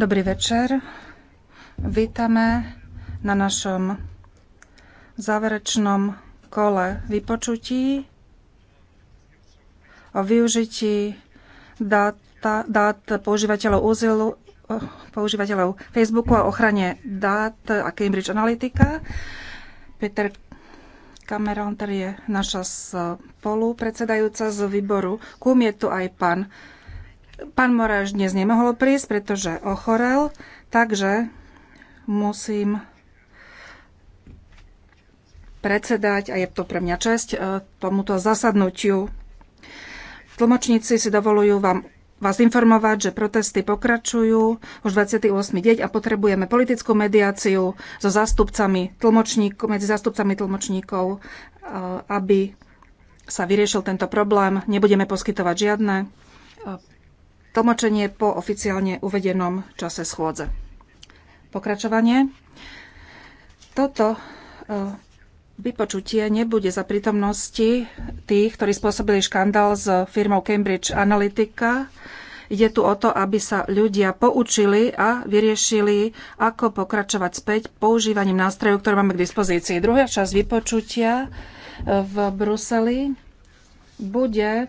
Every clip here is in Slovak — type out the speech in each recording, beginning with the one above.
Dobrý večer. Vítame na našom záverečnom kole vypočutí o využití dát, dát používateľov úzilu, používateľov Facebooku a ochrane dát a Cambridge Analytica. Peter Cameron, ktorý je naša spolupredsedajúca z výboru. Kum je tu aj pán Pán Moráš dnes nemohol prísť, pretože ochorel, takže musím predsedať a je to pre mňa česť e, tomuto zasadnutiu. Tlmočníci si dovolujú vám vás informovať, že protesty pokračujú už 28. deň a potrebujeme politickú mediáciu so zástupcami tlmočníkov, medzi zástupcami tlmočníkov, e, aby sa vyriešil tento problém. Nebudeme poskytovať žiadne e, tlmočenie po oficiálne uvedenom čase schôdze. Pokračovanie. Toto e, vypočutie nebude za prítomnosti tých, ktorí spôsobili škandál s firmou Cambridge Analytica. Ide tu o to, aby sa ľudia poučili a vyriešili, ako pokračovať späť používaním nástrojov, ktoré máme k dispozícii. Druhá časť vypočutia e, v Bruseli bude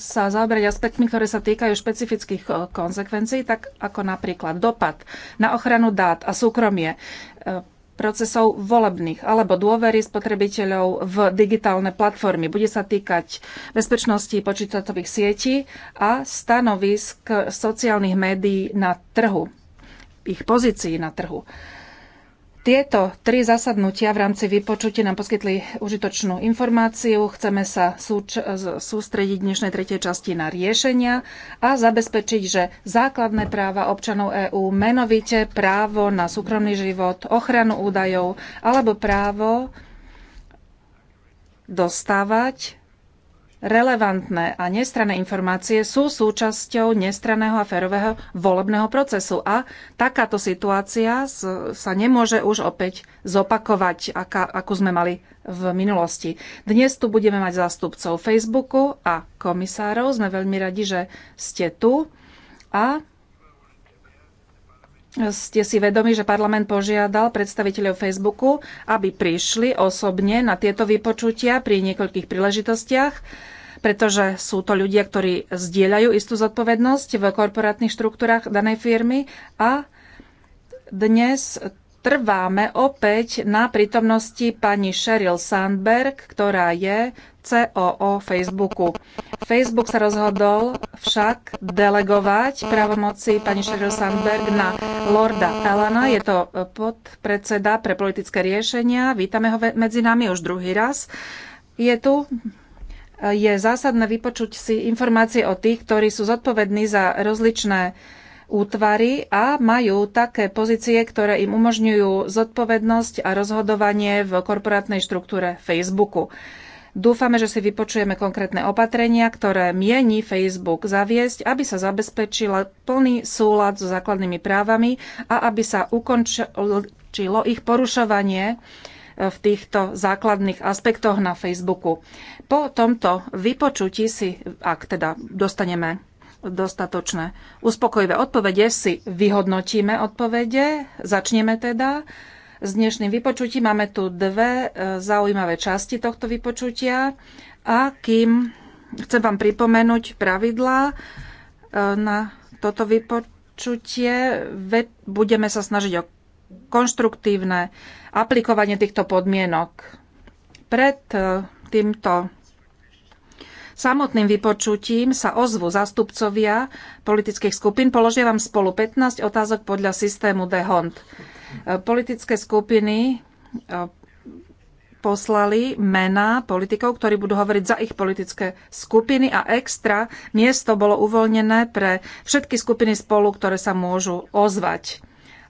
sa zaoberať aspektmi, ktoré sa týkajú špecifických eh, konsekvencií, tak ako napríklad dopad na ochranu dát a súkromie eh, procesov volebných alebo dôvery spotrebiteľov v digitálne platformy. Bude sa týkať bezpečnosti počítačových sietí a stanovisk sociálnych médií na trhu, ich pozícií na trhu. Tieto tri zasadnutia v rámci vypočutia nám poskytli užitočnú informáciu. Chceme sa súč- sústrediť v dnešnej tretej časti na riešenia a zabezpečiť, že základné práva občanov EÚ, menovite právo na súkromný život, ochranu údajov alebo právo dostávať relevantné a nestranné informácie sú súčasťou nestranného a férového volebného procesu. A takáto situácia sa nemôže už opäť zopakovať, aká, akú sme mali v minulosti. Dnes tu budeme mať zástupcov Facebooku a komisárov. Sme veľmi radi, že ste tu. A ste si vedomi, že parlament požiadal predstaviteľov Facebooku, aby prišli osobne na tieto vypočutia pri niekoľkých príležitostiach, pretože sú to ľudia, ktorí zdieľajú istú zodpovednosť v korporátnych štruktúrach danej firmy a dnes trváme opäť na prítomnosti pani Sheryl Sandberg, ktorá je COO Facebooku. Facebook sa rozhodol však delegovať právomoci pani Sheryl Sandberg na Lorda Elana. Je to e, podpredseda pre politické riešenia. Vítame ho medzi nami už druhý raz. Je tu je zásadné vypočuť si informácie o tých, ktorí sú zodpovední za rozličné útvary a majú také pozície, ktoré im umožňujú zodpovednosť a rozhodovanie v korporátnej štruktúre Facebooku. Dúfame, že si vypočujeme konkrétne opatrenia, ktoré mieni Facebook zaviesť, aby sa zabezpečila plný súlad so základnými právami a aby sa ukončilo ich porušovanie e, v týchto základných aspektoch na Facebooku. Po tomto vypočutí si, ak teda dostaneme dostatočné uspokojivé odpovede, si vyhodnotíme odpovede, začneme teda s dnešným vypočutím. Máme tu dve e, zaujímavé časti tohto vypočutia a kým chcem vám pripomenúť pravidlá e, na toto vypočutie, budeme sa snažiť o konštruktívne aplikovanie týchto podmienok. Pred e, týmto samotným vypočutím sa ozvu zástupcovia politických skupín. Položia vám spolu 15 otázok podľa systému DeHont. Politické skupiny e, poslali mená politikov, ktorí budú hovoriť za ich politické skupiny a extra miesto bolo uvoľnené pre všetky skupiny spolu, ktoré sa môžu ozvať.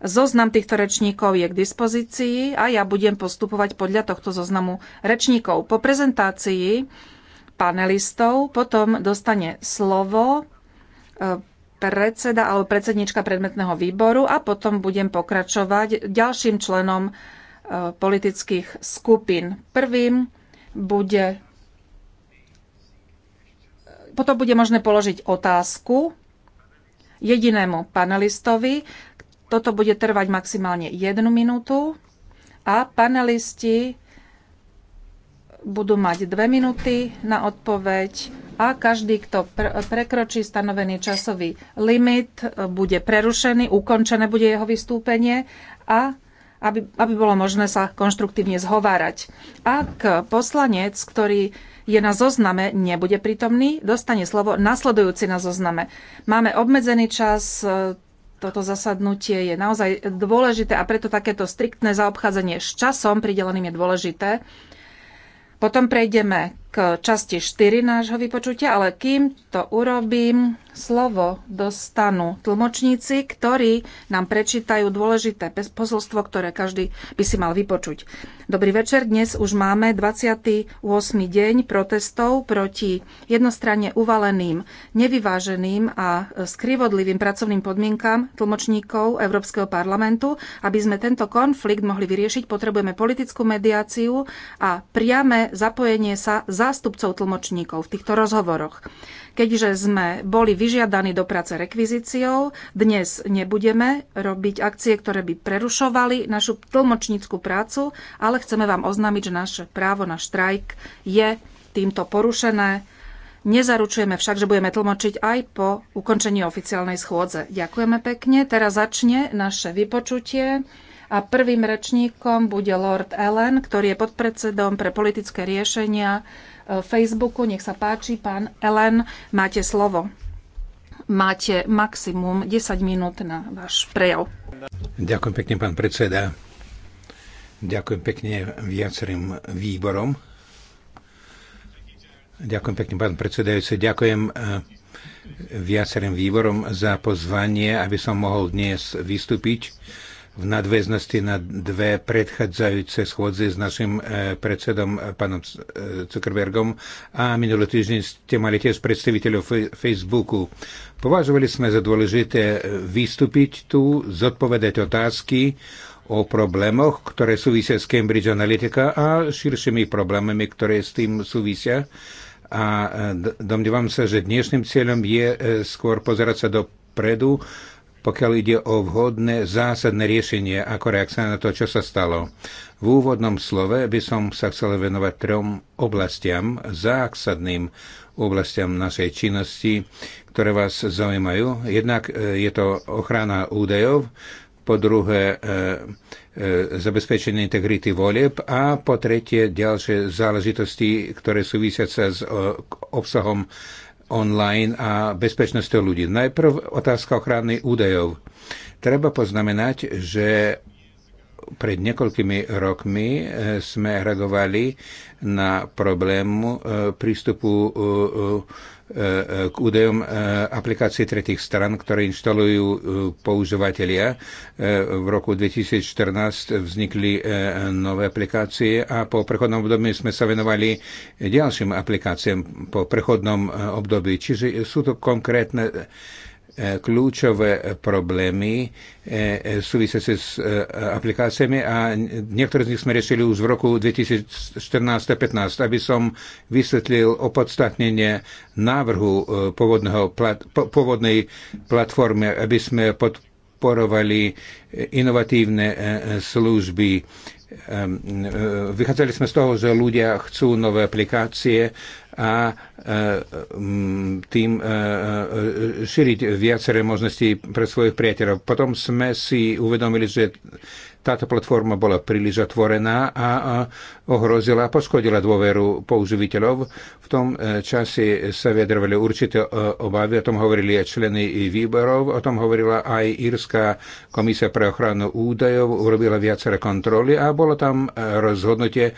Zoznam týchto rečníkov je k dispozícii a ja budem postupovať podľa tohto zoznamu rečníkov. Po prezentácii panelistov potom dostane slovo e, predseda alebo predsednička predmetného výboru a potom budem pokračovať ďalším členom e, politických skupín. Prvým bude potom bude možné položiť otázku jedinému panelistovi. Toto bude trvať maximálne jednu minútu a panelisti budú mať dve minúty na odpoveď a každý, kto pr- prekročí stanovený časový limit, e, bude prerušený, ukončené bude jeho vystúpenie a aby, aby bolo možné sa konštruktívne zhovárať. Ak poslanec, ktorý je na zozname, nebude prítomný, dostane slovo nasledujúci na zozname. Máme obmedzený čas, e, toto zasadnutie je naozaj dôležité a preto takéto striktné zaobchádzanie s časom prideleným je dôležité. Potom prejdeme k časti 4 nášho vypočutia, ale kým to urobím, slovo dostanú tlmočníci, ktorí nám prečítajú dôležité posolstvo, ktoré každý by si mal vypočuť. Dobrý večer, dnes už máme 28. deň protestov proti jednostranne uvaleným, nevyváženým a skrivodlivým pracovným podmienkam tlmočníkov Európskeho parlamentu. Aby sme tento konflikt mohli vyriešiť, potrebujeme politickú mediáciu a priame zapojenie sa zástupcov tlmočníkov v týchto rozhovoroch. Keďže sme boli vyžiadaní do práce rekvizíciou, dnes nebudeme robiť akcie, ktoré by prerušovali našu tlmočníckú prácu, ale chceme vám oznámiť, že naše právo na štrajk je týmto porušené. Nezaručujeme však, že budeme tlmočiť aj po ukončení oficiálnej schôdze. Ďakujeme pekne. Teraz začne naše vypočutie a prvým rečníkom bude Lord Allen, ktorý je podpredsedom pre politické riešenia Eh, Facebooku. Nech sa páči, pán Ellen, máte slovo. Máte maximum 10 minút na váš prejav. Ďakujem pekne, pán predseda. Ďakujem pekne viacerým výborom. Ďakujem pekne, pán predsedajúci. Ďakujem eh, viacerým výborom za pozvanie, aby som mohol dnes vystúpiť v nadväznosti na dve predchádzajúce schôdze s našim e, predsedom e, pánom e, Zuckerbergom a minulý týždeň ste mali tiež predstaviteľov Facebooku. Považovali sme za dôležité vystúpiť tu, zodpovedať otázky o problémoch, ktoré súvisia s Cambridge Analytica a širšími problémami, ktoré s tým súvisia. A domnievam sa, že dnešným cieľom je skôr pozerať sa do predu, pokiaľ ide o vhodné zásadné riešenie ako reakcia na to, čo sa stalo. V úvodnom slove by som sa chcel venovať trom oblastiam, zásadným oblastiam našej činnosti, ktoré vás zaujímajú. Jednak e, je to ochrana údajov, po druhé e, e, zabezpečenie integrity volieb a po tretie ďalšie záležitosti, ktoré súvisia sa s obsahom online a bezpečnosti ľudí. Najprv otázka ochrany údajov. Treba poznamenať, že pred niekoľkými rokmi e, sme reagovali na problém e, prístupu e, k údajom e, aplikácie tretich stran, ktoré inštalujú e, používateľia. E, v roku 2014 vznikli nové aplikácie a po prechodnom období sme sa venovali ďalším aplikáciám po prechodnom období. Čiže sú to konkrétne E, kľúčové e, problémy e, súvisiace s aplikáciami a niektoré z nich sme riešili už v roku 2014-15. Aby som vysvetlil opodstatnenie návrhu plat, pôvodnej platformy, aby sme podporovali inovatívne služby. Vychádzali sme z toho, že ľudia chcú nové aplikácie a e, tým e, e, šíriť viaceré možnosti pre svojich priateľov. Potom sme si uvedomili, že táto platforma bola príliš otvorená a ohrozila a poškodila dôveru používateľov. V tom čase sa vyjadrovali určité obavy, o tom hovorili aj členy výborov, o tom hovorila aj Írska komisia pre ochranu údajov, urobila viaceré kontroly a bolo tam rozhodnutie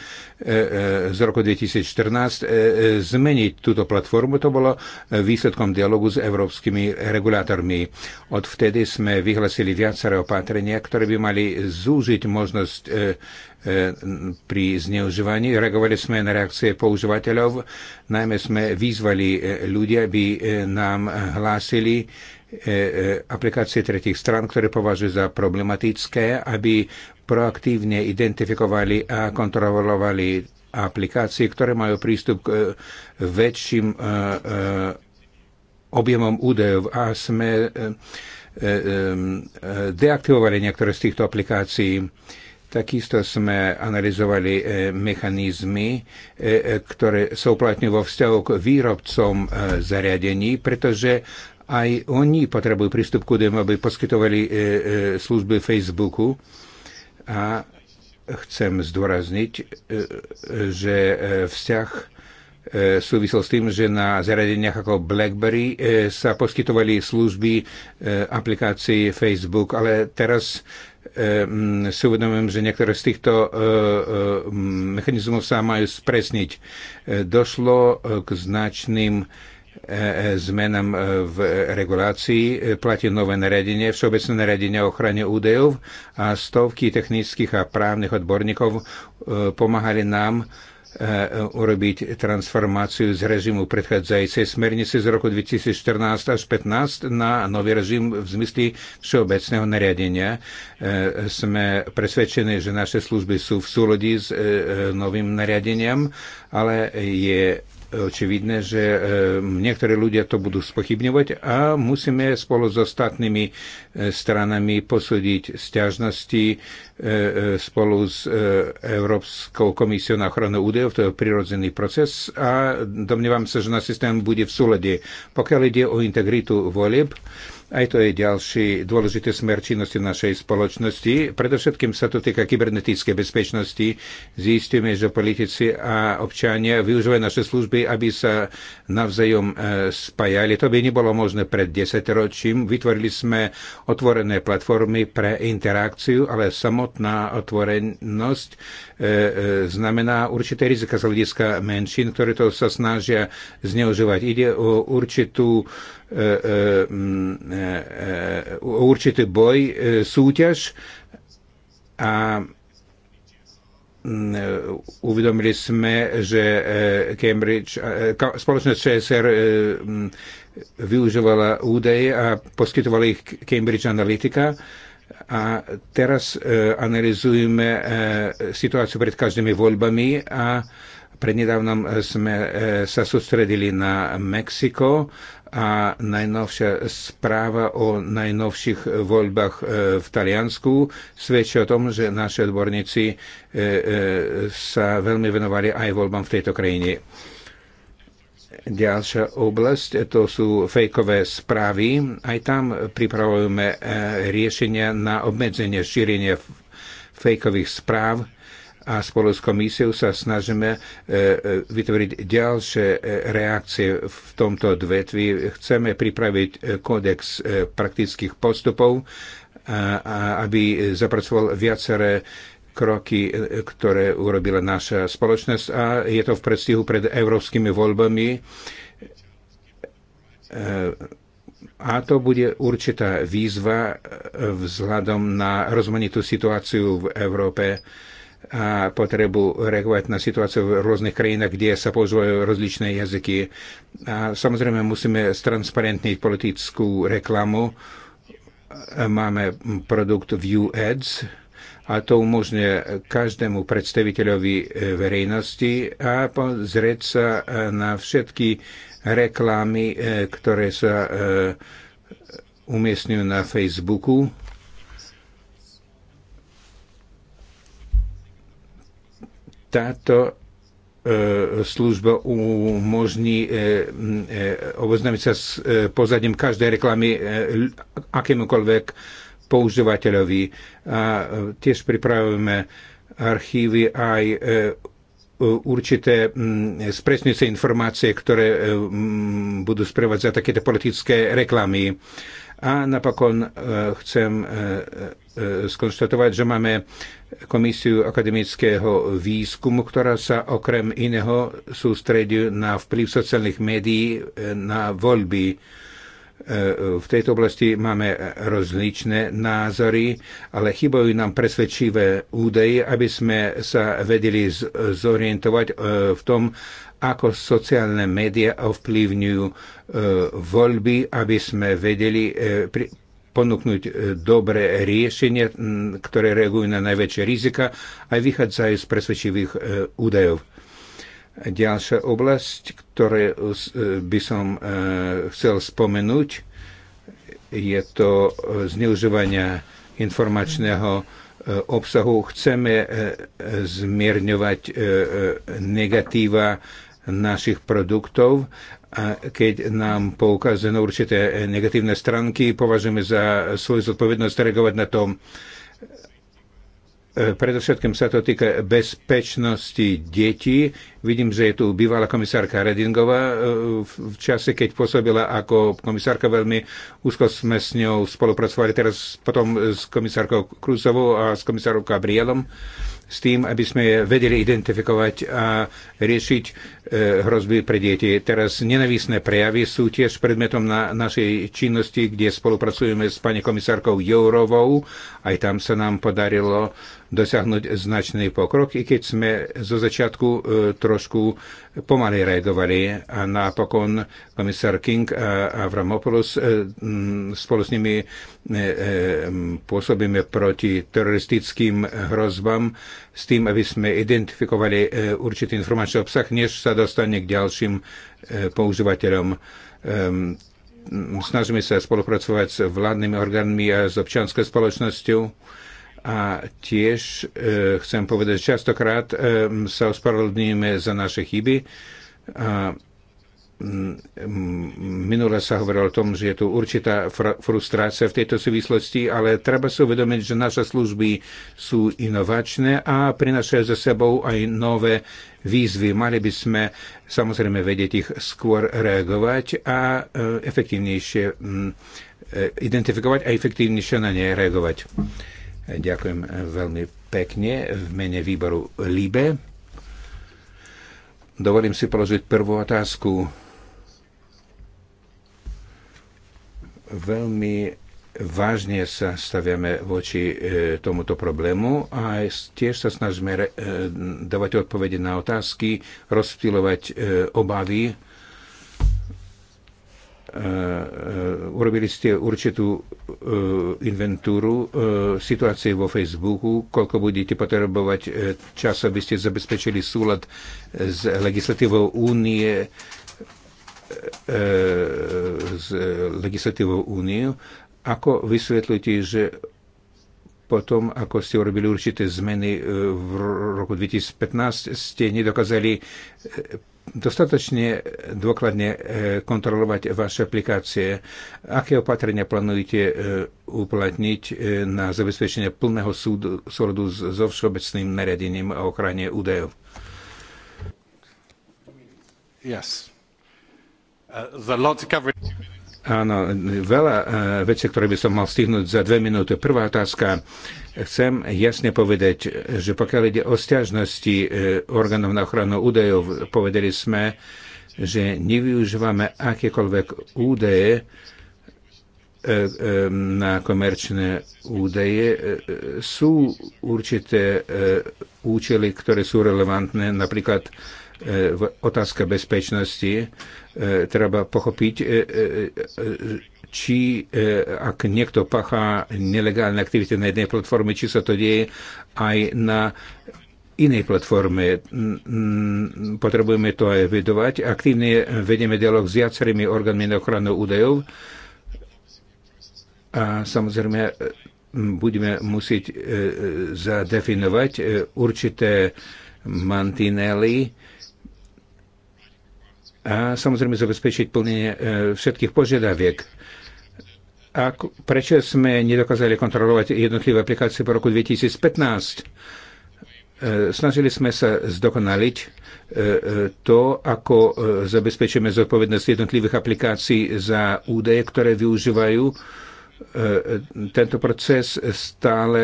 z roku 2014 zmeniť túto platformu. To bolo výsledkom dialogu s európskymi regulátormi. Od vtedy sme vyhlasili viaceré opatrenia, ktoré by mali zúžiť možnosť e, e, pri zneužívaní. Reagovali sme na reakcie používateľov, najmä sme vyzvali e, ľudia, aby nám hlásili aplikácie tretich strán, ktoré považujú za problematické, aby proaktívne identifikovali a kontrolovali aplikácie, ktoré majú prístup k e, väčším e, e, objemom údajov a sme deaktivovali niektoré z týchto aplikácií. Takisto sme analyzovali mechanizmy, ktoré sa uplatňujú vo vzťahu k výrobcom zariadení, pretože aj oni potrebujú prístup k údajom, aby poskytovali služby Facebooku a chcem zdôrazniť, e, že e, vzťah e, súvisel s tým, že na zariadeniach ako BlackBerry sa poskytovali služby aplikácií Facebook, ale teraz si uvedomujem, že niektoré z týchto mechanizmov sa majú spresniť. Došlo k značným E, e, zmenám e, v regulácii platí nové naredenie, všeobecné naredenie o ochrane údajov a stovky technických a právnych odborníkov pomáhali nám urobiť transformáciu z režimu predchádzajúcej smernice z roku 2014 až 2015 na nový režim v zmysle všeobecného nariadenia. Sme presvedčení, že naše služby sú v súlodi s novým nariadeniam, ale je očividné, že e, niektorí ľudia to budú spochybňovať a musíme spolu s ostatnými e, stranami posúdiť stiažnosti e, spolu s Európskou komisiou na ochranu údajov. To je prirodzený proces a domnievam sa, že na systém bude v súlade. Pokiaľ ide o integritu volieb, aj to je ďalší dôležitý smer činnosti v našej spoločnosti. Predovšetkým sa to týka kybernetickej bezpečnosti. Zistíme, že politici a občania využívajú naše služby, aby sa navzájom e, spájali. To by nebolo možné pred desaťročím. Vytvorili sme otvorené platformy pre interakciu, ale samotná otvorenosť e, e, znamená určité rizika z hľadiska menšín, ktoré to sa snažia zneužívať. Ide o určitú E, e, mm, e, určitý boj, súťaž a mm, uvedomili sme, že Cambridge, spoločnosť CSR mm, využívala údaje a poskytovala ich Cambridge Analytica a teraz analizujeme situáciu pred každými voľbami a prednedávnom sme sa sústredili na Mexiko a najnovšia správa o najnovších voľbách e, v Taliansku svedčí o tom, že naši odborníci e, e, sa veľmi venovali aj voľbám v tejto krajine. Ďalšia oblasť to sú fejkové správy. Aj tam pripravujeme riešenia na obmedzenie šírenia fejkových správ a spolu s komisiou sa snažíme e, e, vytvoriť ďalšie e, reakcie v tomto odvetvi. Chceme pripraviť kódex praktických postupov, aby zapracoval viaceré kroky, ktoré urobila naša spoločnosť a je to v predstihu pred európskymi voľbami. A to bude určitá výzva vzhľadom na rozmanitú situáciu v Európe a potrebu reagovať na situáciu v rôznych krajinách, kde sa používajú rozličné jazyky. A samozrejme musíme stransparentniť politickú reklamu. Máme produkt View Ads a to umožňuje každému predstaviteľovi e, verejnosti a pozrieť sa e, na všetky reklamy, e, ktoré sa umiestňujú na Facebooku Táto e, služba umožní e, e, oboznámiť sa s pozadím každej reklamy akémukoľvek používateľovi. A tiež pripravujeme archívy aj určité spresňujúce informácie, ktoré budú sprevádzať takéto politické reklamy. A napokon e, chcem e, e, skonštatovať, že máme komisiu akademického výskumu, ktorá sa okrem iného sústredí na vplyv sociálnych médií na voľby. V tejto oblasti máme rozličné názory, ale chybajú nám presvedčivé údaje, aby sme sa vedeli zorientovať v tom, ako sociálne médiá ovplyvňujú voľby, aby sme vedeli e, ponúknuť e, dobré riešenie, ktoré reagujú na najväčšie rizika a vychádzajú z presvedčivých e, údajov. Ďalšia oblasť, ktoré by som chcel spomenúť, je to zneužívania informačného obsahu. Chceme zmierňovať negatíva našich produktov a keď nám poukazujú určité negatívne stránky, považujeme za svoju zodpovednosť reagovať na tom. Predovšetkým sa to týka bezpečnosti detí. Vidím, že je tu bývalá komisárka Redingová e, v čase, keď pôsobila ako komisárka veľmi úzko sme s ňou spolupracovali teraz potom s komisárkou Krúzovou a s komisárkou Gabrielom s tým, aby sme vedeli identifikovať a riešiť e, hrozby pre deti. Teraz nenavisné prejavy sú tiež predmetom na našej činnosti, kde spolupracujeme s pani komisárkou Jourovou. Aj tam sa nám podarilo dosiahnuť značný pokrok, i keď sme zo začiatku e, trošku pomaly reagovali. a napokon komisár King a Avramopoulos e, spolu s nimi e, pôsobíme proti teroristickým hrozbám s tým, aby sme identifikovali určitý informačný obsah, než sa dostane k ďalším používateľom ehm, snažíme sa spolupracovať s vládnymi orgánmi a s občianskou spoločnosťou a tiež e, chcem povedať, že častokrát e, sa ospravedlňujeme za naše chyby. A, mm, minule sa hovorilo o tom, že je tu určitá fr- frustrácia v tejto súvislosti, ale treba si uvedomiť, že naše služby sú inovačné a prinašajú za sebou aj nové výzvy. Mali by sme samozrejme vedieť ich skôr reagovať a e, efektívnejšie mm, e, identifikovať a efektívnejšie na ne reagovať. Ďakujem veľmi pekne v mene výboru LIBE. Dovolím si položiť prvú otázku. Veľmi vážne sa staviame voči e, tomuto problému a tiež sa snažíme e, dávať odpovede na otázky, rozptýlovať e, obavy Eh, eh, urobili ste určitú uh, inventúru uh, situácie vo Facebooku, koľko budete potrebovať uh, čas, aby ste zabezpečili súlad s legislatívou únie s legislatívou úniu. Ako vysvetľujete, že potom, ako ste urobili určité zmeny v roku 2015, ste nedokázali dostatočne dôkladne e, kontrolovať vaše aplikácie? Aké opatrenia plánujete e, uplatniť e, na zabezpečenie plného súdu, súdu so všeobecným nariadením a ochrane údajov? Yes. Uh, Áno, veľa uh, vecí, ktoré by som mal stihnúť za dve minúty. Prvá otázka. Uh, Chcem jasne povedať, že pokiaľ ide o stiažnosti e, orgánov na ochranu údajov, povedali sme, že nevyužívame akékoľvek údaje e, e, na komerčné údaje. Sú určité účely, ktoré sú relevantné, napríklad otázka bezpečnosti. Treba pochopiť, či e, ak niekto pachá nelegálne aktivity na jednej platforme, či sa to deje aj na inej platforme. Potrebujeme to aj vedovať. Aktívne vedieme dialog s viacerými orgánmi na ochranu údajov a samozrejme budeme musieť e, zadefinovať e, určité mantinely a samozrejme zabezpečiť plnenie všetkých požiadaviek ako, prečo sme nedokázali kontrolovať jednotlivé aplikácie po roku 2015? E, snažili sme sa zdokonaliť e, e, to, ako zabezpečíme zodpovednosť jednotlivých aplikácií za údaje, ktoré využívajú. Tento proces stále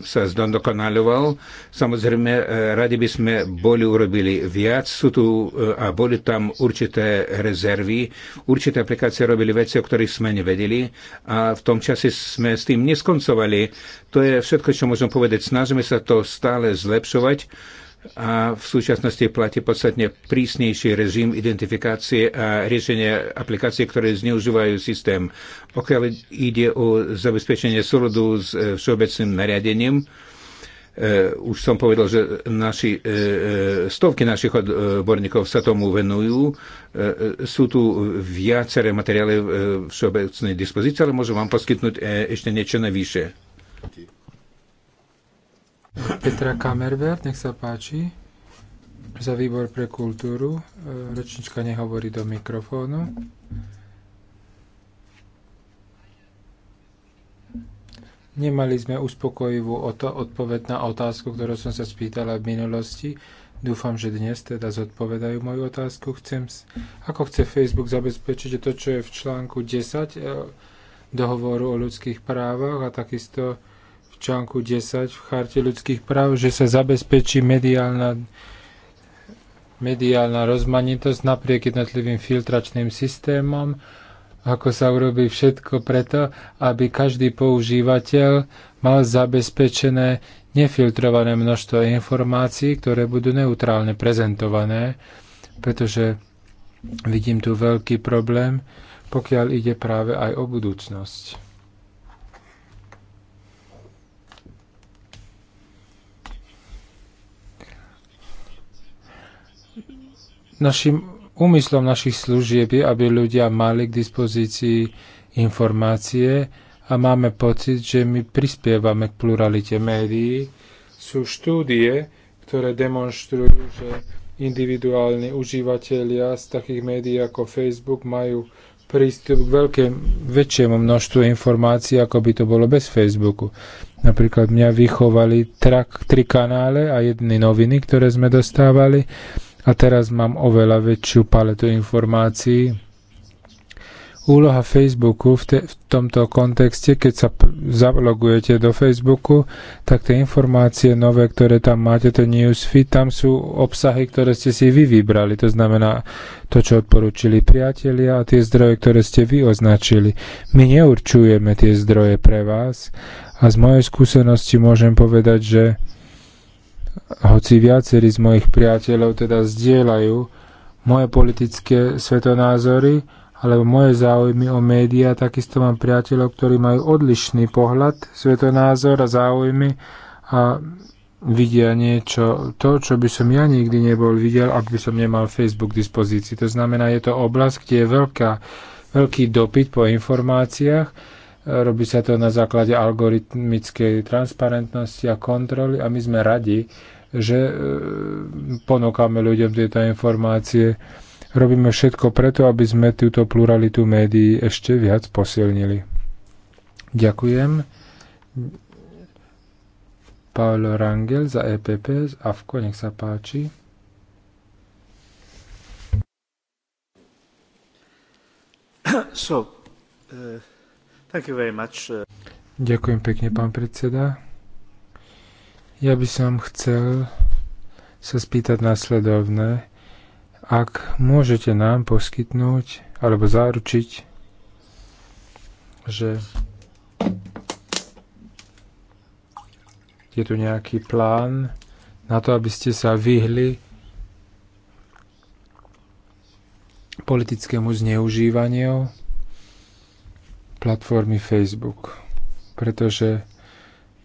sa zdokonaľoval. Samozrejme, e, radi by sme boli urobili viac. Sú tu e, a boli tam určité rezervy. Určité aplikácie robili veci, o ktorých sme nevedeli a v tom čase sme s tým neskoncovali. To je všetko, čo môžem povedať. Snažíme sa to stále zlepšovať a v súčasnosti platí podstatne prísnejší režim identifikácie a riešenia aplikácií, ktoré zneužívajú systém. Pokiaľ ide o zabezpečenie súrodu s e, všeobecným nariadením, e, už som povedal, že naši, e, stovky našich odborníkov sa tomu venujú. Sú tu viaceré materiály všeobecnej dispozície, ale môžem vám poskytnúť ešte niečo navyše. Petra Kamerver, nech sa páči, za výbor pre kultúru. E, rečnička nehovorí do mikrofónu. Nemali sme uspokojivú odpoveď na otázku, ktorú som sa spýtala v minulosti. Dúfam, že dnes teda zodpovedajú moju otázku. Chcem, ako chce Facebook zabezpečiť to, čo je v článku 10 e, dohovoru o ľudských právach a takisto článku 10 v charte ľudských práv, že sa zabezpečí mediálna, mediálna rozmanitosť napriek jednotlivým filtračným systémom, ako sa urobí všetko preto, aby každý používateľ mal zabezpečené nefiltrované množstvo informácií, ktoré budú neutrálne prezentované, pretože vidím tu veľký problém, pokiaľ ide práve aj o budúcnosť. Našim úmyslom našich služieb je, aby ľudia mali k dispozícii informácie a máme pocit, že my prispievame k pluralite médií. Sú štúdie, ktoré demonstrujú, že individuálni užívateľia z takých médií ako Facebook majú prístup k veľké, väčšiemu množstvu informácií, ako by to bolo bez Facebooku. Napríklad mňa vychovali trak, tri kanále a jedny noviny, ktoré sme dostávali a teraz mám oveľa väčšiu paletu informácií. Úloha Facebooku v, te, v tomto kontexte, keď sa zalogujete do Facebooku, tak tie informácie nové, ktoré tam máte, to newsfeed, tam sú obsahy, ktoré ste si vy vybrali. To znamená to, čo odporúčili priatelia a tie zdroje, ktoré ste vy označili. My neurčujeme tie zdroje pre vás a z mojej skúsenosti môžem povedať, že hoci viacerí z mojich priateľov teda zdieľajú moje politické svetonázory alebo moje záujmy o médiá, takisto mám priateľov, ktorí majú odlišný pohľad, svetonázor a záujmy a vidia niečo, to, čo by som ja nikdy nebol videl, ak by som nemal Facebook k dispozícii. To znamená, je to oblasť, kde je veľká, veľký dopyt po informáciách, Robí sa to na základe algoritmickej transparentnosti a kontroly a my sme radi, že e, ponúkame ľuďom tieto informácie. Robíme všetko preto, aby sme túto pluralitu médií ešte viac posilnili. Ďakujem. Paolo Rangel za EPP z AFKO, nech sa páči. So, uh... Uh, Ďakujem pekne, pán predseda. Ja by som chcel sa spýtať následovné. Ak môžete nám poskytnúť alebo zaručiť, že je tu nejaký plán na to, aby ste sa vyhli politickému zneužívaniu platformy Facebook. Pretože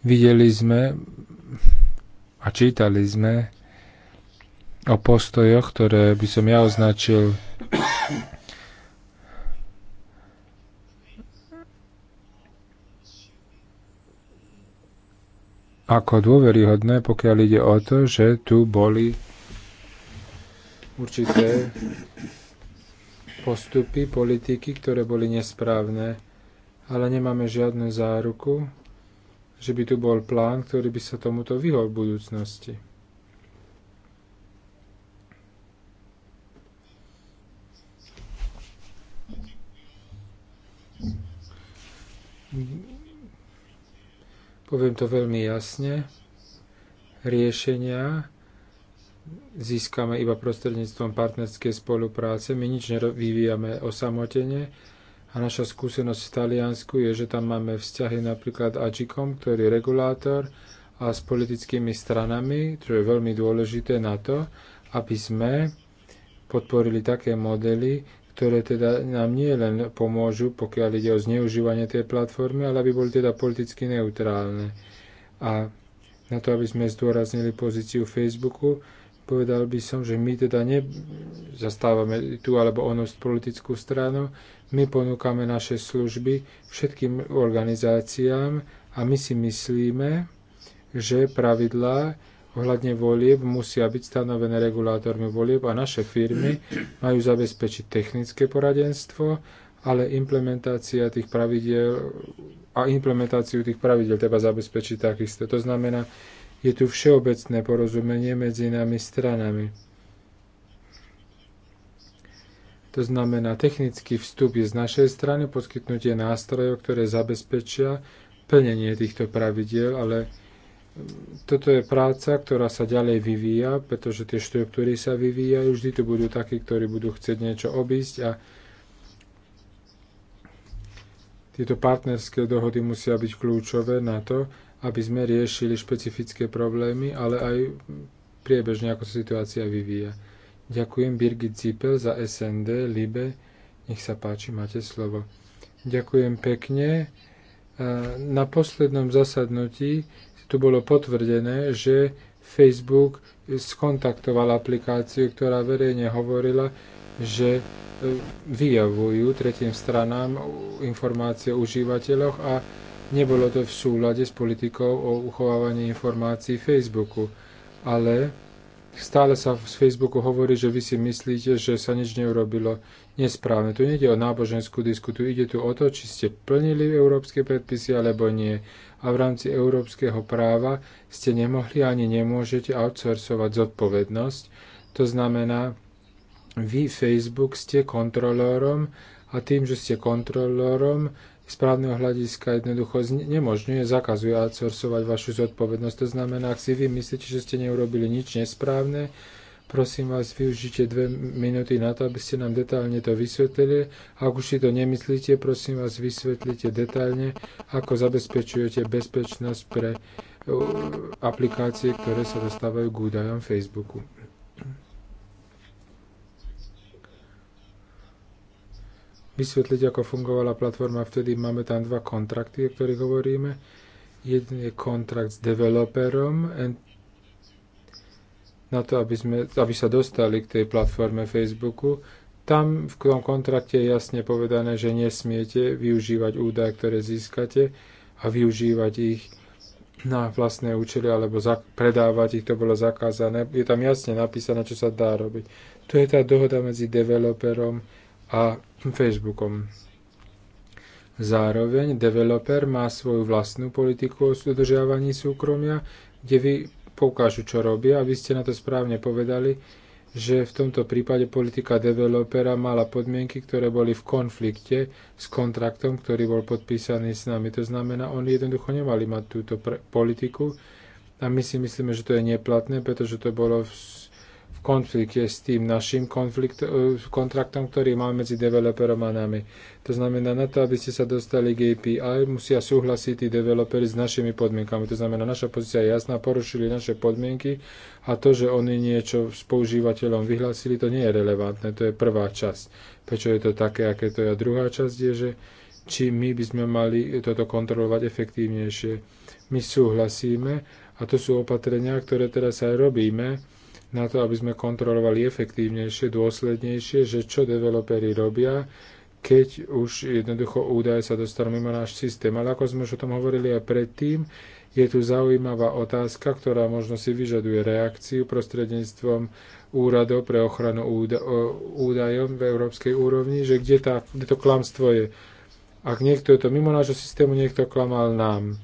videli sme a čítali sme o postojoch, ktoré by som ja označil ako dôveryhodné, pokiaľ ide o to, že tu boli určité postupy politiky, ktoré boli nesprávne ale nemáme žiadnu záruku, že by tu bol plán, ktorý by sa tomuto vyhol v budúcnosti. Poviem to veľmi jasne. Riešenia získame iba prostredníctvom partnerskej spolupráce. My nič nevyvíjame osamotene a naša skúsenosť v Taliansku je, že tam máme vzťahy napríklad Agicom, ktorý je regulátor, a s politickými stranami, čo je veľmi dôležité na to, aby sme podporili také modely, ktoré teda nám nie len pomôžu, pokiaľ ide o zneužívanie tej platformy, ale aby boli teda politicky neutrálne. A na to, aby sme zdôraznili pozíciu Facebooku, povedal by som, že my teda nezastávame tú alebo onú politickú stranu, my ponúkame naše služby všetkým organizáciám a my si myslíme, že pravidlá ohľadne volieb musia byť stanovené regulátormi volieb a naše firmy majú zabezpečiť technické poradenstvo, ale implementácia tých pravidiel a implementáciu tých pravidel treba zabezpečiť takisto. To znamená, je tu všeobecné porozumenie medzi nami stranami. To znamená, technický vstup je z našej strany poskytnutie nástrojov, ktoré zabezpečia plnenie týchto pravidiel, ale mm, toto je práca, ktorá sa ďalej vyvíja, pretože tie štruktúry sa vyvíjajú. Vždy tu budú takí, ktorí budú chcieť niečo obísť a tieto partnerské dohody musia byť kľúčové na to, aby sme riešili špecifické problémy, ale aj priebežne, ako sa situácia vyvíja. Ďakujem Birgit Zipel za SND, Libe. Nech sa páči, máte slovo. Ďakujem pekne. E, na poslednom zasadnutí tu bolo potvrdené, že Facebook skontaktoval aplikáciu, ktorá verejne hovorila, že e, vyjavujú tretím stranám informácie o užívateľoch a nebolo to v súlade s politikou o uchovávaní informácií Facebooku. Ale Stále sa z Facebooku hovorí, že vy si myslíte, že sa nič neurobilo nesprávne. Tu nejde o náboženskú diskutu, ide tu o to, či ste plnili európske predpisy alebo nie. A v rámci európskeho práva ste nemohli ani nemôžete outsourcovať zodpovednosť. To znamená, vy Facebook ste kontrolórom a tým, že ste kontrolórom, správneho hľadiska jednoducho nemožňuje, zakazuje outsourcovať vašu zodpovednosť. To znamená, ak si vy myslíte, že ste neurobili nič nesprávne, prosím vás, využite dve minúty na to, aby ste nám detailne to vysvetlili. Ak už si to nemyslíte, prosím vás, vysvetlite detaľne, ako zabezpečujete bezpečnosť pre uh, aplikácie, ktoré sa dostávajú k údajom Facebooku. vysvetliť, ako fungovala platforma. Vtedy máme tam dva kontrakty, o ktorých hovoríme. Jeden je kontrakt s developerom na to, aby, sme, aby sa dostali k tej platforme Facebooku. Tam v tom kontrakte je jasne povedané, že nesmiete využívať údaje, ktoré získate a využívať ich na vlastné účely alebo za, predávať ich, to bolo zakázané. Je tam jasne napísané, čo sa dá robiť. To je tá dohoda medzi developerom, a Facebookom. Zároveň developer má svoju vlastnú politiku o sudržiavaní súkromia, kde vy poukážu, čo robia a vy ste na to správne povedali, že v tomto prípade politika developera mala podmienky, ktoré boli v konflikte s kontraktom, ktorý bol podpísaný s nami. To znamená, oni jednoducho nemali mať túto politiku a my si myslíme, že to je neplatné, pretože to bolo v v konflikte s tým našim konflikt, e, kontraktom, ktorý máme medzi developerom a nami. To znamená, na to, aby ste sa dostali k API, musia súhlasiť tí developeri s našimi podmienkami. To znamená, naša pozícia je jasná, porušili naše podmienky a to, že oni niečo s používateľom vyhlásili, to nie je relevantné. To je prvá časť. Prečo je to také, aké to je. A druhá časť je, že či my by sme mali toto kontrolovať efektívnejšie. My súhlasíme a to sú opatrenia, ktoré teraz aj robíme na to, aby sme kontrolovali efektívnejšie, dôslednejšie, že čo developeri robia, keď už jednoducho údaje sa dostanú mimo náš systém. Ale ako sme už o tom hovorili aj predtým, je tu zaujímavá otázka, ktorá možno si vyžaduje reakciu prostredníctvom úradov pre ochranu údajom v európskej úrovni, že kde, tá, kde to klamstvo je. Ak niekto je to mimo nášho systému, niekto klamal nám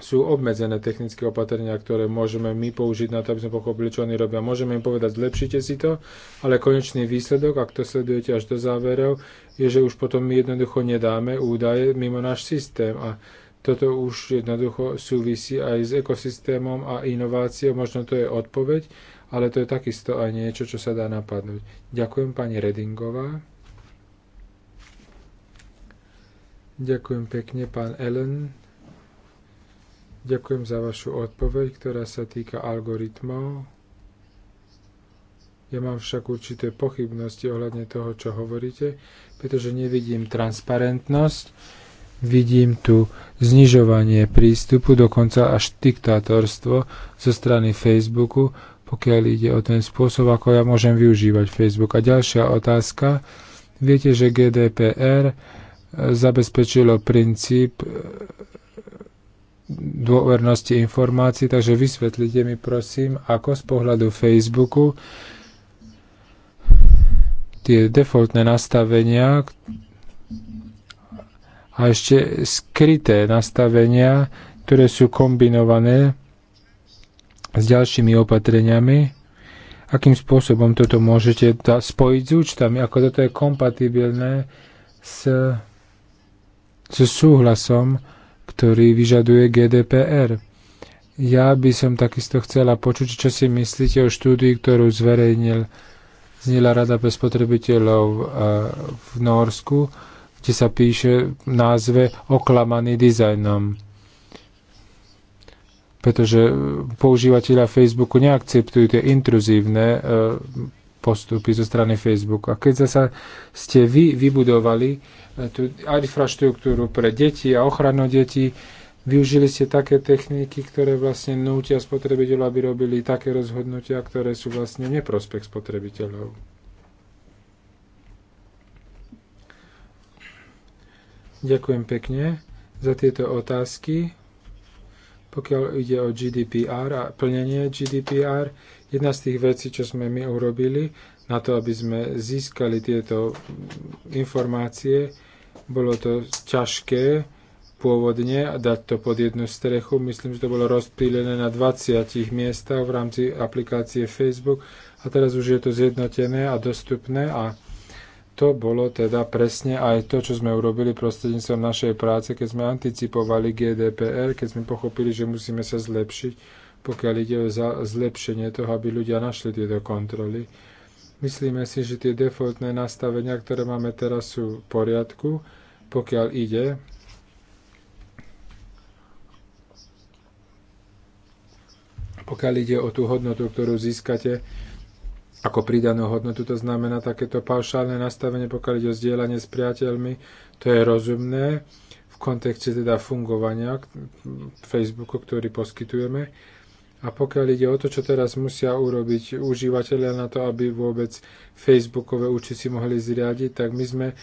sú obmedzené technické opatrenia, ktoré môžeme my použiť na to, aby sme pochopili, čo oni robia. Môžeme im povedať, zlepšite si to, ale konečný výsledok, ak to sledujete až do záverov, je, že už potom my jednoducho nedáme údaje mimo náš systém. A toto už jednoducho súvisí aj s ekosystémom a inováciou. Možno to je odpoveď, ale to je takisto aj niečo, čo sa dá napadnúť. Ďakujem pani Redingová. Ďakujem pekne, pán Ellen. Ďakujem za vašu odpoveď, ktorá sa týka algoritmov. Ja mám však určité pochybnosti ohľadne toho, čo hovoríte, pretože nevidím transparentnosť, vidím tu znižovanie prístupu, dokonca až diktátorstvo zo strany Facebooku, pokiaľ ide o ten spôsob, ako ja môžem využívať Facebook. A ďalšia otázka. Viete, že GDPR zabezpečilo princíp dôvernosti informácií, takže vysvetlite mi prosím, ako z pohľadu Facebooku tie defaultné nastavenia a ešte skryté nastavenia, ktoré sú kombinované s ďalšími opatreniami, akým spôsobom toto môžete spojiť s účtami, ako toto je kompatibilné s, s súhlasom ktorý vyžaduje GDPR. Ja by som takisto chcela počuť, čo si myslíte o štúdii, ktorú zverejnil znila Rada pre spotrebiteľov e, v Norsku, kde sa píše v názve oklamaný dizajnom. Pretože používateľa Facebooku neakceptujú tie intruzívne e, postupy zo strany Facebooku. A keď zase ste vy vybudovali eh, tú infraštruktúru pre deti a ochranu detí, využili ste také techniky, ktoré vlastne nútia spotrebiteľov, aby robili také rozhodnutia, ktoré sú vlastne neprospech spotrebiteľov. Ďakujem pekne za tieto otázky. Pokiaľ ide o GDPR a plnenie GDPR, Jedna z tých vecí, čo sme my urobili na to, aby sme získali tieto informácie, bolo to ťažké pôvodne dať to pod jednu strechu. Myslím, že to bolo rozptýlené na 20 miestach v rámci aplikácie Facebook a teraz už je to zjednotené a dostupné a to bolo teda presne aj to, čo sme urobili prostredníctvom našej práce, keď sme anticipovali GDPR, keď sme pochopili, že musíme sa zlepšiť pokiaľ ide o zlepšenie toho, aby ľudia našli tieto kontroly. Myslíme si, že tie defaultné nastavenia, ktoré máme teraz, sú v poriadku, pokiaľ ide pokiaľ ide o tú hodnotu, ktorú získate ako pridanú hodnotu, to znamená takéto paušálne nastavenie, pokiaľ ide o zdieľanie s priateľmi, to je rozumné v kontexte teda fungovania Facebooku, ktorý poskytujeme. A pokiaľ ide o to, čo teraz musia urobiť užívateľia na to, aby vôbec Facebookové účty si mohli zriadiť, tak my sme e,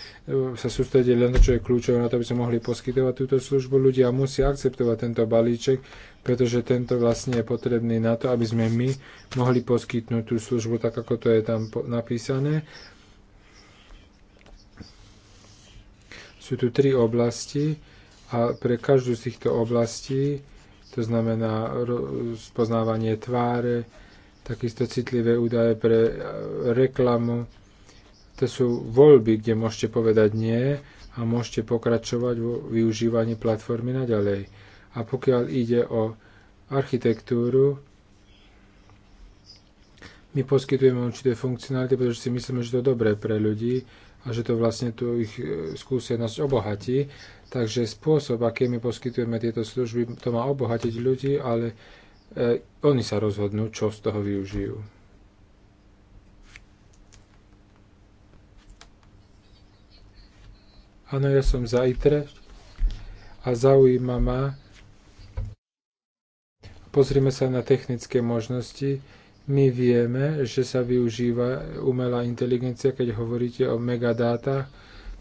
sa sústredili na to, čo je kľúčové, na to, aby sme mohli poskytovať túto službu. Ľudia musia akceptovať tento balíček, pretože tento vlastne je potrebný na to, aby sme my mohli poskytnúť tú službu tak, ako to je tam napísané. Sú tu tri oblasti a pre každú z týchto oblastí to znamená spoznávanie tváre, takisto citlivé údaje pre e, reklamu. To sú voľby, kde môžete povedať nie a môžete pokračovať vo využívaní platformy naďalej. A pokiaľ ide o architektúru, my poskytujeme určité funkcionality, pretože si myslíme, že to je dobré pre ľudí a že to vlastne tú ich e, skúsenosť obohatí. Takže spôsob, aký my poskytujeme tieto služby, to má obohatiť ľudí, ale e, oni sa rozhodnú, čo z toho využijú. Áno, ja som za ITRE a zaujíma ma. Pozrime sa na technické možnosti my vieme, že sa využíva umelá inteligencia, keď hovoríte o megadátach.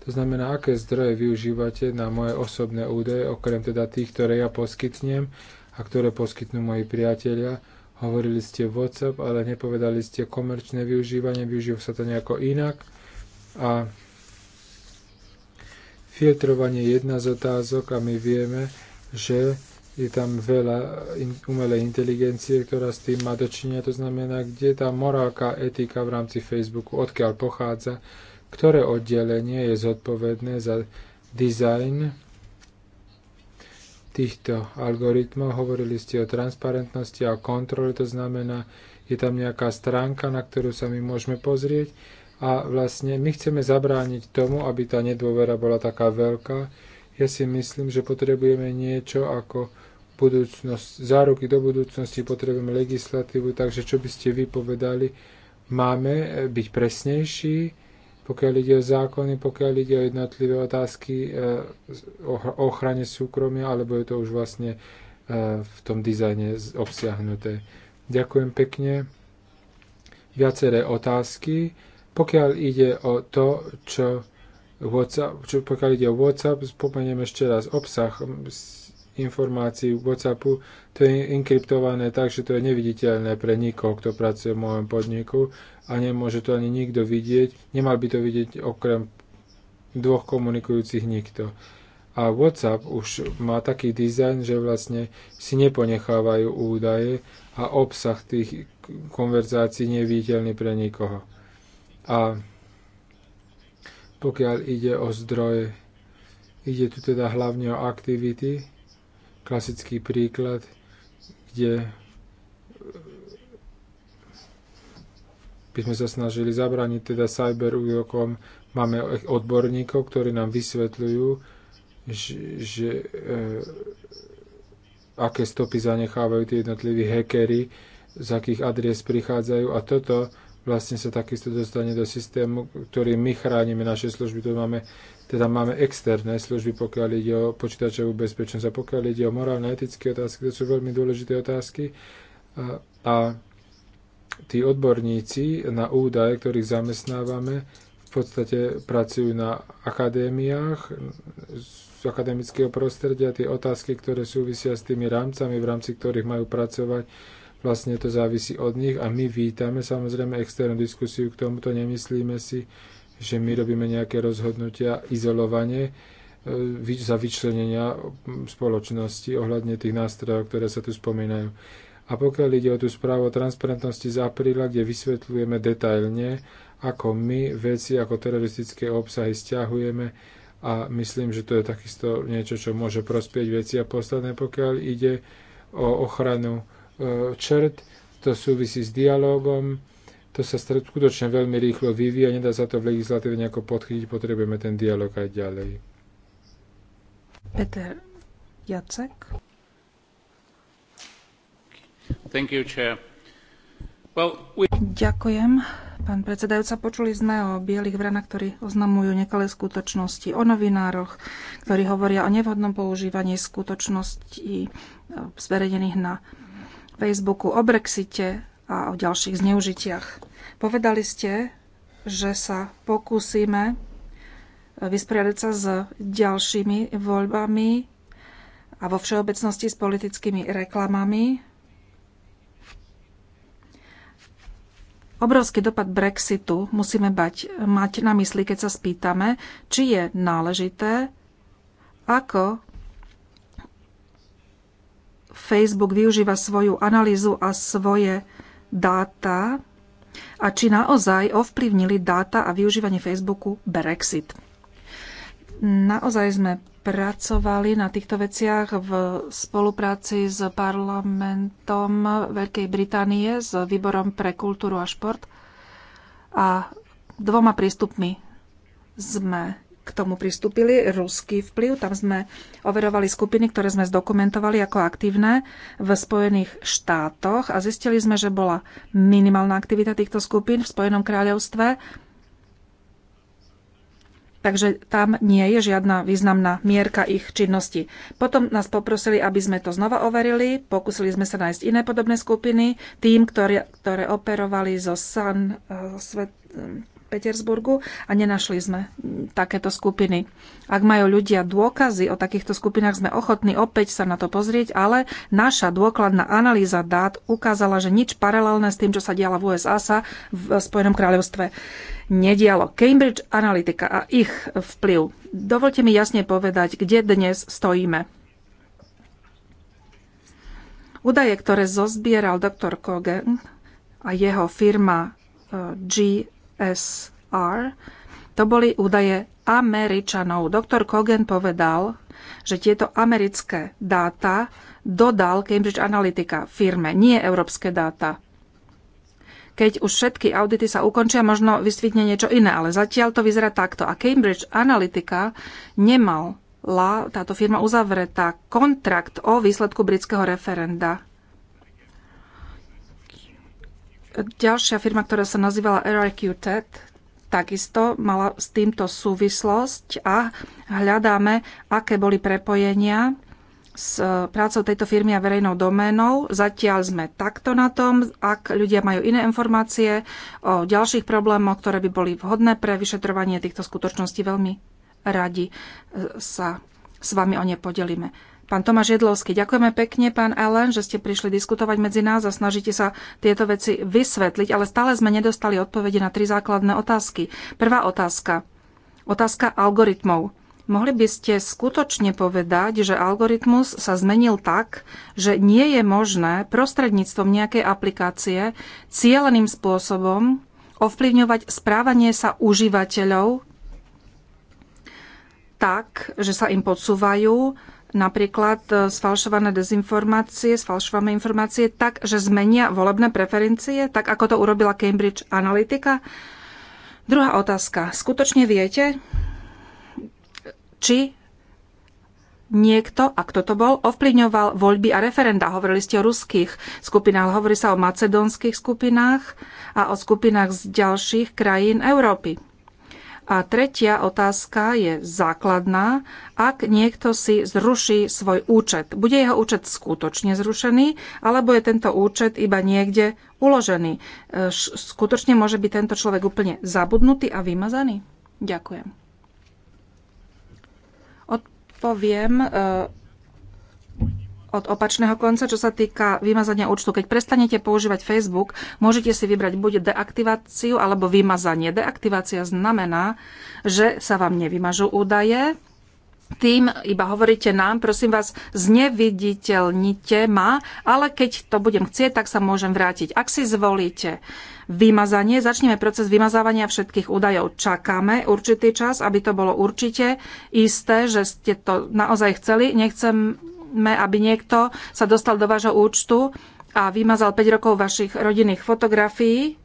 To znamená, aké zdroje využívate na moje osobné údaje, okrem teda tých, ktoré ja poskytnem a ktoré poskytnú moji priatelia. Hovorili ste WhatsApp, ale nepovedali ste komerčné využívanie, využíva sa to nejako inak. A filtrovanie je jedna z otázok a my vieme, že je tam veľa umelej inteligencie, ktorá s tým má dočinia. To znamená, kde tá morálka, etika v rámci Facebooku, odkiaľ pochádza, ktoré oddelenie je zodpovedné za dizajn týchto algoritmov. Hovorili ste o transparentnosti a o kontrole, to znamená, je tam nejaká stránka, na ktorú sa my môžeme pozrieť a vlastne my chceme zabrániť tomu, aby tá nedôvera bola taká veľká. Ja si myslím, že potrebujeme niečo ako budúcnosť, záruky do budúcnosti, potrebujeme legislatívu, takže čo by ste vy povedali, máme eh, byť presnejší, pokiaľ ide o zákony, pokiaľ ide o jednotlivé otázky eh, o ochrane súkromia, alebo je to už vlastne eh, v tom dizajne obsiahnuté. Ďakujem pekne. Viaceré otázky. Pokiaľ ide o to, čo, WhatsApp, čo pokiaľ ide o WhatsApp, spomeniem ešte raz obsah informácií WhatsAppu, to je inkryptované tak, že to je neviditeľné pre nikoho, kto pracuje v môjom podniku a nemôže to ani nikto vidieť. Nemal by to vidieť okrem dvoch komunikujúcich nikto. A WhatsApp už má taký dizajn, že vlastne si neponechávajú údaje a obsah tých konverzácií neviditeľný pre nikoho. A pokiaľ ide o zdroje. Ide tu teda hlavne o aktivity, klasický príklad, kde eh, by sme sa snažili zabrániť teda cyberújokom. Máme odborníkov, ktorí nám vysvetľujú, že, že eh, e, aké stopy zanechávajú tie jednotliví hackery, z akých adries prichádzajú a toto vlastne sa takisto dostane do systému, ktorý my chránime naše služby. Tu máme teda máme externé služby, pokiaľ ide o počítačovú bezpečnosť a pokiaľ ide o morálne etické otázky, to sú veľmi dôležité otázky. A, a tí odborníci na údaje, ktorých zamestnávame, v podstate pracujú na akadémiách z akademického prostredia. Tie otázky, ktoré súvisia s tými rámcami, v rámci ktorých majú pracovať, vlastne to závisí od nich a my vítame samozrejme externú diskusiu k tomuto, nemyslíme si, že my robíme nejaké rozhodnutia izolovanie e, za vyčlenenia spoločnosti ohľadne tých nástrojov, ktoré sa tu spomínajú. A pokiaľ ide o tú správu o transparentnosti z apríla, kde vysvetľujeme detailne, ako my veci ako teroristické obsahy stiahujeme a myslím, že to je takisto niečo, čo môže prospieť veci. A posledné, pokiaľ ide o ochranu e, čert, to súvisí s dialogom, to sa skutočne veľmi rýchlo vyvíja, nedá sa to v legislatíve nejako podchytiť, potrebujeme ten dialog aj ďalej. Peter Jacek. Thank you, chair. Well, we... Ďakujem. Pán predsedajúca, počuli sme o bielých vranách, ktorí oznamujú nekalé skutočnosti, o novinároch, ktorí hovoria o nevhodnom používaní skutočností e, zverejnených na Facebooku, o Brexite, a o ďalších zneužitiach. Povedali ste, že sa pokúsime vysporiadať sa s ďalšími voľbami a vo všeobecnosti s politickými reklamami. Obrovský dopad Brexitu musíme bať, mať na mysli, keď sa spýtame, či je náležité, ako Facebook využíva svoju analýzu a svoje dáta a či naozaj ovplyvnili dáta a využívanie Facebooku Brexit. Naozaj sme pracovali na týchto veciach v spolupráci s parlamentom Veľkej Británie, s výborom pre kultúru a šport. A dvoma prístupmi sme k tomu pristúpili. Ruský vplyv, tam sme overovali skupiny, ktoré sme zdokumentovali ako aktívne v Spojených štátoch a zistili sme, že bola minimálna aktivita týchto skupín v Spojenom kráľovstve. Takže tam nie je žiadna významná mierka ich činnosti. Potom nás poprosili, aby sme to znova overili. Pokúsili sme sa nájsť iné podobné skupiny. Tým, ktoré, ktoré operovali zo San, uh, svet, Petersburgu a nenašli sme takéto skupiny. Ak majú ľudia dôkazy o takýchto skupinách, sme ochotní opäť sa na to pozrieť, ale naša dôkladná analýza dát ukázala, že nič paralelné s tým, čo sa dialo v USA, sa v Spojenom kráľovstve nedialo. Cambridge Analytica a ich vplyv. Dovolte mi jasne povedať, kde dnes stojíme. Údaje, ktoré zozbieral doktor Kogen a jeho firma eh, G USSR, to boli údaje Američanov. Doktor Kogen povedal, že tieto americké dáta dodal Cambridge Analytica firme, nie európske dáta. Keď už všetky audity sa ukončia, možno vysvitne niečo iné, ale zatiaľ to vyzerá takto. A Cambridge Analytica nemal táto firma uzavretá kontrakt o výsledku britského referenda Ďalšia firma, ktorá sa nazývala RIQ TED, takisto mala s týmto súvislosť a hľadáme, aké boli prepojenia s e, prácou tejto firmy a verejnou doménou. Zatiaľ sme takto na tom. Ak ľudia majú iné informácie o ďalších problémoch, ktoré by boli vhodné pre vyšetrovanie týchto skutočností, veľmi radi e, sa s vami o ne podelíme. Pán Tomáš Jedlovský, ďakujeme pekne, pán Ellen, že ste prišli diskutovať medzi nás a snažíte sa tieto veci vysvetliť, ale stále sme nedostali odpovede na tri základné otázky. Prvá otázka. Otázka algoritmov. Mohli by ste skutočne povedať, že algoritmus sa zmenil tak, že nie je možné prostredníctvom nejakej aplikácie cieľeným spôsobom ovplyvňovať správanie sa užívateľov tak, že sa im podsúvajú napríklad e, sfalšované dezinformácie, sfalšované informácie tak, že zmenia volebné preferencie, tak ako to urobila Cambridge Analytica? Druhá otázka. Skutočne viete, či niekto, a kto to bol, ovplyvňoval voľby a referenda. Hovorili ste o ruských skupinách, hovorí sa o macedónskych skupinách a o skupinách z ďalších krajín Európy. A tretia otázka je základná. Ak niekto si zruší svoj účet, bude jeho účet skutočne zrušený, alebo je tento účet iba niekde uložený? E, skutočne môže byť tento človek úplne zabudnutý a vymazaný? Ďakujem. Odpoviem e, od opačného konca, čo sa týka vymazania účtu. Keď prestanete používať Facebook, môžete si vybrať buď deaktiváciu alebo vymazanie. Deaktivácia znamená, že sa vám nevymažú údaje, tým iba hovoríte nám, prosím vás, zneviditeľnite ma, ale keď to budem chcieť, tak sa môžem vrátiť. Ak si zvolíte vymazanie, začneme proces vymazávania všetkých údajov. Čakáme určitý čas, aby to bolo určite isté, že ste to naozaj chceli. Nechcem dovolme, aby niekto sa dostal do vášho účtu a vymazal 5 rokov vašich rodinných fotografií.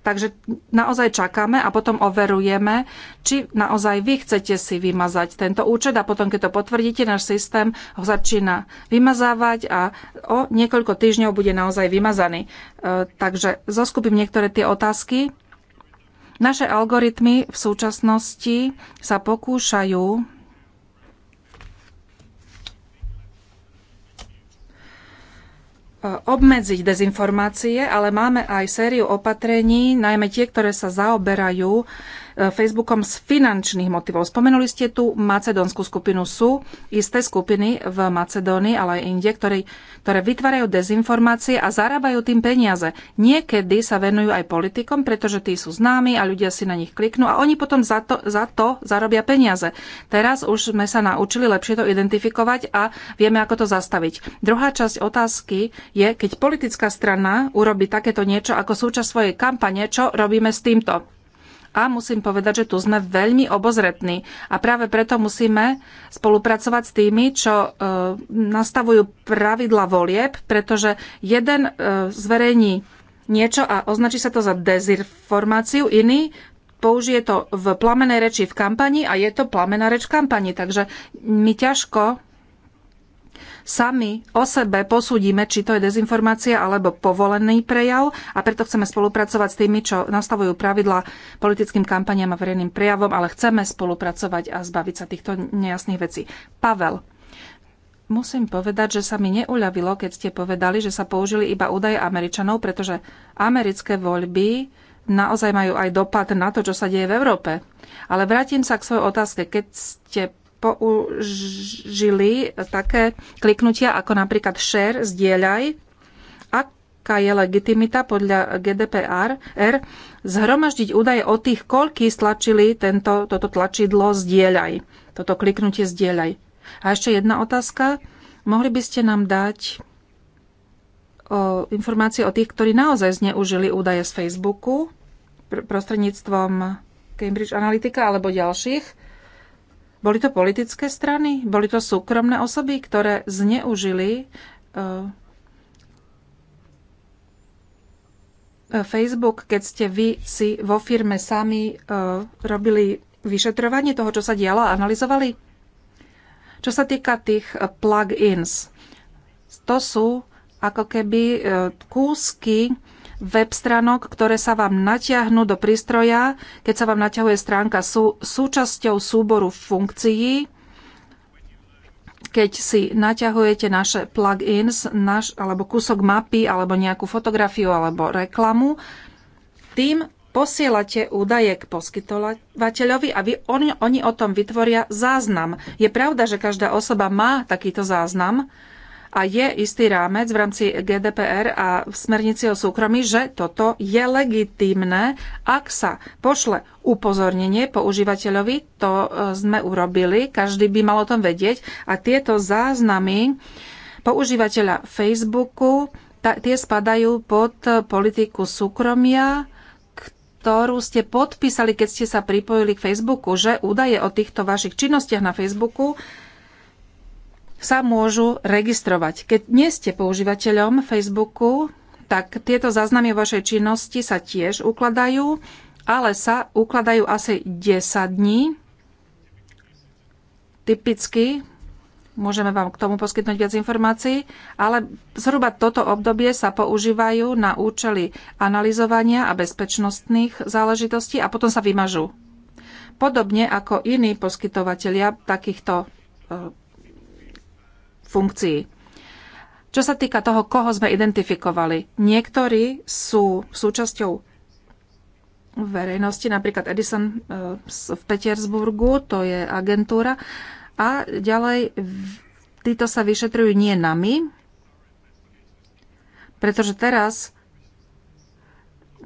Takže naozaj čakáme a potom overujeme, či naozaj vy chcete si vymazať tento účet a potom, keď to potvrdíte, náš systém ho začína vymazávať a o niekoľko týždňov bude naozaj vymazaný. E, takže zoskupím niektoré tie otázky. Naše algoritmy v súčasnosti sa pokúšajú obmedziť dezinformácie, ale máme aj sériu opatrení, najmä tie, ktoré sa zaoberajú Facebookom z finančných motivov. Spomenuli ste tu macedónsku skupinu. Sú isté skupiny v Macedónii, ale aj inde, ktoré, ktoré vytvárajú dezinformácie a zarábajú tým peniaze. Niekedy sa venujú aj politikom, pretože tí sú známi a ľudia si na nich kliknú a oni potom za to, za to zarobia peniaze. Teraz už sme sa naučili lepšie to identifikovať a vieme, ako to zastaviť. Druhá časť otázky je, keď politická strana urobí takéto niečo ako súčasť svojej kampane, čo robíme s týmto? a musím povedať, že tu sme veľmi obozretní a práve preto musíme spolupracovať s tými, čo e, nastavujú pravidla volieb, pretože jeden e, zverejní niečo a označí sa to za dezinformáciu, iný použije to v plamenej reči v kampani a je to plamená reč v kampani. Takže my ťažko sami o sebe posúdime, či to je dezinformácia alebo povolený prejav a preto chceme spolupracovať s tými, čo nastavujú pravidla politickým kampaniam a verejným prejavom, ale chceme spolupracovať a zbaviť sa týchto nejasných vecí. Pavel, Musím povedať, že sa mi neuľavilo, keď ste povedali, že sa použili iba údaje Američanov, pretože americké voľby naozaj majú aj dopad na to, čo sa deje v Európe. Ale vrátim sa k svojej otázke. Keď ste použili také kliknutia ako napríklad share, zdieľaj, aká je legitimita podľa GDPR R, zhromaždiť údaje o tých, koľký stlačili tento, toto tlačidlo zdieľaj, toto kliknutie zdieľaj. A ešte jedna otázka. Mohli by ste nám dať o, informácie o tých, ktorí naozaj zneužili údaje z Facebooku pr- prostredníctvom Cambridge Analytica alebo ďalších boli to politické strany? Boli to súkromné osoby, ktoré zneužili eh, eh, Facebook, keď ste vy si vo firme sami eh, robili vyšetrovanie toho, čo sa dialo a analyzovali? Čo sa týka tých plug-ins, to sú ako keby kúsky web stránok, ktoré sa vám natiahnú do prístroja. Keď sa vám naťahuje stránka, sú súčasťou súboru funkcií. Keď si naťahujete naše plugins, naš, alebo kúsok mapy, alebo nejakú fotografiu, alebo reklamu, tým posielate údaje k poskytovateľovi a vy, on, oni o tom vytvoria záznam. Je pravda, že každá osoba má takýto záznam, a je istý rámec v rámci GDPR a v smernici o súkromí, že toto je legitímne, ak sa pošle upozornenie používateľovi, to e, sme urobili, každý by mal o tom vedieť a tieto záznamy používateľa Facebooku, tie spadajú pod politiku súkromia, ktorú ste podpísali, keď ste sa pripojili k Facebooku, že údaje o týchto vašich činnostiach na Facebooku sa môžu registrovať. Keď nie ste používateľom Facebooku, tak tieto záznamy o vašej činnosti sa tiež ukladajú, ale sa ukladajú asi 10 dní. Typicky môžeme vám k tomu poskytnúť viac informácií, ale zhruba toto obdobie sa používajú na účely analyzovania a bezpečnostných záležitostí a potom sa vymažú. Podobne ako iní poskytovatelia takýchto e, funkcií. Čo sa týka toho, koho sme identifikovali, niektorí sú súčasťou verejnosti, napríklad Edison eh, v Petersburgu, to je agentúra, a ďalej títo sa vyšetrujú nie nami, pretože teraz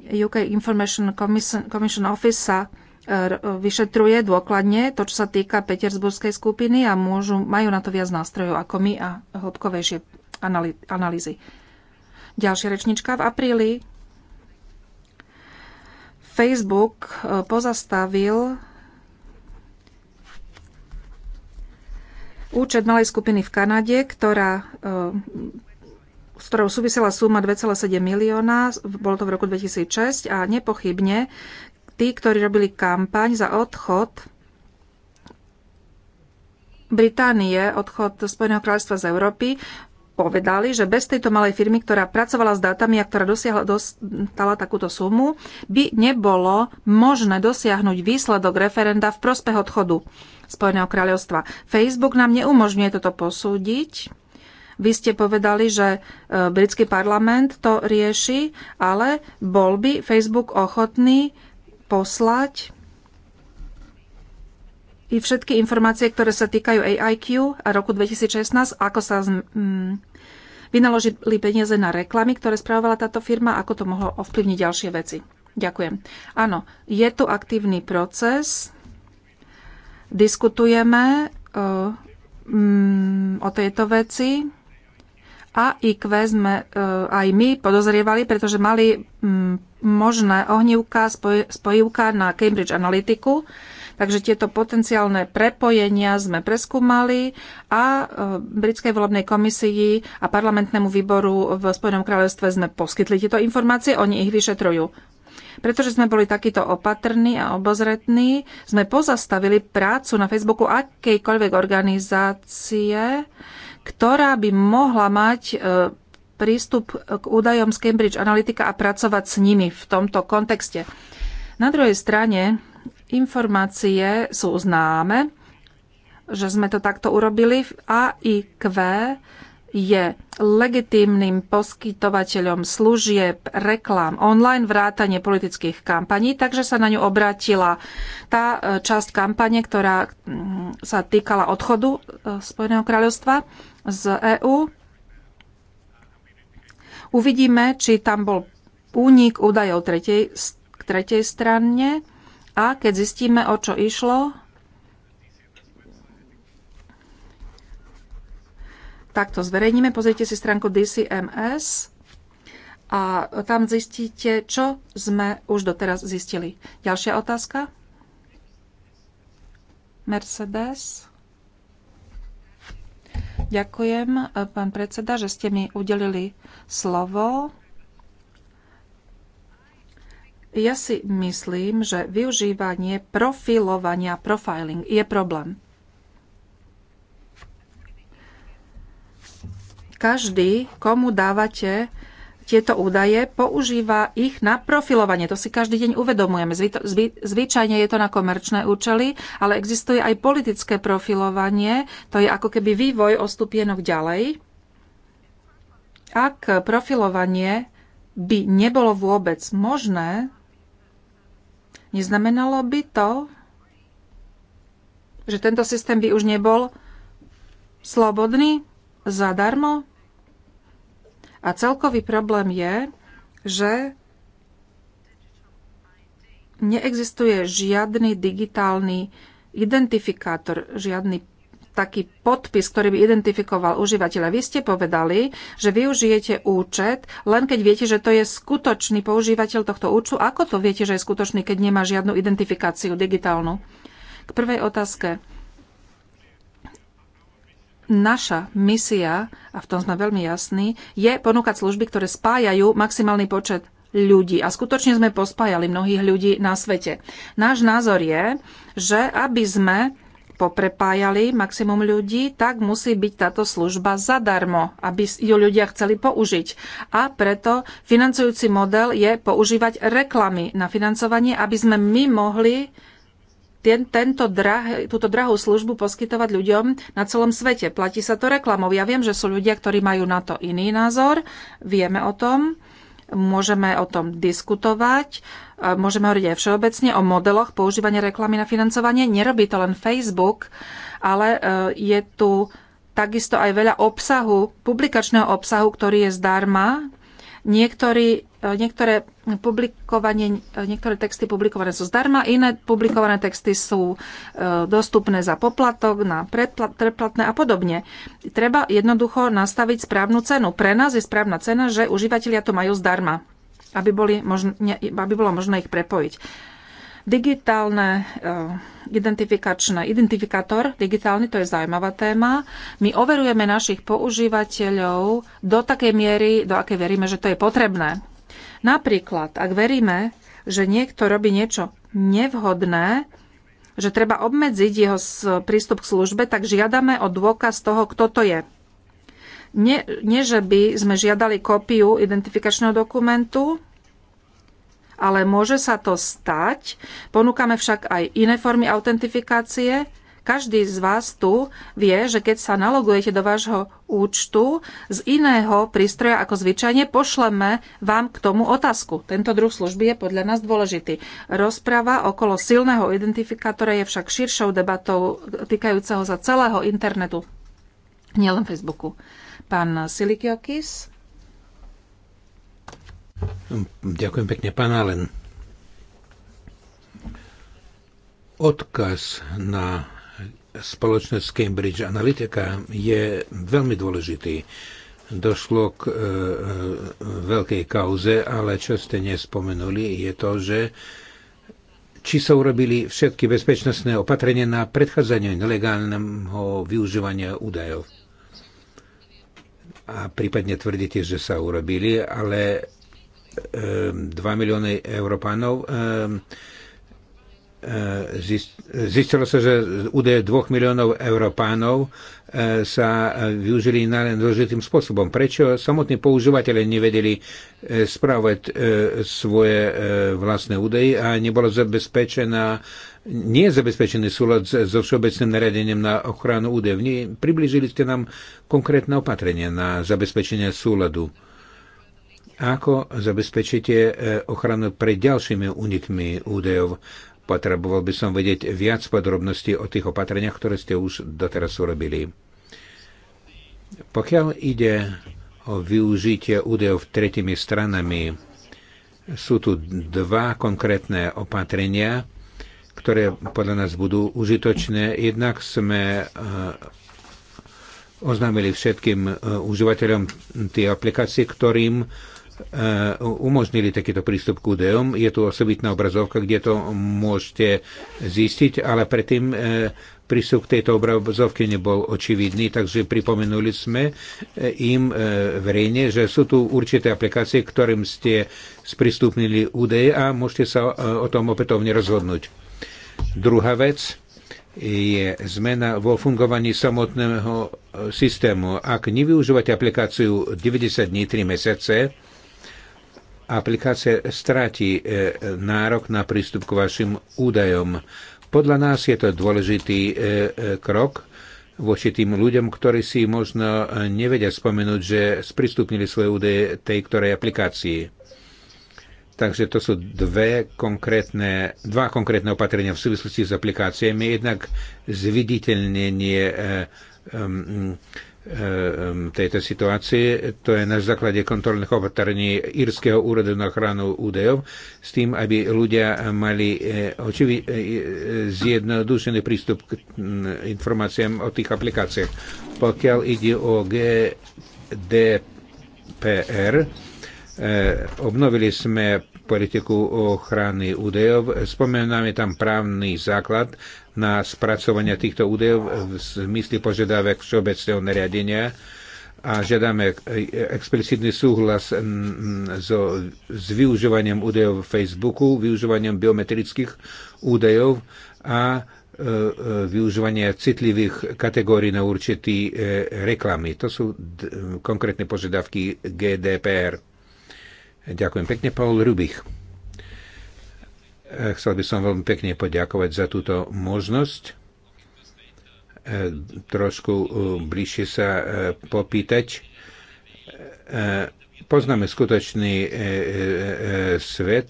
UK Information Commission, Commission Office sa vyšetruje dôkladne to, čo sa týka Petersburskej skupiny a môžu, majú na to viac nástrojov ako my a hĺbkovejšie analýzy. Ďalšia rečnička v apríli. Facebook e, pozastavil účet malej skupiny v Kanade, ktorá e, s ktorou súvisela suma 2,7 milióna, bolo to v roku 2006 a nepochybne tí, ktorí robili kampaň za odchod Británie, odchod Spojeného kráľstva z Európy, povedali, že bez tejto malej firmy, ktorá pracovala s dátami a ktorá dosiahla, dostala takúto sumu, by nebolo možné dosiahnuť výsledok referenda v prospech odchodu Spojeného kráľovstva. Facebook nám neumožňuje toto posúdiť. Vy ste povedali, že e, britský parlament to rieši, ale bol by Facebook ochotný poslať i všetky informácie, ktoré sa týkajú AIQ a roku 2016, ako sa mm, vynaložili peniaze na reklamy, ktoré spravovala táto firma, ako to mohlo ovplyvniť ďalšie veci. Ďakujem. Áno, je tu aktívny proces. Diskutujeme o, eh, mm, o tejto veci. A IQ sme e, aj my podozrievali, pretože mali možné ohnívka, spoj, spojivka na Cambridge Analytiku. Takže tieto potenciálne prepojenia sme preskúmali a e, Britskej volebnej komisii a parlamentnému výboru v Spojenom kráľovstve sme poskytli tieto informácie, oni ich vyšetrujú. Pretože sme boli takýto opatrní a obozretní, sme pozastavili prácu na Facebooku akejkoľvek organizácie, ktorá by mohla mať e, prístup k údajom z Cambridge Analytica a pracovať s nimi v tomto kontexte. Na druhej strane informácie sú známe, že sme to takto urobili. AIQ je legitímnym poskytovateľom služieb, reklám, online vrátanie politických kampaní, takže sa na ňu obratila tá e, časť kampane, ktorá mm, sa týkala odchodu e, Spojeného kráľovstva z EÚ. Uvidíme, či tam bol únik údajov tretej, k tretej strane a keď zistíme, o čo išlo, tak to zverejníme. Pozrite si stránku DCMS a tam zistíte, čo sme už doteraz zistili. Ďalšia otázka. Mercedes. Ďakujem, pán predseda, že ste mi udelili slovo. Ja si myslím, že využívanie profilovania, profiling je problém. Každý, komu dávate tieto údaje, používa ich na profilovanie. To si každý deň uvedomujeme. Zvy, zvyčajne je to na komerčné účely, ale existuje aj politické profilovanie. To je ako keby vývoj o stupienok ďalej. Ak profilovanie by nebolo vôbec možné, neznamenalo by to, že tento systém by už nebol slobodný, zadarmo, a celkový problém je, že neexistuje žiadny digitálny identifikátor, žiadny taký podpis, ktorý by identifikoval užívateľa. Vy ste povedali, že využijete účet, len keď viete, že to je skutočný používateľ tohto účtu. Ako to viete, že je skutočný, keď nemá žiadnu identifikáciu digitálnu? K prvej otázke naša misia, a v tom sme veľmi jasní, je ponúkať služby, ktoré spájajú maximálny počet ľudí. A skutočne sme pospájali mnohých ľudí na svete. Náš názor je, že aby sme poprepájali maximum ľudí, tak musí byť táto služba zadarmo, aby ju ľudia chceli použiť. A preto financujúci model je používať reklamy na financovanie, aby sme my mohli ten, tento drah, túto drahú službu poskytovať ľuďom na celom svete. Platí sa to reklamou. Ja viem, že sú ľudia, ktorí majú na to iný názor. Vieme o tom. Môžeme o tom diskutovať. Môžeme hovoriť aj všeobecne o modeloch používania reklamy na financovanie. Nerobí to len Facebook, ale e, je tu takisto aj veľa obsahu, publikačného obsahu, ktorý je zdarma, Niektorí, e, niektoré, publikovanie, e, niektoré texty publikované sú zdarma, iné publikované texty sú e, dostupné za poplatok, na predplatné a podobne. Treba jednoducho nastaviť správnu cenu. Pre nás je správna cena, že užívateľia to majú zdarma, aby, boli možné, aby bolo možné ich prepojiť Digitálne eh, identifikačné, identifikátor digitálny, to je zaujímavá téma. My overujeme našich používateľov do takej miery, do akej veríme, že to je potrebné. Napríklad, ak veríme, že niekto robí niečo nevhodné, že treba obmedziť jeho prístup k službe, tak žiadame o dôkaz toho, kto to je. Nie, nie, že by sme žiadali kópiu identifikačného dokumentu, ale môže sa to stať. Ponúkame však aj iné formy autentifikácie. Každý z vás tu vie, že keď sa nalogujete do vášho účtu z iného prístroja ako zvyčajne, pošleme vám k tomu otázku. Tento druh služby je podľa nás dôležitý. Rozprava okolo silného identifikátora je však širšou debatou týkajúceho sa celého internetu, nielen Facebooku. Pán Silikiokis. Ďakujem pekne, pán Allen. Odkaz na spoločnosť Cambridge Analytica je veľmi dôležitý. Došlo k e, e, veľkej kauze, ale čo ste nespomenuli, je to, že či sa urobili všetky bezpečnostné opatrenia na predchádzanie nelegálneho využívania údajov. A prípadne tvrdíte, že sa urobili, ale 2 ehm, milióny Európanov. Ehm, ehm, zistilo sa, že údaje 2 miliónov Európanov e, sa využili na len náležitým spôsobom. Prečo samotní používateľe nevedeli e, spravovať e, svoje vlastné údaje a nebolo zabezpečená nie je zabezpečený súlad so všeobecným nariadením na ochranu údajov. Priblížili ste nám konkrétne opatrenia na zabezpečenie súladu ako zabezpečíte e, ochranu pred ďalšími únikmi údajov? Potreboval by som vedieť viac podrobností o tých opatreniach, ktoré ste už doteraz urobili. Pokiaľ ide o využitie údajov tretimi stranami, sú tu dva konkrétne opatrenia, ktoré podľa nás budú užitočné. Jednak sme e, oznámili všetkým e, užívateľom tie aplikácie, ktorým E, umožnili takýto prístup k údajom. Je tu osobitná obrazovka, kde to môžete zistiť, ale predtým e, prístup k tejto obrazovke nebol očividný, takže pripomenuli sme e, im verejne, že sú tu určité aplikácie, ktorým ste sprístupnili údaje a môžete sa o tom opätovne rozhodnúť. Druhá vec je zmena vo fungovaní samotného systému. Ak nevyužívate aplikáciu 90 dní, 3 mesiace, aplikácia stráti e, nárok na prístup k vašim údajom. Podľa nás je to dôležitý e, e, krok voči tým ľuďom, ktorí si možno nevedia spomenúť, že sprístupnili svoje údaje tej ktorej aplikácii. Takže to sú dve konkrétne, dva konkrétne opatrenia v súvislosti s aplikáciami. Jednak zviditeľnenie Ehm, tejto situácie. To je na základe kontrolných opatrení Írskeho úradu na ochranu údajov s tým, aby ľudia mali e, očivi, e, zjednodušený prístup k mm, informáciám o tých aplikáciách. Pokiaľ ide o GDPR, e, obnovili sme politiku ochrany údajov, Spomenáme tam právny základ na spracovanie týchto údajov v zmysle požiadavek všeobecného nariadenia a žiadame explicitný súhlas mm, so, s využívaním údajov v Facebooku, využívaním biometrických údajov a e, e, využívanie citlivých kategórií na určitý e, reklamy. To sú konkrétne požiadavky GDPR. Ďakujem pekne, Paul Rubich. Chcel by som veľmi pekne poďakovať za túto možnosť e, trošku e, bližšie sa e, popýtať. Poznáme skutočný svet,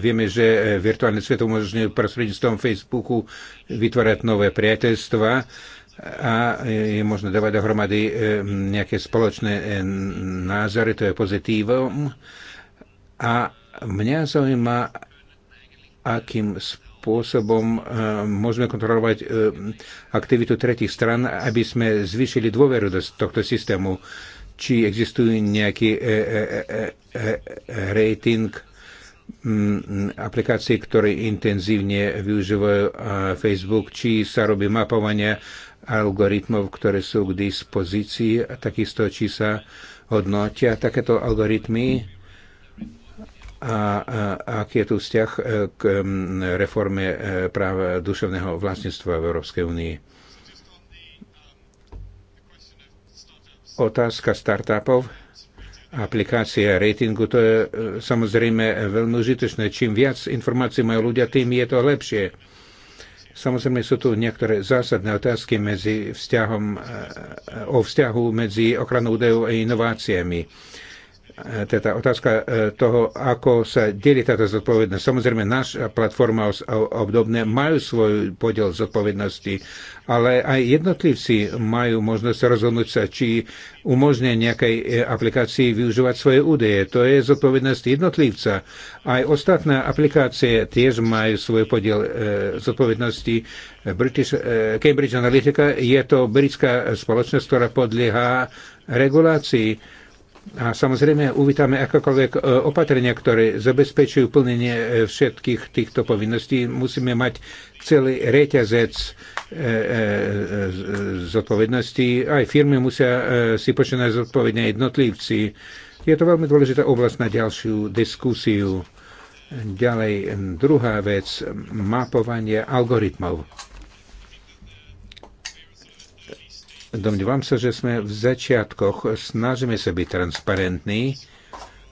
vieme, že virtuálny svet umožňuje prostredníctvom Facebooku vytvárať nové priateľstva a je možné dávať dohromady nejaké spoločné názory, to je pozitívom. A mňa zaujíma, akým spôsobom e, môžeme kontrolovať e, aktivitu tretich stran, aby sme zvýšili dôveru do tohto systému. Či existuje nejaký e, rating mm, aplikácií, ktoré intenzívne využívajú Facebook, či sa robí mapovanie algoritmov, ktoré sú k dispozícii a takisto, či sa hodnotia takéto algoritmy a, aký je tu vzťah e, k reforme e, práva duševného vlastníctva v Európskej únii. Otázka startupov, aplikácia ratingu, to je e, samozrejme veľmi užitočné. Čím viac informácií majú ľudia, tým je to lepšie. Samozrejme sú tu niektoré zásadné otázky medzi vzťahom, o vzťahu medzi ochranou údajov a inováciami teda otázka e, toho, ako sa delí táto zodpovednosť. Samozrejme, naša platforma obdobne majú svoj podiel zodpovednosti, ale aj jednotlivci majú možnosť rozhodnúť sa, či umožňuje nejakej e, aplikácii využívať svoje údaje. To je zodpovednosť jednotlivca. Aj ostatné aplikácie tiež majú svoj podiel e, zodpovednosti. British, Cambridge Analytica je to britská spoločnosť, ktorá podlieha regulácii a samozrejme uvítame akékoľvek e, opatrenia, ktoré zabezpečujú plnenie e, všetkých týchto povinností. Musíme mať celý reťazec e, zodpovedností. Aj firmy musia si počínať zodpovedne jednotlivci. Je to veľmi dôležitá oblasť na ďalšiu diskusiu. Ďalej, druhá vec, mapovanie algoritmov Domnívam sa, že sme v začiatkoch, snažíme sa byť transparentní,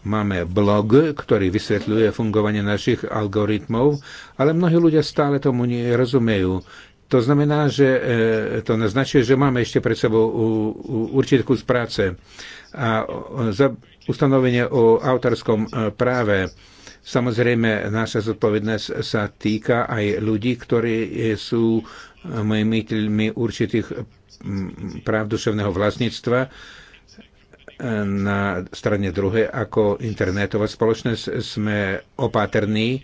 Máme blog, ktorý vysvetľuje fungovanie našich algoritmov, ale mnohí ľudia stále tomu nerozumejú. To znamená, že e, to naznačuje, že máme ešte pred sebou určitý kus práce. A za ustanovenie o autorskom e, práve Samozrejme, naša zodpovednosť sa týka aj ľudí, ktorí sú majiteľmi určitých mm, práv duševného vlastníctva e, na strane druhej ako internetová spoločnosť sme opatrní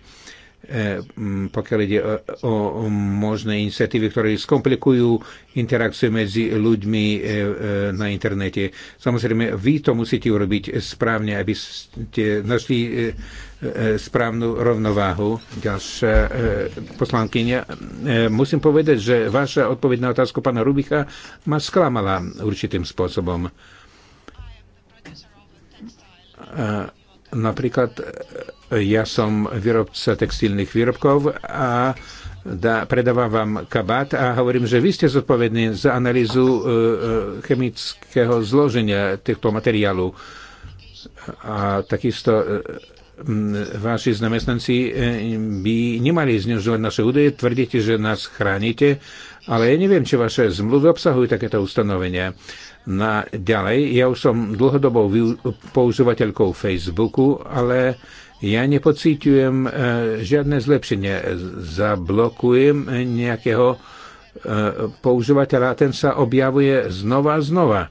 E, pokiaľ ide o, možné iniciatívy, ktoré skomplikujú interakciu medzi ľuďmi e, e, na internete. Samozrejme, vy to musíte urobiť správne, aby ste našli správnu rovnováhu. Ďalšia poslankyňa. Musím povedať, že vaša odpoveď na otázku pána Rubicha ma sklamala určitým spôsobom. Napríklad ja som výrobca textilných výrobkov a da, predávam vám kabát a hovorím, že vy ste zodpovední za analýzu e, e chemického zloženia týchto materiálu. A takisto e, vaši zamestnanci e, by nemali znižovať naše údaje, tvrdíte, že nás chránite, ale ja neviem, či vaše zmluvy obsahujú takéto ustanovenia. Na ďalej, ja už som dlhodobou používateľkou Facebooku, ale ja nepocítujem e, žiadne zlepšenie. Zablokujem nejakého e, používateľa a ten sa objavuje znova a znova.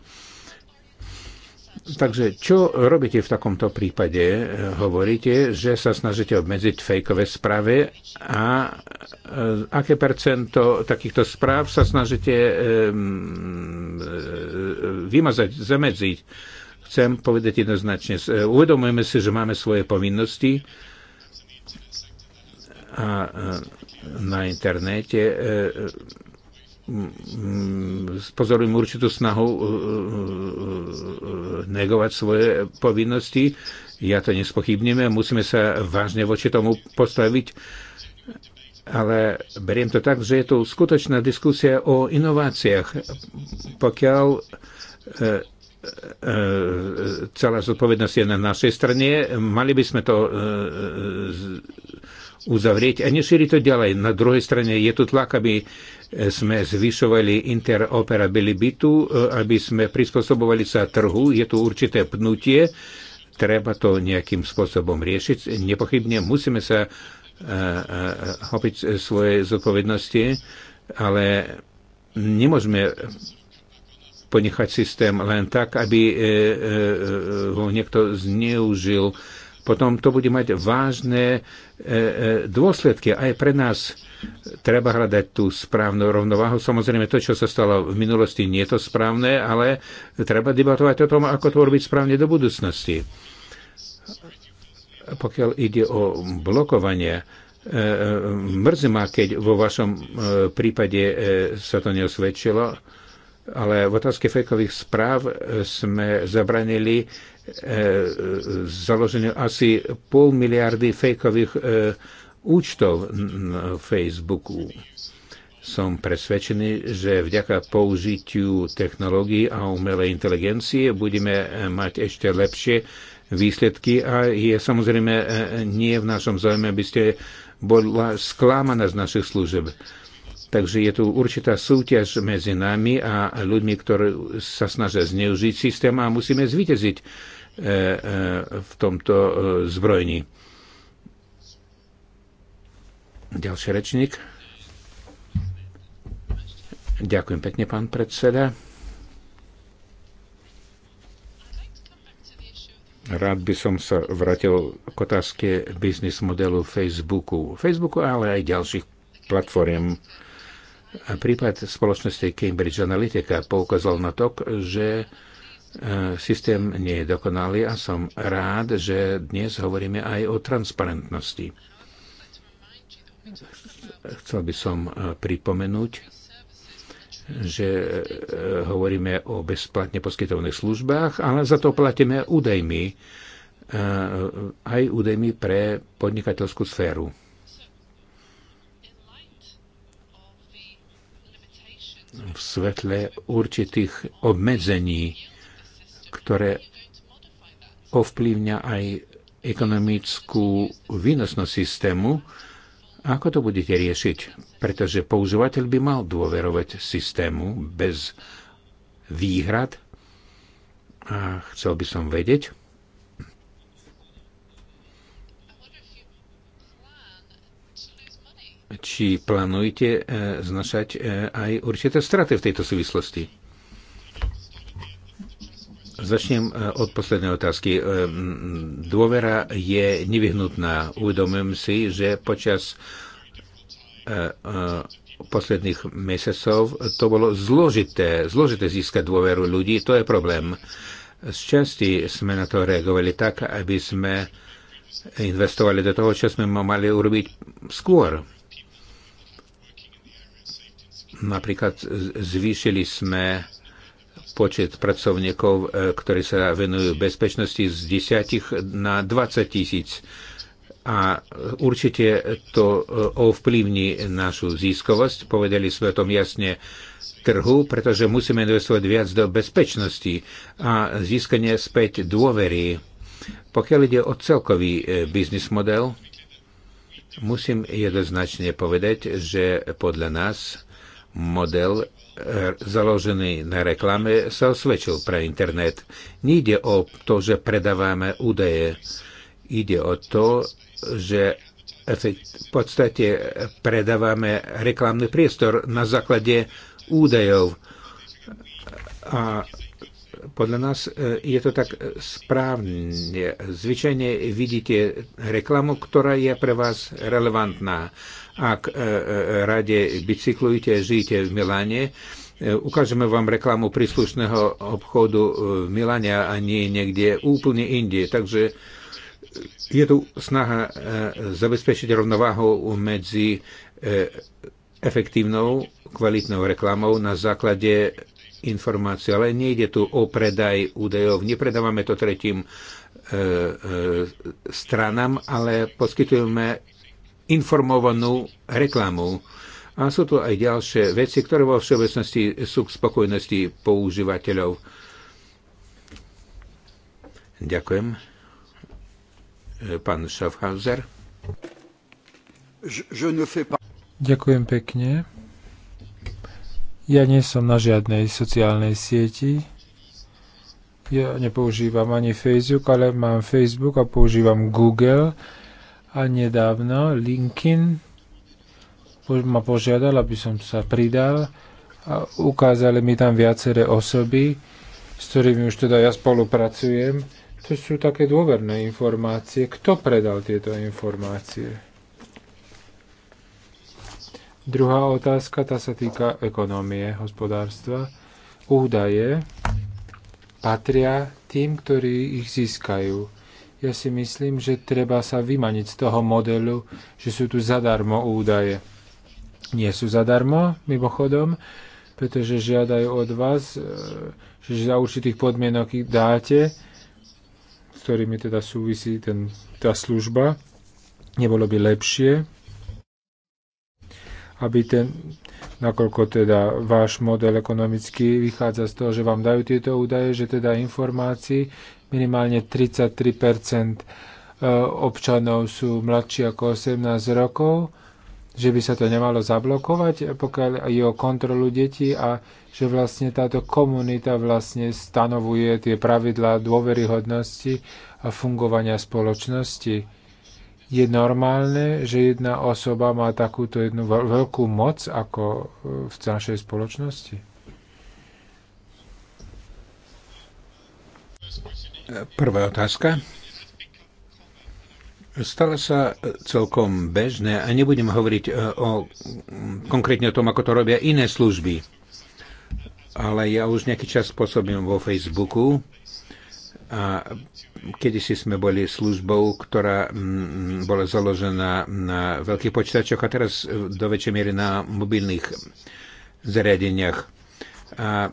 Takže čo robíte v takomto prípade? E, hovoríte, že sa snažíte obmedziť fejkové správy a aké percento takýchto správ sa snažíte vymazať, zamedziť? chcem povedať jednoznačne. E, uvedomujeme si, že máme svoje povinnosti a e, na internete e, pozorujem určitú snahu negovať svoje povinnosti. Ja to nespochybneme musíme sa vážne voči tomu postaviť. Ale beriem to tak, že je to skutočná diskusia o inováciách. Pokiaľ E, e, celá zodpovednosť je na našej strane. Mali by sme to e, uzavrieť a nešíriť to ďalej. Na druhej strane je tu tlak, aby sme zvyšovali interoperabilitu, aby sme prispôsobovali sa trhu. Je tu určité pnutie, treba to nejakým spôsobom riešiť. Nepochybne musíme sa hopiť svoje zodpovednosti, ale nemôžeme ponechať systém len tak, aby e, e, e, ho niekto zneužil. Potom to bude mať vážne dôsledky aj pre nás. Treba hľadať tú správnu rovnováhu. Samozrejme, to, čo sa stalo v minulosti, nie je to správne, ale treba debatovať o tom, ako to robiť správne do budúcnosti. Pokiaľ ide o blokovanie, mrzí ma, keď vo vašom prípade sa to neosvedčilo ale v otázke fejkových správ e, sme zabranili e, založeniu asi pol miliardy fejkových e, účtov na Facebooku. Som presvedčený, že vďaka použitiu technológií a umelej inteligencie budeme mať ešte lepšie výsledky a je samozrejme nie v našom záujme, aby ste bola sklamaná z našich služeb. Takže je tu určitá súťaž medzi nami a ľuďmi, ktorí sa snažia zneužiť systém a musíme zvíťaziť e, e, v tomto e, zbrojni. Ďalší rečník. Ďakujem pekne, pán predseda. Rád by som sa vrátil k otázke biznis modelu Facebooku. Facebooku, ale aj ďalších platform. Prípad spoločnosti Cambridge Analytica poukázal na to, že e, systém nie je dokonalý a som rád, že dnes hovoríme aj o transparentnosti. Chcel by som e, pripomenúť, že e, hovoríme o bezplatne poskytovaných službách, ale za to platíme údajmi, aj údajmi pre podnikateľskú sféru. v svetle určitých obmedzení, ktoré ovplyvňa aj ekonomickú výnosnosť systému, ako to budete riešiť? Pretože používateľ by mal dôverovať systému bez výhrad a chcel by som vedieť, či plánujete e, znašať e, aj určité straty v tejto súvislosti? Začnem e, od poslednej otázky. Dôvera je nevyhnutná. Uvedomujem si, že počas posledných mesiacov to bolo zložité, zložité získať dôveru ľudí, to je problém. Z časti sme na to reagovali tak, aby sme investovali do toho, čo sme mali urobiť skôr Napríklad zvýšili sme počet pracovníkov, e, ktorí sa venujú bezpečnosti z 10 na 20 tisíc. A určite to e, ovplyvní našu získovosť. Povedali sme o tom jasne trhu, pretože musíme investovať viac do bezpečnosti a získanie späť dôvery. Pokiaľ ide o celkový e, biznis model, musím jednoznačne povedať, že podľa nás model eh, založený na reklame sa osvedčil pre internet. Nejde o to, že predávame údaje. Ide o to, že v podstate predávame reklamný priestor na základe údajov. A podľa nás eh, je to tak správne. Zvyčajne vidíte reklamu, ktorá je pre vás relevantná. Ak e, e, rade bicyklujete, žijete v Miláne, e, ukážeme vám reklamu príslušného obchodu v Miláne a nie niekde úplne inde. Takže je tu snaha zabezpečiť rovnováhu medzi efektívnou, kvalitnou reklamou na základe informácií, ale nejde tu o predaj údajov, nepredávame to tretím e, e, stranám, ale poskytujeme informovanú reklamu. A sú tu aj ďalšie veci, ktoré vo všeobecnosti sú k spokojnosti používateľov. Ďakujem. Pán Schaffhauser. Ďakujem pekne. Ja nie som na žiadnej sociálnej sieti. Ja nepoužívam ani Facebook, ale mám Facebook a používam Google a nedávno Linkin ma požiadal, aby som sa pridal a ukázali mi tam viaceré osoby, s ktorými už teda ja spolupracujem. To sú také dôverné informácie. Kto predal tieto informácie? Druhá otázka, tá sa týka ekonomie, hospodárstva. Údaje patria tým, ktorí ich získajú ja si myslím, že treba sa vymaniť z toho modelu, že sú tu zadarmo údaje. Nie sú zadarmo, mimochodom, pretože žiadajú od vás, e, že za určitých podmienok ich dáte, s ktorými teda súvisí ten, tá služba. Nebolo by lepšie, aby ten, nakoľko teda váš model ekonomicky vychádza z toho, že vám dajú tieto údaje, že teda informácií, minimálne 33 e, občanov sú mladší ako 18 rokov, že by sa to nemalo zablokovať, pokiaľ je o kontrolu detí a že vlastne táto komunita vlastne stanovuje tie pravidlá dôveryhodnosti a fungovania spoločnosti. Je normálne, že jedna osoba má takúto jednu veľkú moc ako e, v našej spoločnosti? Prvá otázka. Stalo sa celkom bežné a nebudem hovoriť e, o, konkrétne o tom, ako to robia iné služby. Ale ja už nejaký čas pôsobím vo Facebooku a kedysi sme boli službou, ktorá bola založená na veľkých počítačoch a teraz e, do väčšej miery na mobilných zariadeniach. A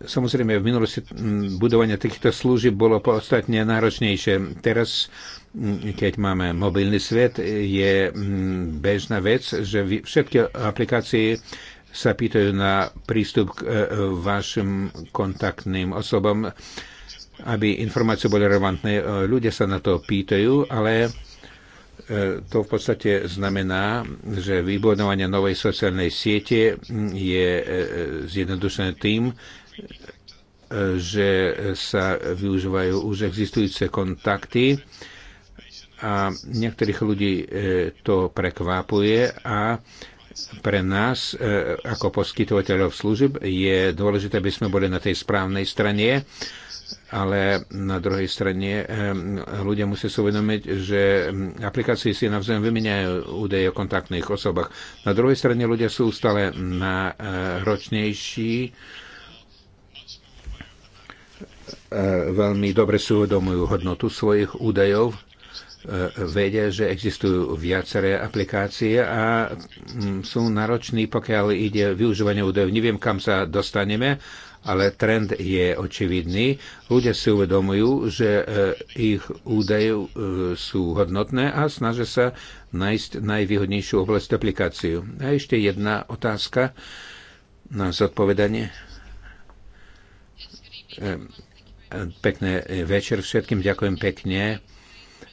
Samozrejme, v minulosti mm, budovanie týchto služieb bolo podstatne náročnejšie. Teraz, mm, keď máme mobilný svet, je mm, bežná vec, že všetky aplikácie sa pýtajú na prístup k e, vašim kontaktným osobom, aby informácie boli relevantné. E, ľudia sa na to pýtajú, ale e, to v podstate znamená, že vybudovanie novej sociálnej siete je zjednodušené tým, že sa využívajú už existujúce kontakty a niektorých ľudí e, to prekvapuje a pre nás e, ako poskytovateľov služieb je dôležité, aby sme boli na tej správnej strane, ale na druhej strane e, ľudia musia si uvedomiť, že aplikácie si navzájom vymeniajú údaje o kontaktných osobách. Na druhej strane ľudia sú stále náročnejší, E, veľmi dobre si uvedomujú hodnotu svojich údajov, e, vedia, že existujú viaceré aplikácie a mm, sú nároční, pokiaľ ide využívanie údajov. Neviem, kam sa dostaneme, ale trend je očividný. Ľudia si uvedomujú, že e, ich údaje sú hodnotné a snažia sa nájsť najvýhodnejšiu oblasť aplikáciu. A ešte jedna otázka na zodpovedanie Pekné večer všetkým, ďakujem pekne.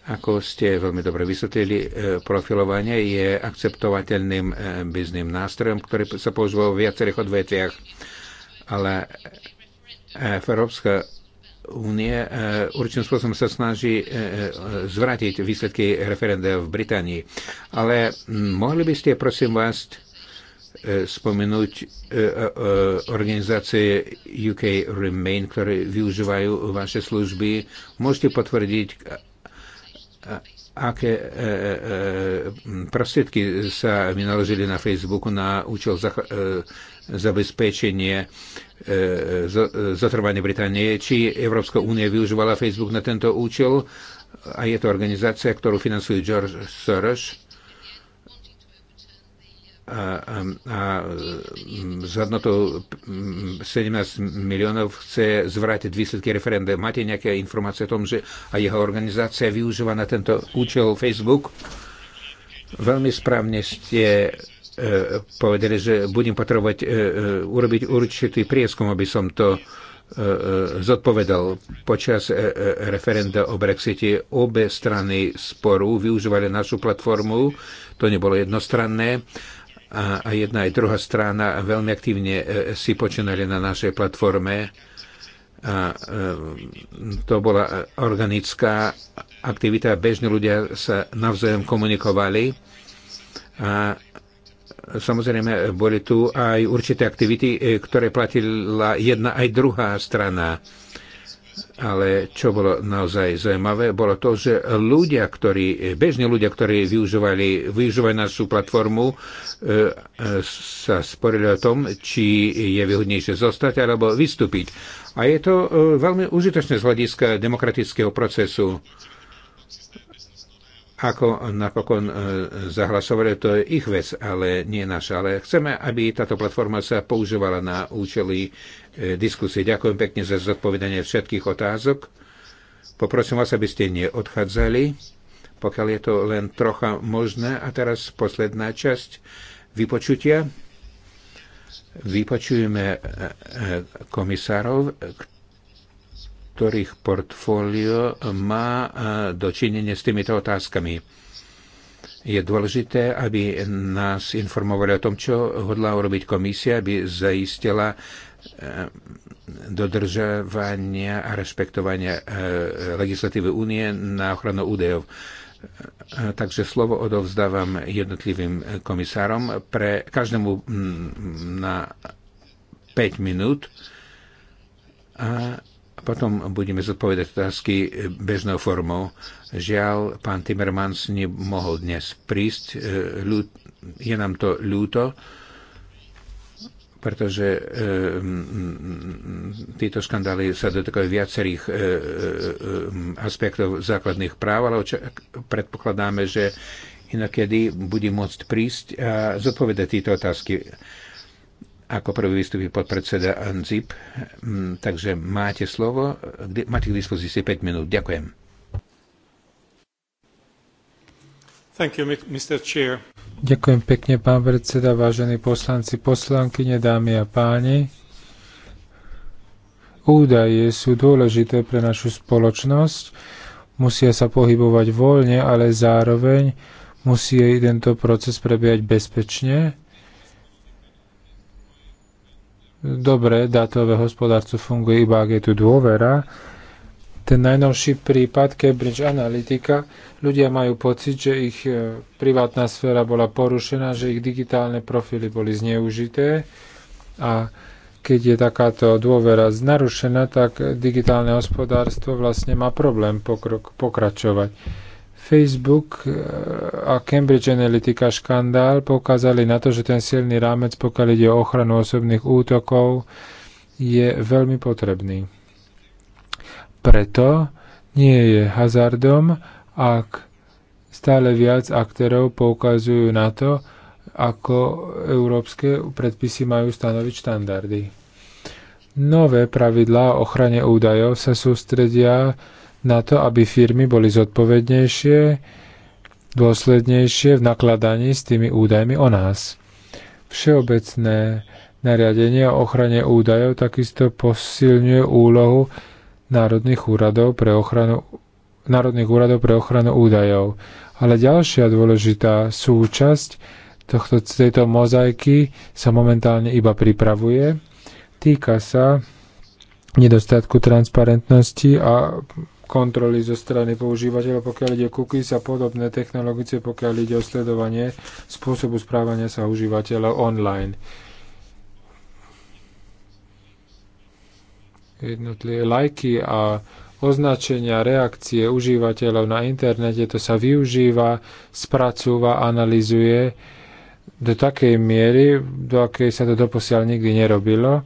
Ako ste veľmi dobre vysvetlili, e, profilovanie je akceptovateľným e, bizným nástrojom, ktorý sa používa v viacerých odvetviach. Ale e, Európska únie určitým spôsobom sa snaží zvrátiť výsledky referenda v Británii. Ale mohli by ste, prosím vás, E, spomenúť e, e, organizácie UK Remain, ktoré využívajú vaše služby. Môžete potvrdiť, aké prostriedky sa vynaložili na Facebooku na účel zabezpečenie zotrvania Británie. Či Európska únia využívala Facebook na tento účel a je to organizácia, ktorú financuje George Soros a, a, a s hodnotou 17 miliónov chce zvrátiť výsledky referenda. Máte nejaké informácie o tom, že a jeho organizácia využíva na tento účel Facebook? Veľmi správne ste e, povedali, že budem potrebovať e, e, urobiť určitý prieskum, aby som to zodpovedal. Počas referenda o Brexite obe strany sporu využívali našu platformu, to nebolo jednostranné a, a jedna aj druhá strana veľmi aktívne e, si počínali na našej platforme. A, e, to bola organická aktivita, bežní ľudia sa navzájom komunikovali a e, samozrejme boli tu aj určité aktivity, ktoré platila jedna aj druhá strana. Ale čo bolo naozaj zaujímavé, bolo to, že ľudia, ktorí, bežní ľudia, ktorí využívali, využívali našu platformu, e, e, sa sporili o tom, či je výhodnejšie zostať alebo vystúpiť. A je to e, veľmi užitočné z hľadiska demokratického procesu. Ako napokon zahlasovali, to je ich vec, ale nie naša. Ale chceme, aby táto platforma sa používala na účely E, diskusie. Ďakujem pekne za zodpovedanie všetkých otázok. Poprosím vás, aby ste neodchádzali, pokiaľ je to len trocha možné. A teraz posledná časť vypočutia. Vypočujeme e, e, komisárov, ktorých portfólio má dočinenie s týmito otázkami. Je dôležité, aby nás informovali o tom, čo hodlá urobiť komisia, aby zaistila dodržovania a rešpektovania e, legislatívy únie na ochranu údajov. E, takže slovo odovzdávam jednotlivým komisárom pre každému na 5 minút a potom budeme zodpovedať otázky bežnou formou. Žiaľ, pán Timmermans nemohol dnes prísť. E, je nám to ľúto pretože e, títo škandály sa dotýkajú viacerých e, e, e, aspektov základných práv, ale predpokladáme, že inokedy bude môcť prísť a zodpovedať tieto otázky. Ako prvý vystupí podpredseda ANZIP, takže máte slovo, máte k dispozícii 5 minút. Ďakujem. Thank you, Mr. Chair. Ďakujem pekne, pán predseda, vážení poslanci, poslankyne, dámy a páni. Údaje sú dôležité pre našu spoločnosť, musia sa pohybovať voľne, ale zároveň musí aj tento proces prebiehať bezpečne. Dobre, dátové hospodárstvo funguje iba, ak je tu dôvera, ten najnovší prípad Cambridge Analytica, ľudia majú pocit, že ich e, privátna sféra bola porušená, že ich digitálne profily boli zneužité a keď je takáto dôvera narušená, tak digitálne hospodárstvo vlastne má problém pokrok, pokračovať. Facebook e, a Cambridge Analytica škandál poukázali na to, že ten silný rámec, pokiaľ ide o ochranu osobných útokov, je veľmi potrebný. Preto nie je hazardom, ak stále viac aktérov poukazujú na to, ako európske predpisy majú stanoviť štandardy. Nové pravidlá o ochrane údajov sa sústredia na to, aby firmy boli zodpovednejšie, dôslednejšie v nakladaní s tými údajmi o nás. Všeobecné nariadenie o ochrane údajov takisto posilňuje úlohu národných úradov pre ochranu Národných úradov pre ochranu údajov. Ale ďalšia dôležitá súčasť tohto, tejto mozaiky sa momentálne iba pripravuje. Týka sa nedostatku transparentnosti a kontroly zo strany používateľa, pokiaľ ide o cookies a podobné technologice, pokiaľ ide o sledovanie spôsobu správania sa užívateľov online. jednotlivé lajky a označenia reakcie užívateľov na internete, to sa využíva, spracúva, analizuje do takej miery, do akej sa to doposiaľ nikdy nerobilo.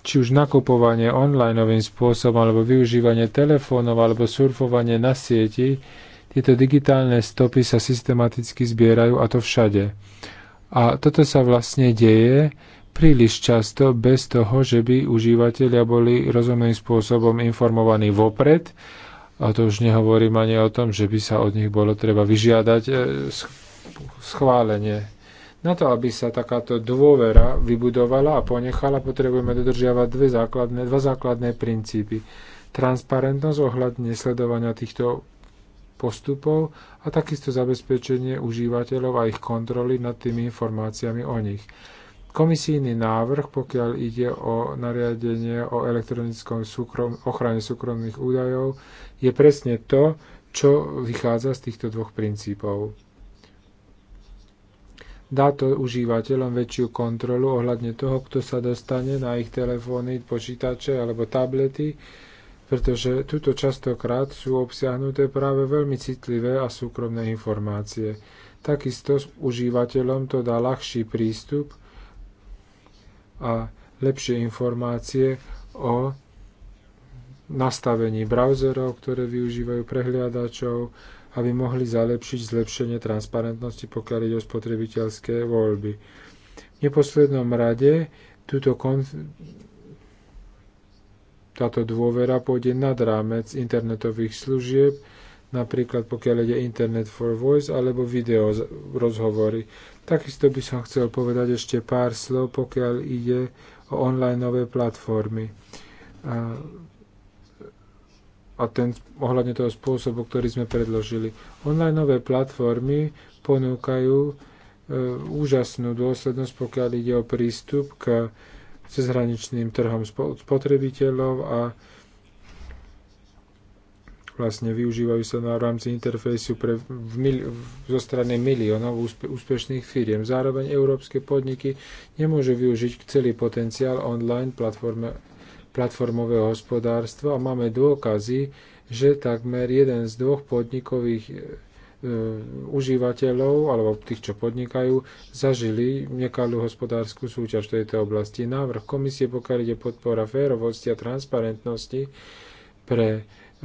Či už nakupovanie novým spôsobom, alebo využívanie telefónov, alebo surfovanie na sieti, tieto digitálne stopy sa systematicky zbierajú a to všade. A toto sa vlastne deje, príliš často bez toho, že by užívateľia boli rozumným spôsobom informovaní vopred. A to už nehovorím ani o tom, že by sa od nich bolo treba vyžiadať e, schválenie. Na to, aby sa takáto dôvera vybudovala a ponechala, potrebujeme dodržiavať dve základné, dva základné princípy. Transparentnosť ohľadne sledovania týchto postupov a takisto zabezpečenie užívateľov a ich kontroly nad tými informáciami o nich. Komisijný návrh, pokiaľ ide o nariadenie o elektronickom súkrom, ochrane súkromných údajov, je presne to, čo vychádza z týchto dvoch princípov. Dá to užívateľom väčšiu kontrolu ohľadne toho, kto sa dostane na ich telefóny, počítače alebo tablety, pretože tuto častokrát sú obsiahnuté práve veľmi citlivé a súkromné informácie. Takisto s užívateľom to dá ľahší prístup a lepšie informácie o nastavení browserov, ktoré využívajú prehliadačov, aby mohli zalepšiť zlepšenie transparentnosti, pokiaľ ide o spotrebiteľské voľby. V neposlednom rade túto konf- táto dôvera pôjde nad rámec internetových služieb napríklad pokiaľ ide Internet for Voice alebo video rozhovory. Takisto by som chcel povedať ešte pár slov, pokiaľ ide o online nové platformy. A, a ten ohľadne toho spôsobu, ktorý sme predložili. Online nové platformy ponúkajú e, úžasnú dôslednosť, pokiaľ ide o prístup k cezhraničným trhom spotrebiteľov a vlastne využívajú sa na rámci interfejsu pre, v mil, zo strany miliónov úspe, úspešných firiem. Zároveň európske podniky nemôžu využiť celý potenciál online platforme, platformového hospodárstva a máme dôkazy, že takmer jeden z dvoch podnikových e, e užívateľov alebo tých, čo podnikajú, zažili nekalú hospodárskú súťaž v tejto oblasti. Návrh komisie, pokiaľ ide podpora férovosti a transparentnosti pre E,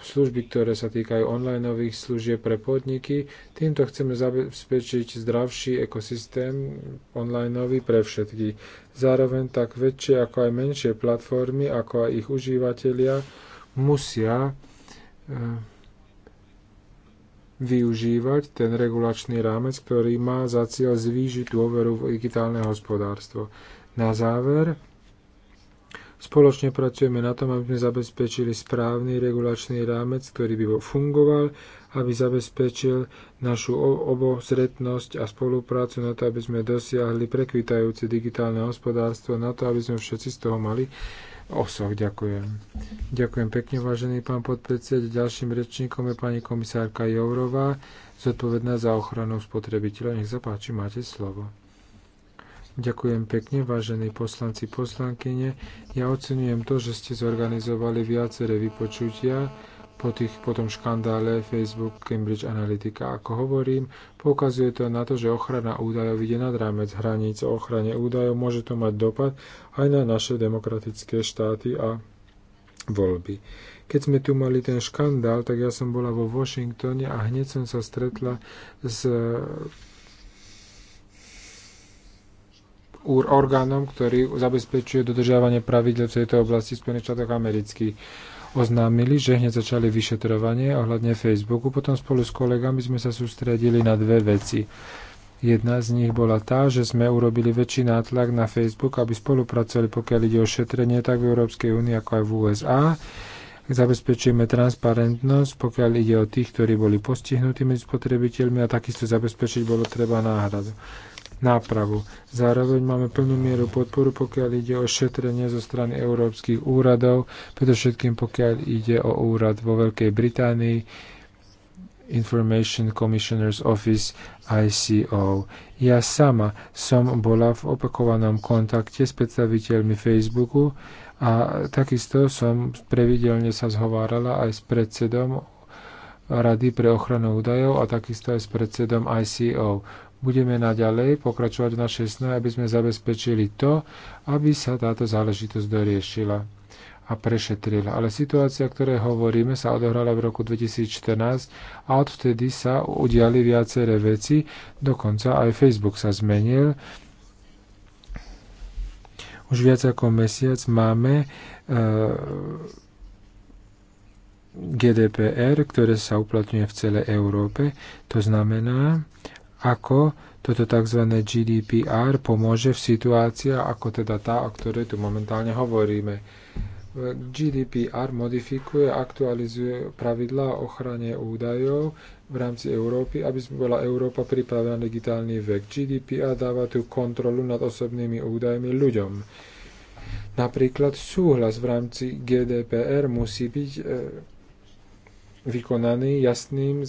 služby, ktoré sa týkajú onlineových služieb pre podniky. Týmto chceme zabezpečiť zdravší ekosystém onlineový pre všetky. Zároveň tak väčšie ako aj menšie platformy, ako aj ich užívateľia musia e, využívať ten regulačný rámec, ktorý má za cieľ zvýšiť dôveru v digitálne hospodárstvo. Na záver, Spoločne pracujeme na tom, aby sme zabezpečili správny regulačný rámec, ktorý by fungoval, aby zabezpečil našu obozretnosť a spoluprácu na to, aby sme dosiahli prekvitajúce digitálne hospodárstvo, na to, aby sme všetci z toho mali osoch. Ďakujem. Ďakujem pekne, vážený pán podpredsed. Ďalším rečníkom je pani komisárka Jourová, zodpovedná za ochranu spotrebiteľa. Nech sa páči, máte slovo. Ďakujem pekne, vážení poslanci, poslankyne. Ja ocenujem to, že ste zorganizovali viaceré vypočutia po, tých, po tom škandále Facebook Cambridge Analytica. Ako hovorím, poukazuje to na to, že ochrana údajov ide nad rámec hraníc o ochrane údajov. Môže to mať dopad aj na naše demokratické štáty a voľby. Keď sme tu mali ten škandál, tak ja som bola vo Washingtone a hneď som sa stretla s orgánom, ktorý zabezpečuje dodržiavanie pravidel v tejto oblasti Spojených štátoch amerických. Oznámili, že hneď začali vyšetrovanie ohľadne Facebooku, potom spolu s kolegami sme sa sústredili na dve veci. Jedna z nich bola tá, že sme urobili väčší nátlak na Facebook, aby spolupracovali, pokiaľ ide o šetrenie, tak v Európskej únii, ako aj v USA. Zabezpečíme transparentnosť, pokiaľ ide o tých, ktorí boli postihnutí medzi spotrebiteľmi a takisto zabezpečiť bolo treba náhradu nápravu. Zároveň máme plnú mieru podporu, pokiaľ ide o šetrenie zo strany európskych úradov, predovšetkým pokiaľ ide o úrad vo Veľkej Británii, Information Commissioner's Office ICO. Ja sama som bola v opakovanom kontakte s predstaviteľmi Facebooku a takisto som previdelne sa zhovárala aj s predsedom Rady pre ochranu údajov a takisto aj s predsedom ICO budeme naďalej pokračovať v našej snahe, aby sme zabezpečili to, aby sa táto záležitosť doriešila a prešetrila. Ale situácia, o ktorej hovoríme, sa odohrala v roku 2014 a odvtedy sa udiali viaceré veci, dokonca aj Facebook sa zmenil. Už viac ako mesiac máme e eh, GDPR, ktoré sa uplatňuje v celej Európe. To znamená, ako toto tzv. GDPR pomôže v situácii ako teda tá, o ktorej tu momentálne hovoríme. GDPR modifikuje, aktualizuje pravidlá o ochrane údajov v rámci Európy, aby bola Európa pripravená na digitálny vek. GDPR dáva tú kontrolu nad osobnými údajmi ľuďom. Napríklad súhlas v rámci GDPR musí byť e, vykonaný jasným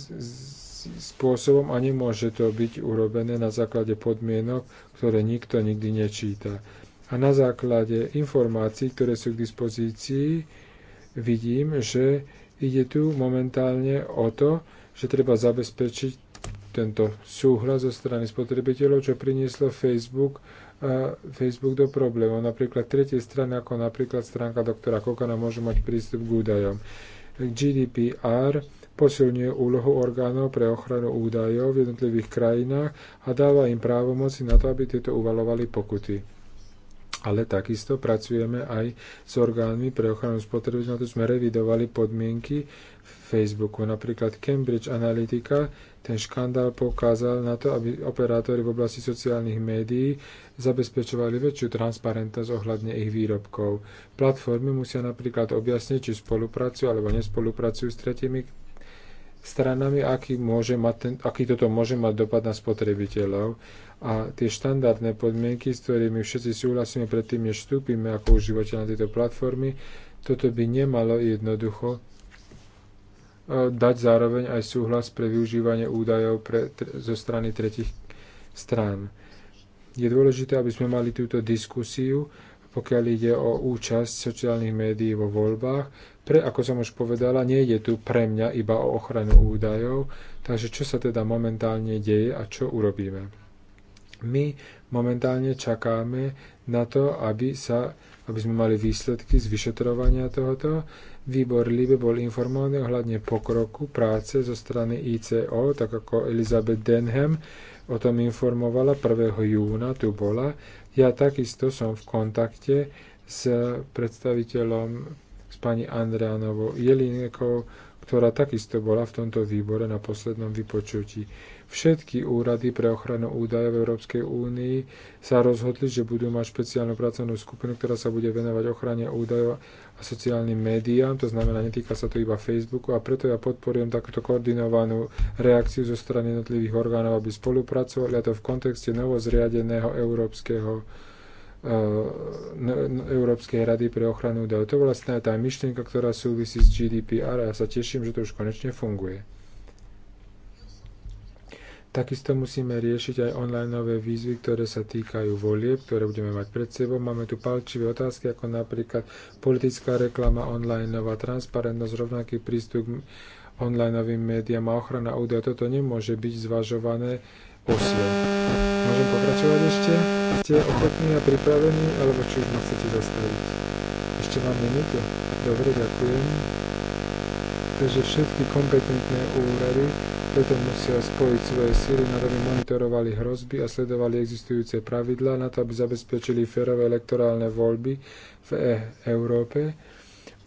spôsobom a nemôže to byť urobené na základe podmienok, ktoré nikto nikdy nečíta. A na základe informácií, ktoré sú k dispozícii, vidím, že ide tu momentálne o to, že treba zabezpečiť tento súhlas zo strany spotrebiteľov, čo prinieslo Facebook, Facebook do problémov. Napríklad tretej strany, ako napríklad stránka doktora Kokana, môžu mať prístup k údajom. GDPR posilňuje úlohu orgánov pre ochranu údajov v jednotlivých krajinách a dáva im právomoci na to, aby tieto uvalovali pokuty. Ale takisto pracujeme aj s orgánmi pre ochranu spotrebiteľov, na to sme revidovali podmienky v Facebooku. Napríklad Cambridge Analytica, ten škandál pokázal na to, aby operátori v oblasti sociálnych médií zabezpečovali väčšiu transparentnosť ohľadne ich výrobkov. Platformy musia napríklad objasniť, či spolupracujú alebo nespolupracujú s tretimi stranami, aký, môže mať ten, aký toto môže mať dopad na spotrebiteľov. A tie štandardné podmienky, s ktorými všetci súhlasíme predtým, než vstúpime ako užívateľ na tieto platformy, toto by nemalo jednoducho e, dať zároveň aj súhlas pre využívanie údajov pre, tre, zo strany tretich strán. Je dôležité, aby sme mali túto diskusiu pokiaľ ide o účasť sociálnych médií vo voľbách. Pre, ako som už povedala, nie je tu pre mňa iba o ochranu údajov, takže čo sa teda momentálne deje a čo urobíme. My momentálne čakáme na to, aby, sa, aby sme mali výsledky z vyšetrovania tohoto. Výbor Libe bol informovaný ohľadne pokroku práce zo strany ICO, tak ako Elizabeth Denham o tom informovala 1. júna, tu bola, ja takisto som v kontakte s predstaviteľom, s pani Andreanovou Jelinekou, ktorá takisto bola v tomto výbore na poslednom vypočutí. Všetky úrady pre ochranu údajov v Európskej únii sa rozhodli, že budú mať špeciálnu pracovnú skupinu, ktorá sa bude venovať ochrane údajov a sociálnym médiám, to znamená, netýka sa to iba Facebooku a preto ja podporujem takúto koordinovanú reakciu zo strany jednotlivých orgánov, aby spolupracovali a to v kontexte novozriadeného európskeho eh, Európskej rady pre ochranu údajov. To vlastne je tá myšlienka, ktorá súvisí s GDPR a ja sa teším, že to už konečne funguje. Takisto musíme riešiť aj onlineové výzvy, ktoré sa týkajú volieb, ktoré budeme mať pred sebou. Máme tu palčivé otázky, ako napríklad politická reklama onlineová, transparentnosť, rovnaký prístup k onlineovým médiám a ochrana údajov. Toto nemôže byť zvažované osve. Môžem pokračovať ešte? Ste ochotní a pripravení, alebo či už ma chcete zastaviť? Ešte mám minútu? Dobre, ďakujem. Takže všetky kompetentné úrady preto musia spojiť svoje síly na to, aby monitorovali hrozby a sledovali existujúce pravidlá na to, aby zabezpečili férové elektorálne voľby v e Európe.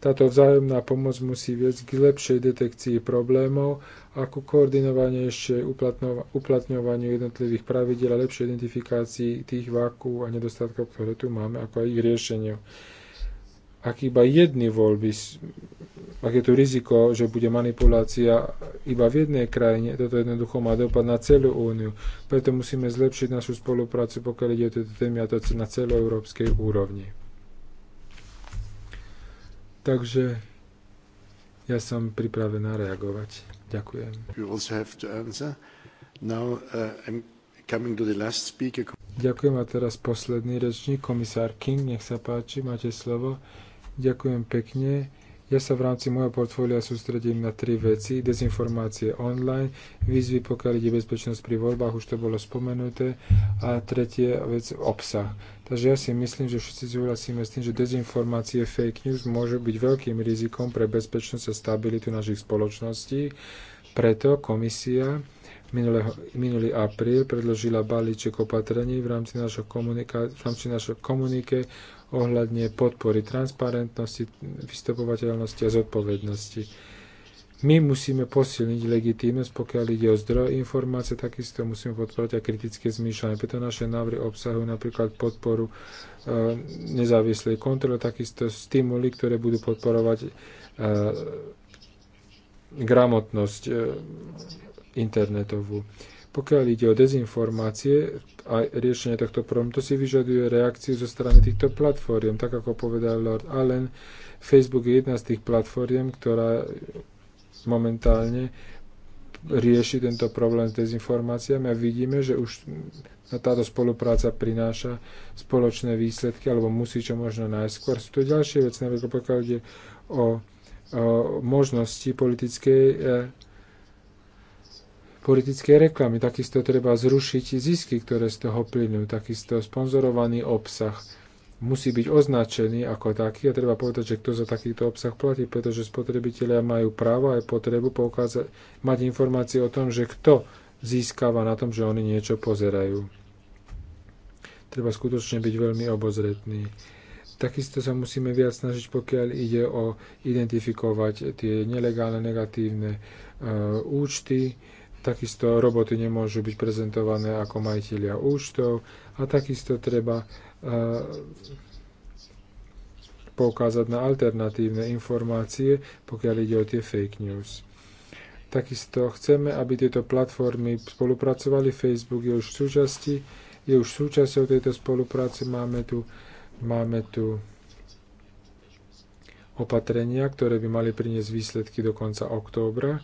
Táto vzájomná pomoc musí viesť k lepšej detekcii problémov a ku koordinovanejšie uplatňovaniu jednotlivých pravidel a lepšej identifikácii tých vákú a nedostatkov, ktoré tu máme, ako aj ich riešeniu ak iba jedny voľby, ak je tu riziko, že bude manipulácia iba v jednej krajine, toto jednoducho má dopad na celú úniu. Preto musíme zlepšiť našu spoluprácu, pokiaľ ide o tieto témy, a to na celoeurópskej úrovni. Takže ja som pripravená reagovať. Ďakujem. Uh, Ďakujem a teraz posledný rečník, komisár King, nech sa páči, máte slovo. Ďakujem pekne. Ja sa v rámci môjho portfólia sústredím na tri veci. Dezinformácie online, výzvy, pokiaľ ide bezpečnosť pri voľbách, už to bolo spomenuté. A tretie vec, obsah. Takže ja si myslím, že všetci súhlasíme s tým, že dezinformácie, fake news môžu byť veľkým rizikom pre bezpečnosť a stabilitu našich spoločností. Preto komisia minulého, minulý apríl predložila balíček opatrení v rámci našho v rámci našho komunike ohľadne podpory transparentnosti, vystupovateľnosti a zodpovednosti. My musíme posilniť legitímnosť, pokiaľ ide o zdroj informácie, takisto musíme podporovať aj kritické zmýšľanie. Preto naše návrhy obsahujú napríklad podporu e, nezávislej kontroly, takisto stimuly, ktoré budú podporovať e, gramotnosť e, internetovú. Pokiaľ ide o dezinformácie a riešenie tohto problému, to si vyžaduje reakciu zo strany týchto platform. Tak ako povedal Lord Allen, Facebook je jedna z tých platform, ktorá momentálne rieši tento problém s dezinformáciami a vidíme, že už táto spolupráca prináša spoločné výsledky, alebo musí čo možno najskôr. Sú to ďalšie veci, napríklad pokiaľ ide o, o možnosti politickej eh, politické reklamy. Takisto treba zrušiť zisky, ktoré z toho plynú. Takisto sponzorovaný obsah musí byť označený ako taký a treba povedať, že kto za takýto obsah platí, pretože spotrebitelia majú právo aj potrebu poukázať, mať informácie o tom, že kto získava na tom, že oni niečo pozerajú. Treba skutočne byť veľmi obozretný. Takisto sa musíme viac snažiť, pokiaľ ide o identifikovať tie nelegálne negatívne e, účty, takisto roboty nemôžu byť prezentované ako majiteľia účtov a takisto treba e, poukázať na alternatívne informácie, pokiaľ ide o tie fake news. Takisto chceme, aby tieto platformy spolupracovali. Facebook je už v súčasti, je už súčasťou tejto spolupráce. Máme tu, máme tu opatrenia, ktoré by mali priniesť výsledky do konca októbra.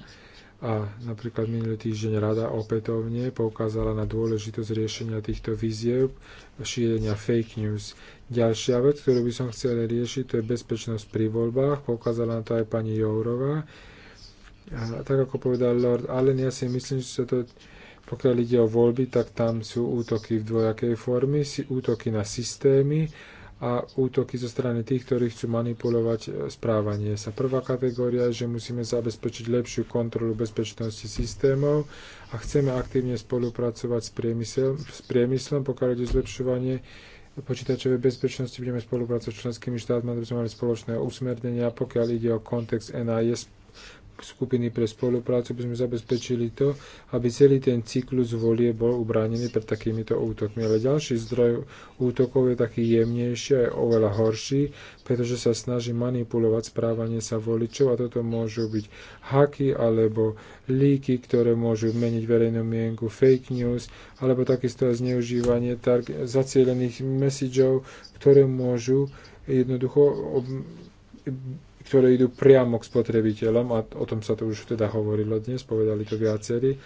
A napríklad minulý týždeň rada opätovne poukázala na dôležitosť riešenia týchto víziev šírenia fake news. Ďalšia vec, ktorú by som chcel riešiť, to je bezpečnosť pri voľbách. Poukázala na to aj pani Jourová. A tak ako povedal Lord Allen, ja si myslím, že sa to pokiaľ ide o voľby, tak tam sú útoky v dvojakej formy, útoky na systémy a útoky zo strany tých, ktorí chcú manipulovať e, správanie sa. Prvá kategória je, že musíme zabezpečiť lepšiu kontrolu bezpečnosti systémov a chceme aktívne spolupracovať s, priemysel, s priemyslom, pokiaľ ide zlepšovanie počítačovej bezpečnosti, budeme spolupracovať s členskými štátmi, aby sme mali spoločné usmernenia, pokiaľ ide o kontext NIS skupiny pre spoluprácu by sme zabezpečili to, aby celý ten cyklus volie bol ubránený pred takýmito útokmi. Ale ďalší zdroj útokov je taký jemnejší a je oveľa horší, pretože sa snaží manipulovať správanie sa voličov a toto môžu byť haky alebo líky, ktoré môžu meniť verejnú mienku, fake news alebo takisto aj zneužívanie targ- zacielených messageov, ktoré môžu jednoducho ob- ktoré idú priamo k spotrebiteľom, a o tom sa to už teda hovorilo dnes, povedali to viacerí.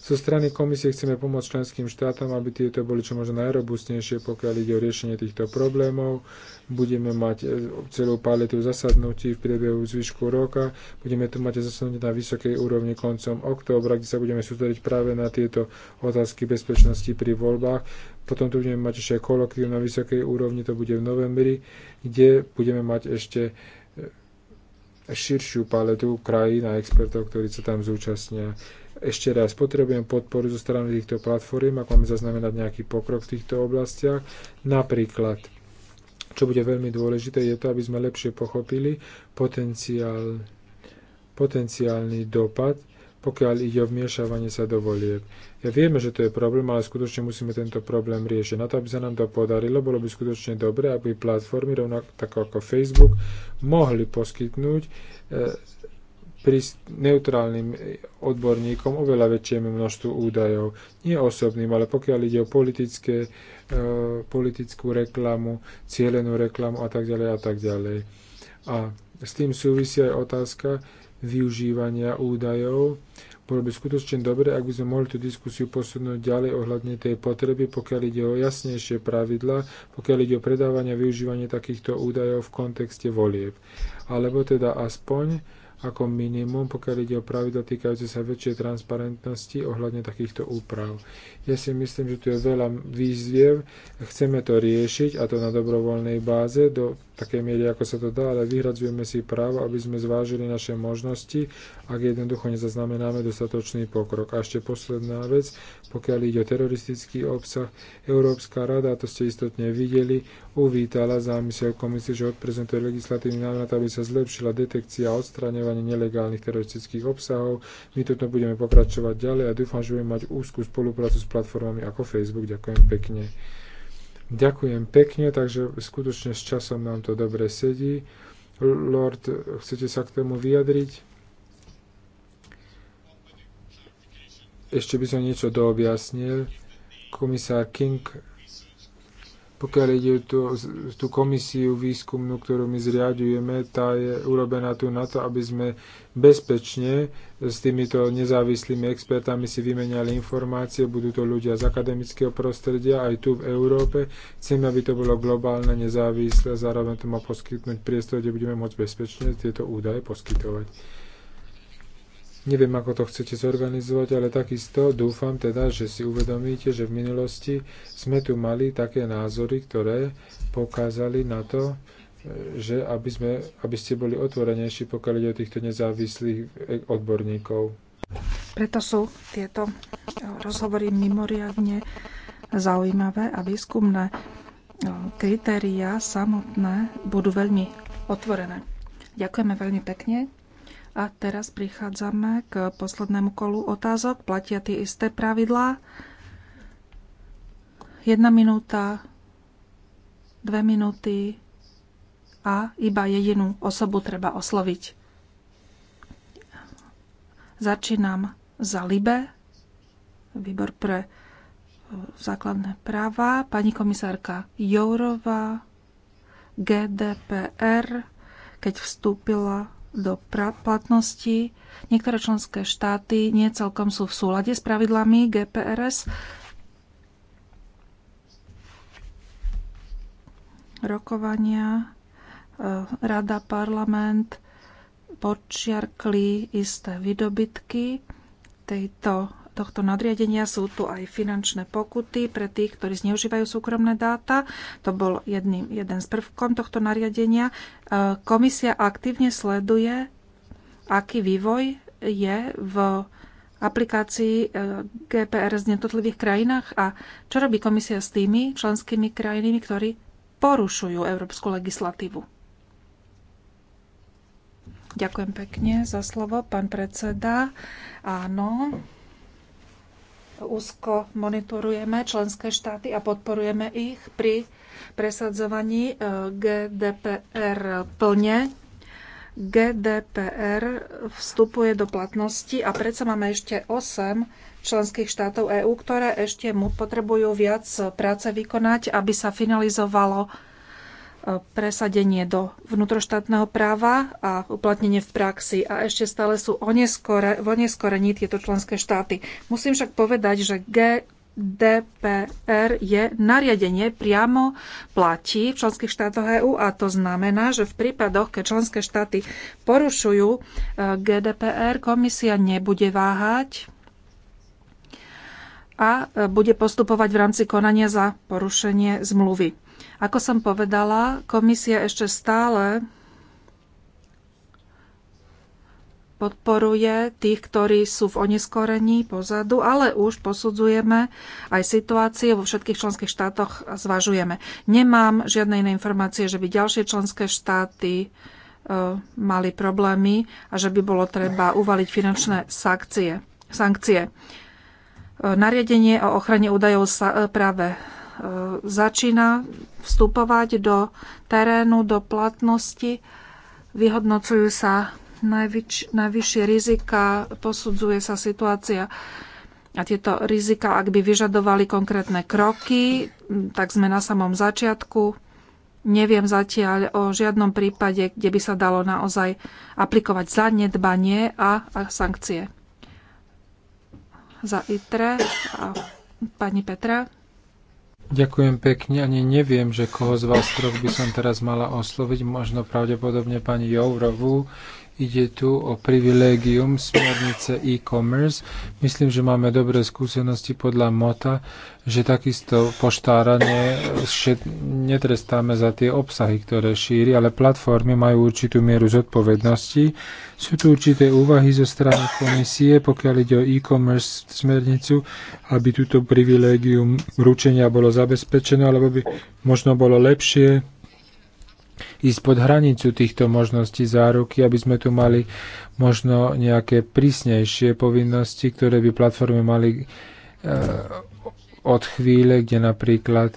Zo so strany komisie chceme pomôcť členským štátom, aby tieto boli čo možno najrobustnejšie, pokiaľ ide o riešenie týchto problémov. Budeme mať e, celú paletu zasadnutí v priebehu zvyšku roka. Budeme tu mať zasadnutie na vysokej úrovni koncom októbra, kde sa budeme sústrediť práve na tieto otázky bezpečnosti pri voľbách. Potom tu budeme mať ešte kolokvium na vysokej úrovni, to bude v novembri, kde budeme mať ešte širšiu paletu krajín a expertov, ktorí sa tam zúčastnia. Ešte raz, potrebujem podporu zo strany týchto platform, ak máme zaznamenať nejaký pokrok v týchto oblastiach. Napríklad, čo bude veľmi dôležité, je to, aby sme lepšie pochopili potenciál, potenciálny dopad, pokiaľ ide o vmiešavanie sa do volieb. Ja vieme, že to je problém, ale skutočne musíme tento problém riešiť. Na to, aby sa nám to podarilo, bolo by skutočne dobré, aby platformy, rovnako ako Facebook, mohli poskytnúť eh, pri neutrálnym odborníkom oveľa väčšiemu množstvu údajov. Nie osobným, ale pokiaľ ide o politické, eh, politickú reklamu, cielenú reklamu a tak ďalej a tak ďalej. A s tým súvisí aj otázka využívania údajov bolo by skutočne dobre, ak by sme mohli tú diskusiu posunúť ďalej ohľadne tej potreby, pokiaľ ide o jasnejšie pravidla, pokiaľ ide o predávanie a využívanie takýchto údajov v kontexte volieb. Alebo teda aspoň ako minimum, pokiaľ ide o pravidla týkajúce sa väčšej transparentnosti ohľadne takýchto úprav. Ja si myslím, že tu je veľa výzviev, chceme to riešiť a to na dobrovoľnej báze do takej miere, ako sa to dá, ale vyhradzujeme si právo, aby sme zvážili naše možnosti, ak jednoducho nezaznamenáme dostatočný pokrok. A ešte posledná vec, pokiaľ ide o teroristický obsah, Európska rada, to ste istotne videli, uvítala zámysel komisie, že odprezentuje legislatívny návrat, aby sa zlepšila detekcia a odstraňovanie nelegálnych teroristických obsahov. My toto budeme pokračovať ďalej a dúfam, že budeme mať úzkú spoluprácu s platformami ako Facebook. Ďakujem pekne. Ďakujem pekne, takže skutočne s časom nám to dobre sedí. Lord, chcete sa k tomu vyjadriť? Ešte by som niečo doobjasnil. Komisár King pokiaľ ide tú, tú komisiu výskumnú, ktorú my zriadujeme, tá je urobená tu na to, aby sme bezpečne s týmito nezávislými expertami si vymeniali informácie. Budú to ľudia z akademického prostredia aj tu v Európe. Chceme, aby to bolo globálne, nezávislé, zároveň to má poskytnúť priestor, kde budeme môcť bezpečne tieto údaje poskytovať. Neviem, ako to chcete zorganizovať, ale takisto dúfam teda, že si uvedomíte, že v minulosti sme tu mali také názory, ktoré pokázali na to, že aby, sme, aby ste boli otvorenejší, pokiaľ ide o týchto nezávislých e, odborníkov. Preto sú tieto e, rozhovory mimoriadne zaujímavé a výskumné e, kritériá samotné budú veľmi otvorené. Ďakujeme veľmi pekne a teraz prichádzame k poslednému kolu otázok. Platia tie isté pravidlá. Jedna minúta, dve minúty a iba jedinú osobu treba osloviť. Začínam za Libe, výbor pre e, základné práva, pani komisárka Jourová, GDPR, keď vstúpila do platnosti. Niektoré členské štáty nie celkom sú v súlade s pravidlami GPRS. Rokovania, eh, rada, parlament počiarkli isté vydobitky tejto tohto nadriadenia sú tu aj finančné pokuty pre tých, ktorí zneužívajú súkromné dáta. To bol jedný, jeden z prvkom tohto nariadenia. E, komisia aktívne sleduje, aký vývoj je v aplikácii e, GPR z jednotlivých krajinách a čo robí komisia s tými členskými krajinami, ktorí porušujú európsku legislatívu. Ďakujem pekne za slovo, pán predseda. Áno, úzko monitorujeme členské štáty a podporujeme ich pri presadzovaní e, GDPR plne. GDPR vstupuje do platnosti a predsa máme ešte 8 členských štátov EÚ, ktoré ešte mu potrebujú viac práce vykonať, aby sa finalizovalo E, presadenie do vnútroštátneho práva a uplatnenie v praxi a ešte stále sú oneskore, v oneskorení tieto členské štáty. Musím však povedať, že GDPR je nariadenie, priamo platí v členských štátoch EÚ a to znamená, že v prípadoch, keď členské štáty porušujú e, GDPR, komisia nebude váhať a e, bude postupovať v rámci konania za porušenie zmluvy. Ako som povedala, komisia ešte stále podporuje tých, ktorí sú v oneskorení pozadu, ale už posudzujeme aj situácie vo všetkých členských štátoch a zvažujeme. Nemám žiadne iné informácie, že by ďalšie členské štáty e, mali problémy a že by bolo treba uvaliť finančné sankcie. sankcie. Nariadenie o ochrane údajov sa e, práve e, začína vstupovať do terénu, do platnosti. Vyhodnocujú sa najvyč, najvyššie rizika, posudzuje sa situácia. A tieto rizika, ak by vyžadovali konkrétne kroky, tak sme na samom začiatku. Neviem zatiaľ o žiadnom prípade, kde by sa dalo naozaj aplikovať zanedbanie a, a sankcie za ITRE a pani Petra. Ďakujem pekne. Ani neviem, že koho z vás troch by som teraz mala osloviť. Možno pravdepodobne pani Jourovú. Ide tu o privilégium smernice e-commerce. Myslím, že máme dobré skúsenosti podľa MOTA, že takisto poštáranie netrestáme za tie obsahy, ktoré šíri, ale platformy majú určitú mieru zodpovednosti. Sú tu určité úvahy zo strany komisie, pokiaľ ide o e-commerce smernicu, aby túto privilégium ručenia bolo zabezpečené, alebo by možno bolo lepšie ísť pod hranicu týchto možností záruky, aby sme tu mali možno nejaké prísnejšie povinnosti, ktoré by platformy mali e, od chvíle, kde napríklad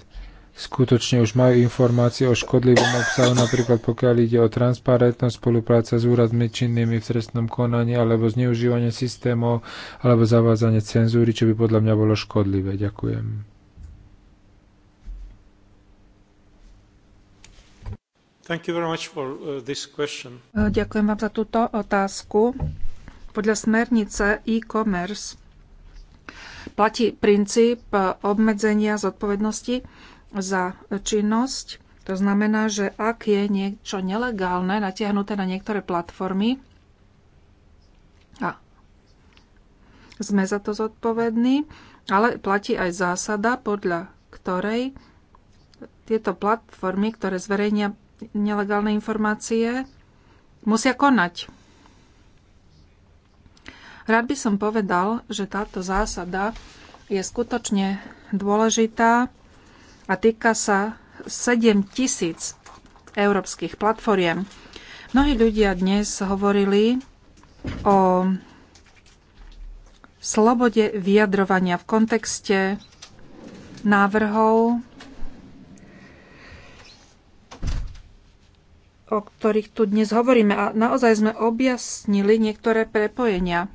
skutočne už majú informácie o škodlivom obsahu, napríklad pokiaľ ide o transparentnosť, spolupráca s úradmi činnými v trestnom konaní, alebo zneužívanie systémov, alebo zavádzanie cenzúry, čo by podľa mňa bolo škodlivé. Ďakujem. Thank you very much for uh, this question. E, ďakujem vám za túto otázku. Podľa smernice e-commerce platí princíp e, obmedzenia zodpovednosti za činnosť. To znamená, že ak je niečo nelegálne natiahnuté na niektoré platformy, a sme za to zodpovední, ale platí aj zásada, podľa ktorej tieto platformy, ktoré zverejnia nelegálne informácie, musia konať. Rád by som povedal, že táto zásada je skutočne dôležitá a týka sa 7 tisíc európskych platformiem. Mnohí ľudia dnes hovorili o slobode vyjadrovania v kontexte návrhov o ktorých tu dnes hovoríme. A naozaj sme objasnili niektoré prepojenia.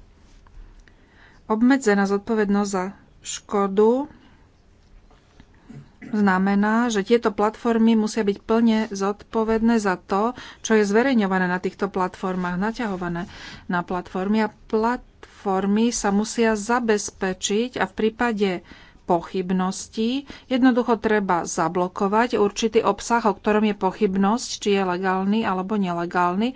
Obmedzená zodpovednosť za škodu znamená, že tieto platformy musia byť plne zodpovedné za to, čo je zverejňované na týchto platformách, naťahované na platformy. A platformy sa musia zabezpečiť a v prípade pochybností. Jednoducho treba zablokovať určitý obsah, o ktorom je pochybnosť, či je legálny alebo nelegálny.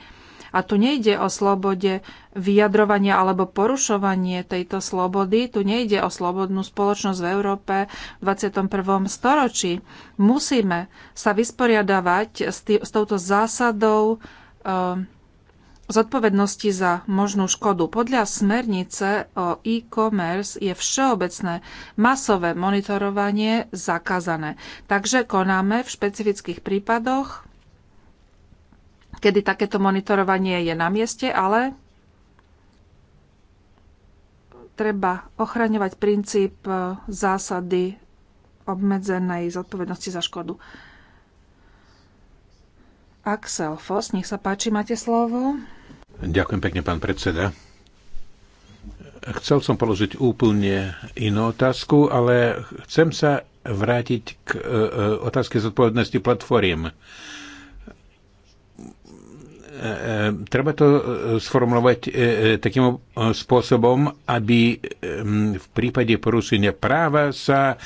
A tu nejde o slobode vyjadrovania alebo porušovanie tejto slobody. Tu nejde o slobodnú spoločnosť v Európe v 21. storočí. Musíme sa vysporiadavať s, tý, s touto zásadou e, zodpovednosti za možnú škodu. Podľa smernice o e-commerce je všeobecné masové monitorovanie zakázané. Takže konáme v špecifických prípadoch, kedy takéto monitorovanie je na mieste, ale treba ochraňovať princíp e, zásady obmedzenej zodpovednosti za škodu. Axel Foss, nech sa páči, máte slovo. Ďakujem pekne, pán predseda. Chcel som položiť úplne inú otázku, ale chcem sa vrátiť k e, e, otázke zodpovednosti platformiem. E, treba to sformulovať takým spôsobom, aby v prípade porušenia práva sa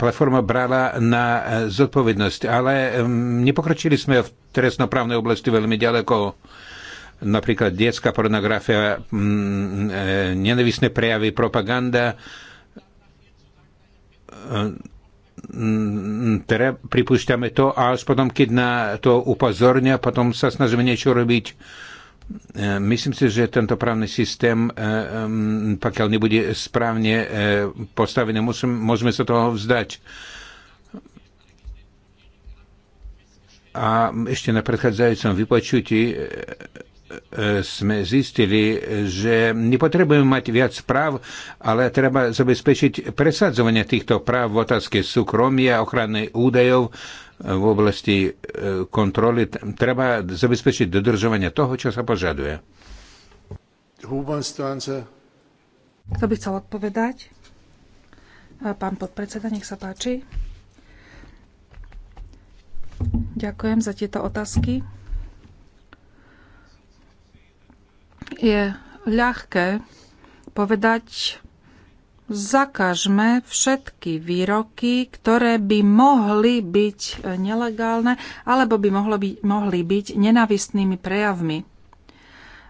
platforma brala na zodpovednosť, ale nepokročili sme v trestnoprávnej oblasti veľmi ďaleko. Napríklad detská pornografia, mm, e, nenavisné prejavy, propaganda. E, mm, teda pripúšťame to a až potom, keď na to upozornia, potom sa snažíme niečo robiť E, myslím si, že tento právny systém, e, pokiaľ nebude správne e, postavený, môžeme sa toho vzdať. A ešte na predchádzajúcom vypočutí sme zistili, že nepotrebujeme mať viac práv, ale treba zabezpečiť presadzovanie týchto práv v otázke súkromia, ochrany údajov, v oblasti e, kontroly. Treba zabezpečiť dodržovanie toho, čo sa požaduje. Kto by chcel odpovedať? E, pán podpredseda, nech sa páči. Ďakujem za tieto otázky. Je ľahké povedať, zakažme všetky výroky, ktoré by mohli byť e, nelegálne alebo by mohlo by, mohli byť nenavistnými prejavmi.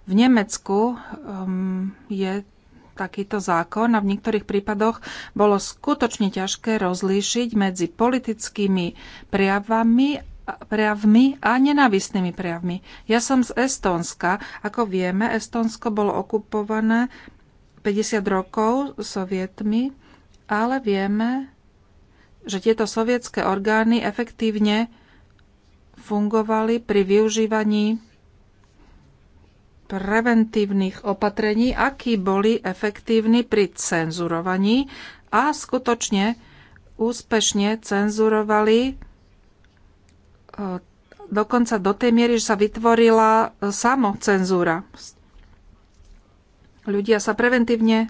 V Nemecku um, je takýto zákon a v niektorých prípadoch bolo skutočne ťažké rozlíšiť medzi politickými prejavami, prejavmi a nenávistnými prejavmi. Ja som z Estónska. Ako vieme, Estónsko bolo okupované 50 rokov sovietmi, ale vieme, že tieto sovietské orgány efektívne fungovali pri využívaní preventívnych opatrení, akí boli efektívni pri cenzurovaní a skutočne úspešne cenzurovali e, dokonca do tej miery, že sa vytvorila samocenzúra Ľudia sa preventívne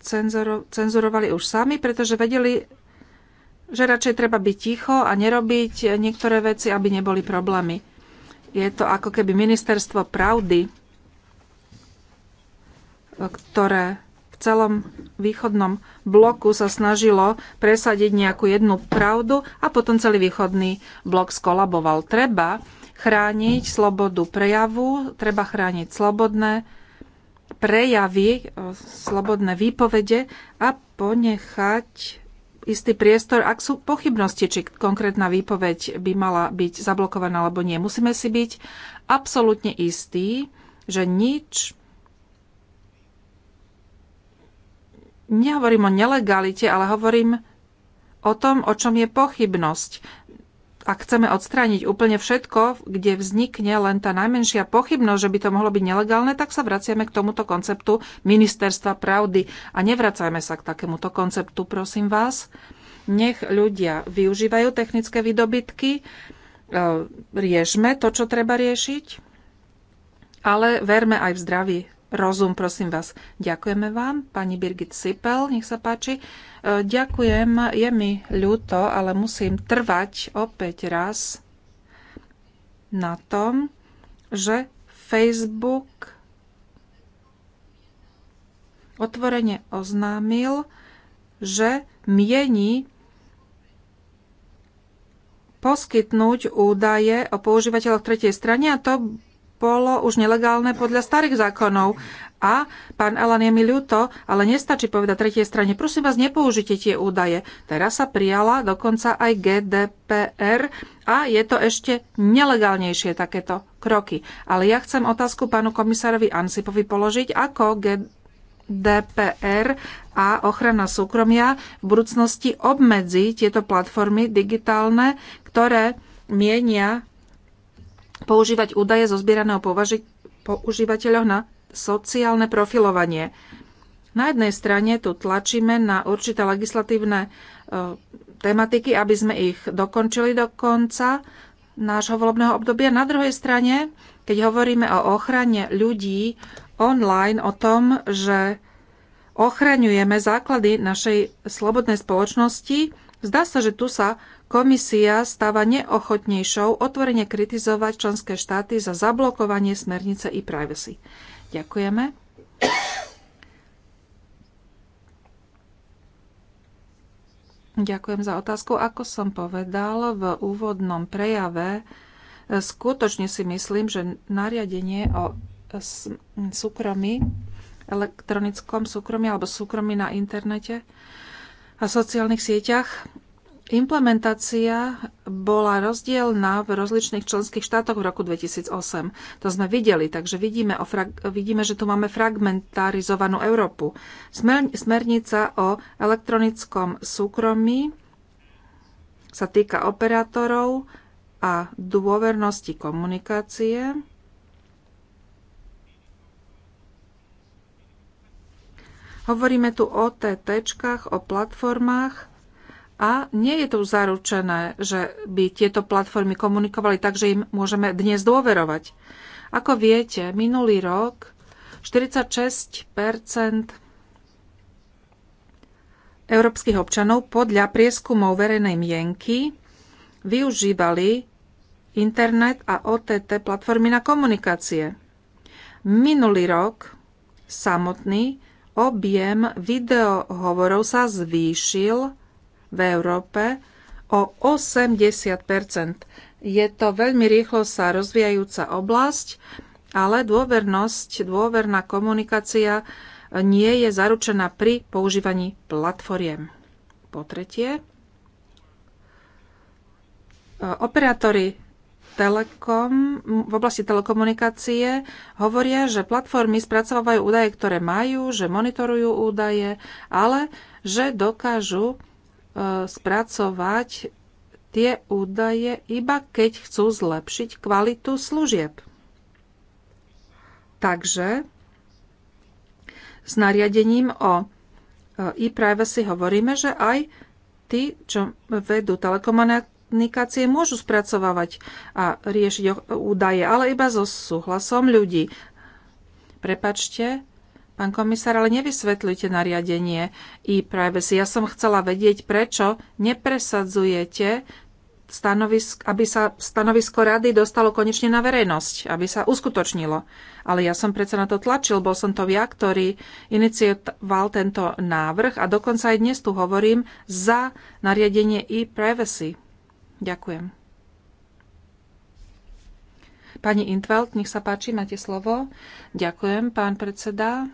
cenzoro, cenzurovali už sami, pretože vedeli, že radšej treba byť ticho a nerobiť niektoré veci, aby neboli problémy. Je to ako keby ministerstvo pravdy, ktoré v celom východnom bloku sa snažilo presadiť nejakú jednu pravdu a potom celý východný blok skolaboval. Treba chrániť slobodu prejavu, treba chrániť slobodné prejavy, e, slobodné výpovede a ponechať istý priestor, ak sú pochybnosti, či konkrétna výpoveď by mala byť zablokovaná alebo nie. Musíme si byť absolútne istí, že nič nehovorím o nelegalite, ale hovorím o tom, o čom je pochybnosť ak chceme odstrániť úplne všetko, kde vznikne len tá najmenšia pochybnosť, že by to mohlo byť nelegálne, tak sa vraciame k tomuto konceptu ministerstva pravdy. A nevracajme sa k takémuto konceptu, prosím vás. Nech ľudia využívajú technické výdobytky, e, riešme to, čo treba riešiť, ale verme aj v zdraví rozum, prosím vás. Ďakujeme vám, pani Birgit Sipel, nech sa páči. E, ďakujem, je mi ľúto, ale musím trvať opäť raz na tom, že Facebook otvorene oznámil, že mieni poskytnúť údaje o používateľoch tretej strane a to bolo už nelegálne podľa starých zákonov. A, pán Alan, je mi ľúto, ale nestačí povedať tretej strane, prosím vás, nepoužite tie údaje. Teraz sa prijala dokonca aj GDPR a je to ešte nelegálnejšie takéto kroky. Ale ja chcem otázku pánu komisárovi Ansipovi položiť, ako GDPR a ochrana súkromia v budúcnosti obmedzí tieto platformy digitálne, ktoré mienia používať údaje zo zbieraného považi- používateľov na sociálne profilovanie. Na jednej strane tu tlačíme na určité legislatívne e, tematiky, aby sme ich dokončili do konca nášho volebného obdobia. Na druhej strane, keď hovoríme o ochrane ľudí online, o tom, že ochraňujeme základy našej slobodnej spoločnosti, Zdá sa, že tu sa komisia stáva neochotnejšou otvorene kritizovať členské štáty za zablokovanie smernice i e privacy. Ďakujeme. Ďakujem za otázku. Ako som povedal v úvodnom prejave, skutočne si myslím, že nariadenie o súkromí, elektronickom súkromí alebo súkromí na internete a sociálnych sieťach. Implementácia bola rozdielna v rozličných členských štátoch v roku 2008. To sme videli, takže vidíme, o vidíme že tu máme fragmentarizovanú Európu. Smer- smernica o elektronickom súkromí sa týka operátorov a dôvernosti komunikácie Hovoríme tu o TT, o platformách a nie je tu zaručené, že by tieto platformy komunikovali tak, že im môžeme dnes dôverovať. Ako viete, minulý rok 46 európskych občanov podľa prieskumov verejnej mienky využívali internet a OTT platformy na komunikácie. Minulý rok samotný Objem videohovorov sa zvýšil v Európe o 80 Je to veľmi rýchlo sa rozvíjajúca oblasť, ale dôvernosť, dôverná komunikácia nie je zaručená pri používaní platformiem. Po tretie, operátory telekom, v oblasti telekomunikácie hovoria, že platformy spracovávajú údaje, ktoré majú, že monitorujú údaje, ale že dokážu e, spracovať tie údaje iba keď chcú zlepšiť kvalitu služieb. Takže s nariadením o e, e-privacy hovoríme, že aj tí, čo vedú telekomunikáciu, komunikácie môžu spracovávať a riešiť údaje, ale iba so súhlasom ľudí. Prepačte, pán komisár, ale nevysvetľujte nariadenie e-privacy. Ja som chcela vedieť, prečo nepresadzujete stanovisk, aby sa stanovisko rady dostalo konečne na verejnosť, aby sa uskutočnilo. Ale ja som predsa na to tlačil, bol som to ja, ktorý inicioval tento návrh a dokonca aj dnes tu hovorím za nariadenie e-privacy. Ďakujem. Pani Intvald, nech sa páči, máte slovo. Ďakujem, pán predseda.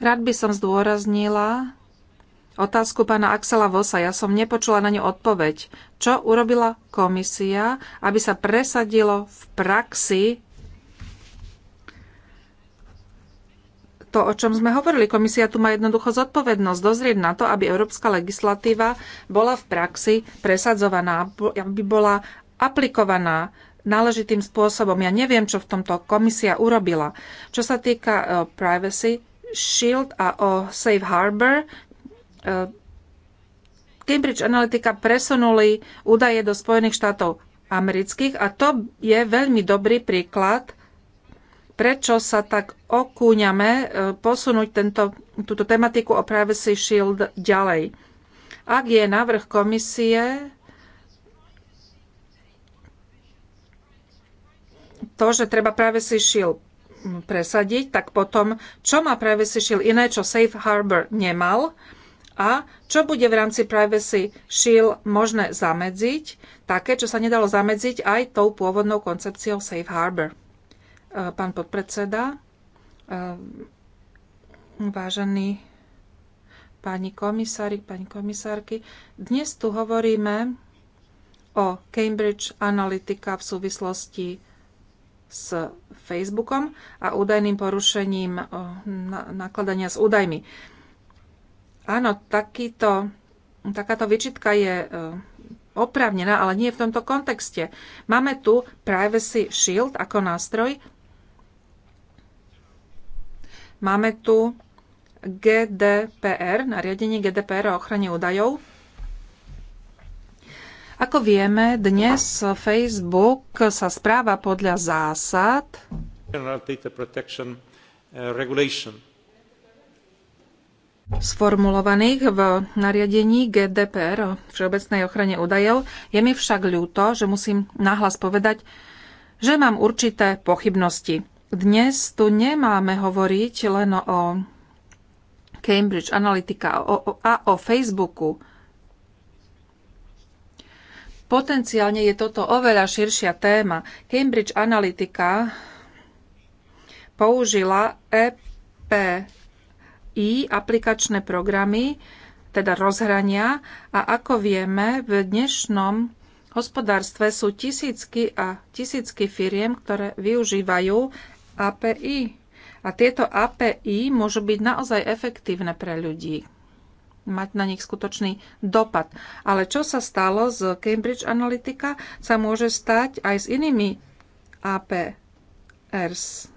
Rád by som zdôraznila otázku pána Axela Vosa. Ja som nepočula na ňu odpoveď. Čo urobila komisia, aby sa presadilo v praxi to, o čom sme hovorili. Komisia tu má jednoducho zodpovednosť dozrieť na to, aby európska legislatíva bola v praxi presadzovaná, aby bola aplikovaná náležitým spôsobom. Ja neviem, čo v tomto komisia urobila. Čo sa týka e, Privacy Shield a o Safe Harbor, e, Cambridge Analytica presunuli údaje do Spojených štátov amerických a to je veľmi dobrý príklad prečo sa tak okúňame e, posunúť tento, túto tematiku o Privacy Shield ďalej. Ak je návrh komisie to, že treba Privacy Shield presadiť, tak potom, čo má Privacy Shield iné, čo Safe Harbor nemal a čo bude v rámci Privacy Shield možné zamedziť, také, čo sa nedalo zamedziť aj tou pôvodnou koncepciou Safe Harbor. E, pán podpredseda, e, vážení páni komisári, pani komisárky. Dnes tu hovoríme o Cambridge Analytica v súvislosti s Facebookom a údajným porušením e, nakladania s údajmi. Áno, takýto, takáto vyčitka je oprávnená, ale nie v tomto kontexte. Máme tu Privacy Shield ako nástroj, Máme tu GDPR, nariadenie GDPR o ochrane údajov. Ako vieme, dnes Facebook sa správa podľa zásad uh, sformulovaných v nariadení GDPR o všeobecnej ochrane údajov. Je mi však ľúto, že musím nahlas povedať, že mám určité pochybnosti. Dnes tu nemáme hovoriť len o Cambridge Analytica a o Facebooku. Potenciálne je toto oveľa širšia téma. Cambridge Analytica použila EPI, aplikačné programy, teda rozhrania, a ako vieme, v dnešnom hospodárstve sú tisícky a tisícky firiem, ktoré využívajú API. A tieto API môžu byť naozaj efektívne pre ľudí, mať na nich skutočný dopad. Ale čo sa stalo z Cambridge Analytica, sa môže stať aj s inými APRs.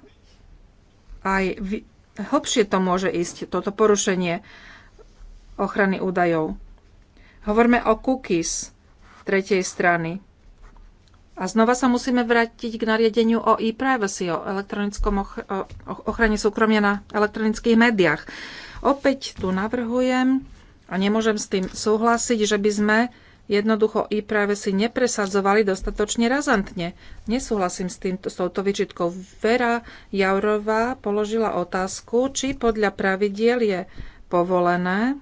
Aj v... hlbšie to môže ísť, toto porušenie ochrany údajov. Hovoríme o cookies tretej strany. A znova sa musíme vrátiť k nariadeniu o e-privacy, o elektronickom och- o ochrane súkromia na elektronických médiách. Opäť tu navrhujem a nemôžem s tým súhlasiť, že by sme jednoducho e-privacy nepresadzovali dostatočne razantne. Nesúhlasím s, tým, s touto vyčitkou. Vera Jaurová položila otázku, či podľa pravidiel je povolené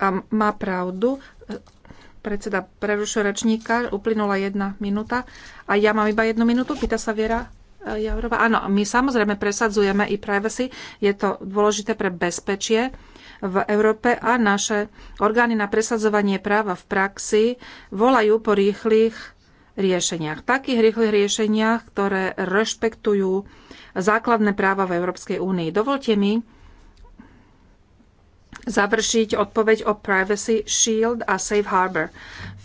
a má pravdu. Predseda prerušuje rečníka, uplynula jedna minúta a ja mám iba jednu minútu, pýta sa Viera e, Jaurova. Áno, my samozrejme presadzujeme i privacy, je to dôležité pre bezpečie v Európe a naše orgány na presadzovanie práva v praxi volajú po rýchlych riešeniach. Takých rýchlych riešeniach, ktoré rešpektujú základné práva v Európskej únii. Dovolte mi završiť odpoveď o Privacy Shield a Safe Harbor.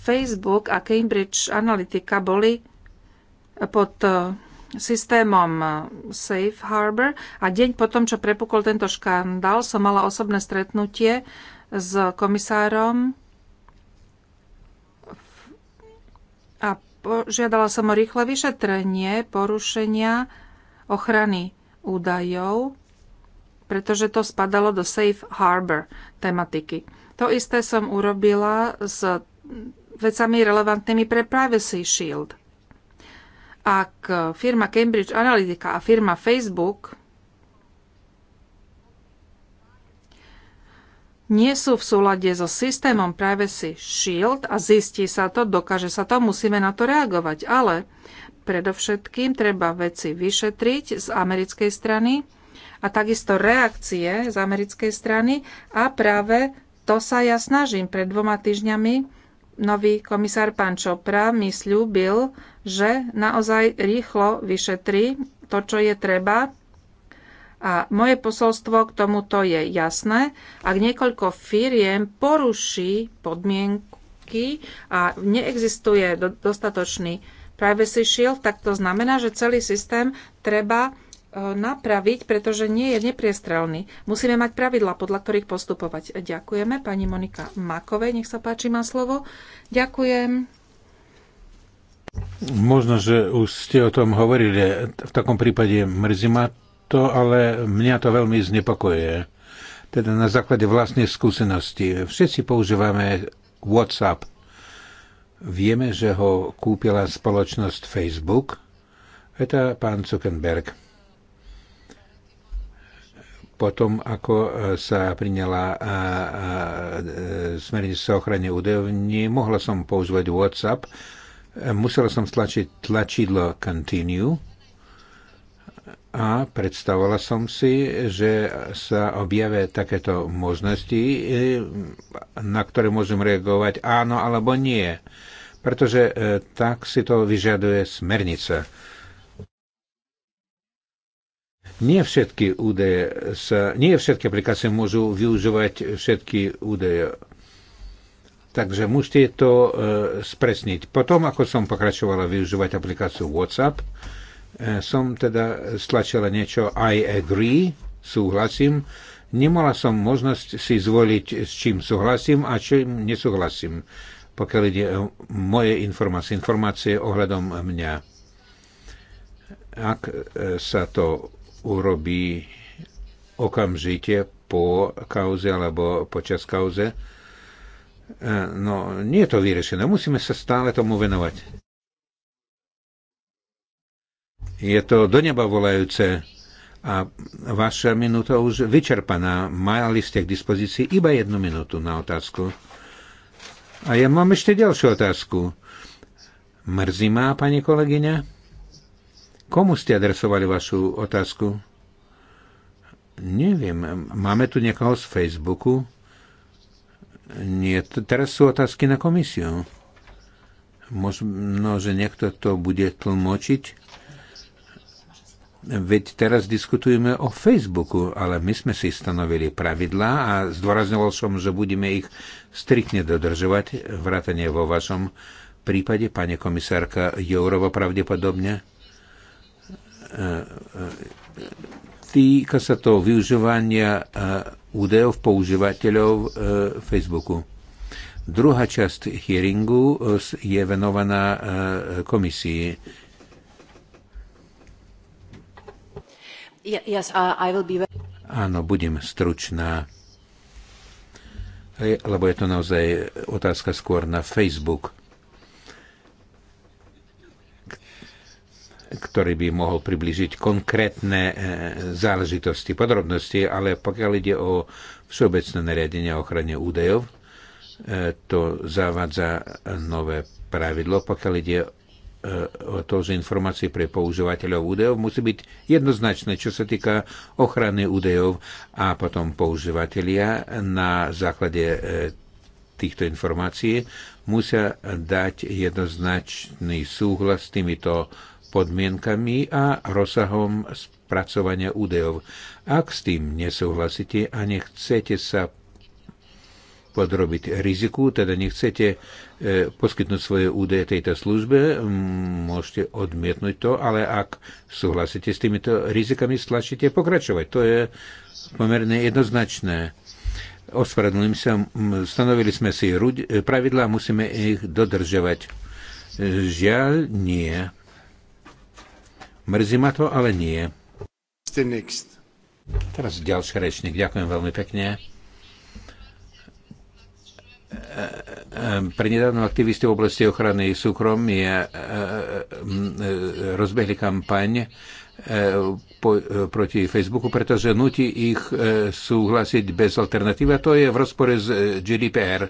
Facebook a Cambridge Analytica boli pod eh, systémom eh, Safe Harbor a deň potom, čo prepukol tento škandál, som mala osobné stretnutie s komisárom a požiadala som o rýchle vyšetrenie porušenia ochrany údajov pretože to spadalo do Safe Harbor tematiky. To isté som urobila s vecami relevantnými pre Privacy Shield. Ak firma Cambridge Analytica a firma Facebook nie sú v súlade so systémom Privacy Shield a zistí sa to, dokáže sa to, musíme na to reagovať. Ale predovšetkým treba veci vyšetriť z americkej strany a takisto reakcie z americkej strany a práve to sa ja snažím. Pred dvoma týždňami nový komisár pán Čopra mi slúbil, že naozaj rýchlo vyšetrí to, čo je treba. A moje posolstvo k tomuto je jasné. Ak niekoľko firiem poruší podmienky a neexistuje dostatočný privacy shield, tak to znamená, že celý systém treba Eh, napraviť, pretože nie je nepriestrelný. Musíme mať pravidla, podľa ktorých postupovať. Ďakujeme. Pani Monika Makovej, nech sa páči, má slovo. Ďakujem. Možno, že už ste o tom hovorili. V takom prípade mrzí ma to, ale mňa to veľmi znepokojuje. Teda na základe vlastnej skúsenosti. Všetci používame WhatsApp. Vieme, že ho kúpila spoločnosť Facebook. Je to pán Zuckerberg potom, ako e, sa priňala e, e, smernica o ochrane údajov, nemohla som používať WhatsApp, musela som stlačiť tlačidlo Continue a predstavovala som si, že sa objavia takéto možnosti, na ktoré môžem reagovať áno alebo nie, pretože tak si to vyžaduje smernica nie všetky údaje sa, nie všetky aplikácie môžu využívať všetky údaje. Takže musíte to e, spresniť. Potom, ako som pokračovala využívať aplikáciu WhatsApp, e, som teda stlačila niečo I agree, súhlasím. Nemala som možnosť si zvoliť, s čím súhlasím a čím nesúhlasím, pokiaľ ide o moje informácie, informácie ohľadom mňa. Ak e, sa to urobí okamžite po kauze alebo počas kauze. E, no, nie je to vyriešené. Musíme sa stále tomu venovať. Je to do neba volajúce a vaša minúta už vyčerpaná. Mali ste k dispozícii iba jednu minútu na otázku. A ja mám ešte ďalšiu otázku. Mrzí ma, pani kolegyňa? Komu ste adresovali vašu otázku? Neviem. Máme tu niekoho z Facebooku? Nie. Teraz sú otázky na komisiu. Možno, že niekto to bude tlmočiť. Veď teraz diskutujeme o Facebooku, ale my sme si stanovili pravidlá a zdôrazňoval som, že budeme ich striktne dodržovať, vrátane vo vašom prípade, pani komisárka Jourova pravdepodobne. Týka sa to využívania e, údajov používateľov e, Facebooku. Druhá časť hearingu e, je venovaná komisii. Yes, I will be... Áno, budem stručná, lebo je to naozaj otázka skôr na Facebook. ktorý by mohol približiť konkrétne e, záležitosti, podrobnosti, ale pokiaľ ide o všeobecné nariadenie o ochrane údajov, e, to zavádza nové pravidlo, pokiaľ ide e, o to, že informácie pre používateľov údajov musí byť jednoznačné, čo sa týka ochrany údajov a potom používateľia na základe týchto informácií musia dať jednoznačný súhlas s týmito podmienkami a rozsahom spracovania údajov. Ak s tým nesúhlasíte a nechcete sa podrobiť riziku, teda nechcete e, poskytnúť svoje údaje tejto službe, môžete odmietnúť to, ale ak súhlasíte s týmito rizikami, stlačíte pokračovať. To je pomerne jednoznačné. Ospravedlňujem sa, stanovili sme si e, pravidla, musíme ich dodržovať. E, žiaľ, nie. Mrzí ma to, ale nie. Teraz ďalší rečník. Ďakujem veľmi pekne. Pre nedávno aktivisti v oblasti ochrany súkromie eh, eh, eh, rozbehli kampaň E, po, e, proti Facebooku, pretože nutí ich e, súhlasiť bez alternatívy a to je v rozpore s GDPR.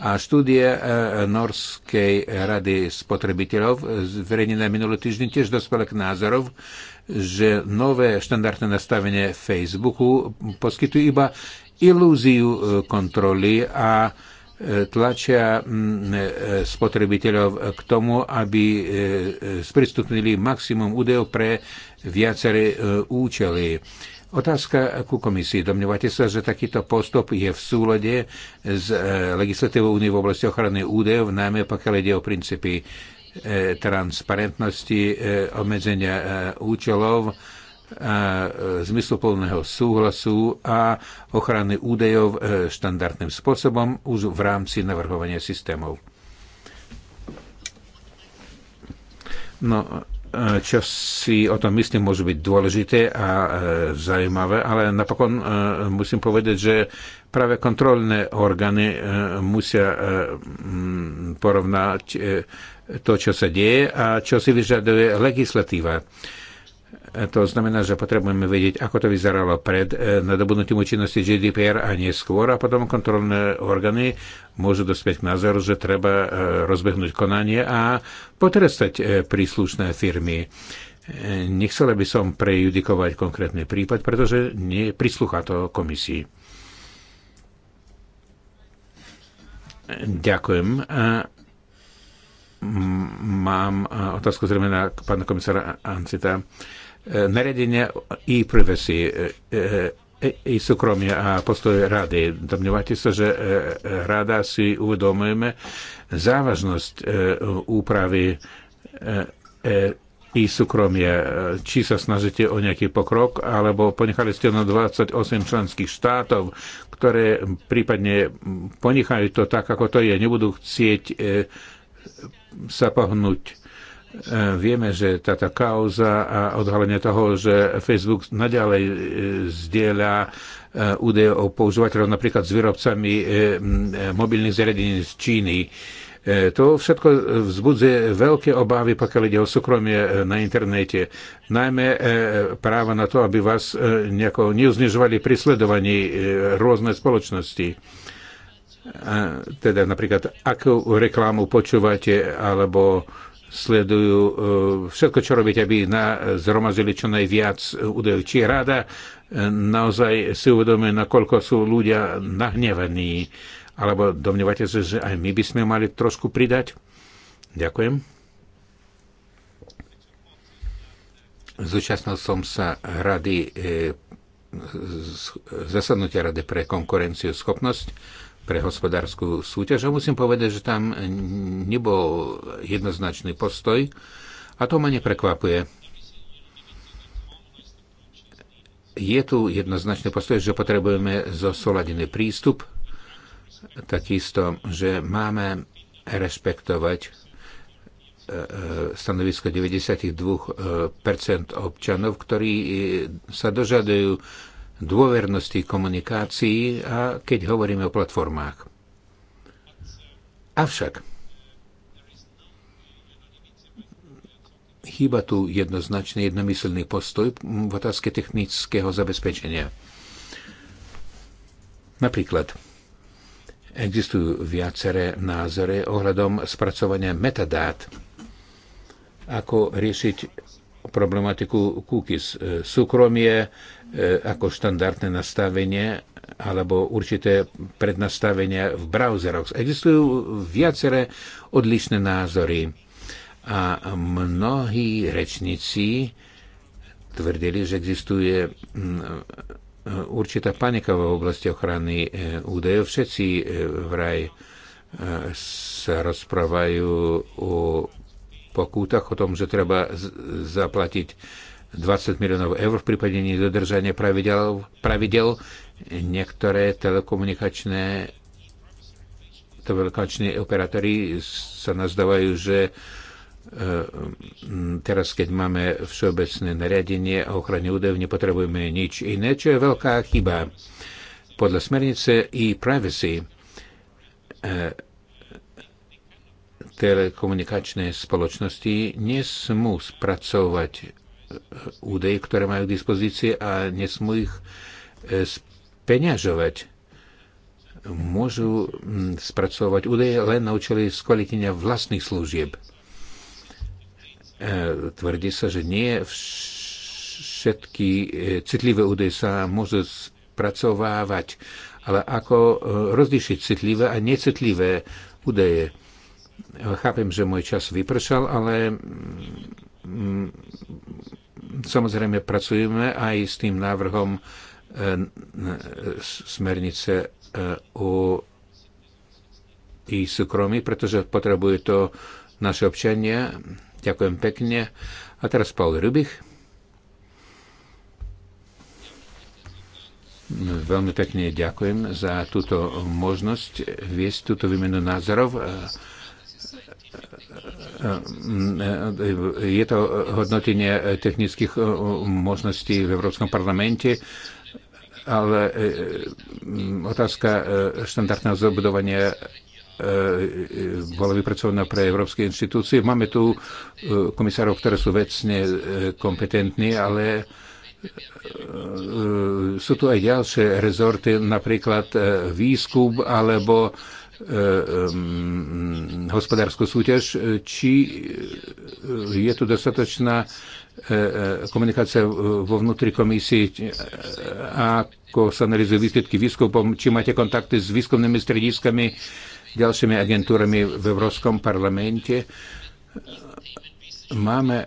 A štúdia Norskej rady spotrebiteľov zverejnená minulý týždeň tiež dospela k názorov, že nové štandardné nastavenie Facebooku poskytujú iba ilúziu kontroly a tlačia spotrebiteľov k tomu, aby sprístupnili maximum údajov pre viaceré e, účely. Otázka ku komisii. Domnievate sa, že takýto postup je v súlade s e, legislatívou únie v oblasti ochrany údajov, najmä pokiaľ ide o princípy e, transparentnosti, obmedzenia účelov, zmysluplného súhlasu a ochrany údajov štandardným spôsobom už v rámci navrhovania systémov. No, čo si o tom myslím, môže byť dôležité a e, zaujímavé, ale napokon e, musím povedať, že práve kontrolné orgány e, musia e, porovnať e, to, čo sa deje a čo si vyžaduje legislatíva. E, E, to znamená, že potrebujeme vedieť, ako to vyzeralo pred e, nadobudnutím účinnosti GDPR a neskôr a potom kontrolné orgány môžu dospieť k názoru, že treba e, rozbehnúť konanie a potrestať príslušné firmy. Nechcela by som prejudikovať konkrétny prípad, pretože neprislúcha to komisii. Ďakujem. Mám otázku zrejme na pána komisára Ancita. E, nariadenia i privacy e, e, i súkromia a postoj rady. Domnievate sa, že rada si uvedomujeme závažnosť úpravy i súkromie. Či sa snažíte o nejaký pokrok, alebo ponechali ste na 28 členských štátov, ktoré prípadne ponechajú to tak, ako to je, nebudú chcieť sa pohnúť E, vieme, že táto kauza a odhalenie toho, že Facebook naďalej e, zdieľa e, údaje o používateľov napríklad s výrobcami mobilných zariadení z Číny, to všetko vzbudzuje veľké obavy, pokiaľ ide o súkromie na internete. Najmä práva na to, aby vás nejako neuznižovali pri sledovaní rôzne spoločnosti. Teda napríklad, akú reklamu počúvate, alebo sledujú e, všetko, čo robíte, aby na, zhromazili čo najviac e, údajov. Či rada e, naozaj si uvedomuje, nakoľko sú ľudia nahnevaní, alebo domnievate sa, že aj my by sme mali trošku pridať? Ďakujem. Zúčastnil som sa rady zasadnutia Rady pre konkurenciu schopnosť pre hospodárskú súťaž a musím povedať, že tam nebol jednoznačný postoj a to ma neprekvapuje. Je tu jednoznačný postoj, že potrebujeme zosoladený prístup, takisto, že máme rešpektovať e, e, stanovisko 92% občanov, ktorí e, sa dožadujú dôvernosti komunikácií a keď hovoríme o platformách. Avšak chýba tu jednoznačný jednomyselný postoj v otázke technického zabezpečenia. Napríklad existujú viaceré názory ohľadom spracovania metadát, ako riešiť problematiku cookies, súkromie, E, ako štandardné nastavenie alebo určité prednastavenia v browseroch. Existujú viaceré odlišné názory a mnohí rečníci tvrdili, že existuje určitá panika v oblasti ochrany e, údajov. Všetci e, vraj sa rozprávajú o pokútach, o tom, že treba zaplatiť 20 miliónov eur v prípade nedodržania pravidel, pravidel niektoré telekomunikačné telekomunikační operátori sa nazdávajú, že e, teraz, keď máme všeobecné nariadenie a ochrany údajov, nepotrebujeme nič iné, čo je veľká chyba. Podľa smernice i e privacy telekomunikačné spoločnosti nesmú spracovať údaje, ktoré majú k dispozícii a nesmú ich e, speňažovať. Môžu spracovať údaje len na účely skvalitenia vlastných služieb. E, tvrdí sa, že nie všetky e, citlivé údaje sa môžu spracovávať, ale ako rozlišiť citlivé a necitlivé údaje. Chápem, že môj čas vypršal, ale Samozrejme, pracujeme aj s tým návrhom e, smernice e, o i súkromí, pretože potrebuje to naše občania. Ďakujem pekne. A teraz Paul Rubich. Veľmi pekne ďakujem za túto možnosť viesť túto výmenu názorov. E, je to hodnotenie technických e, možností v Európskom parlamente, ale e, otázka e, štandardného zabudovania bola vypracovaná pre európske inštitúcie. Máme tu komisárov, ktoré sú vecne kompetentní, ale sú tu aj ďalšie rezorty, napríklad výskup alebo Eh, hospodárskú súťaž, či eh, je tu dostatočná eh, komunikácia vo vnútri komisie, ako sa analizujú výsledky výskupom, či máte kontakty s výskumnými strediskami, ďalšími agentúrami v Európskom parlamente. Máme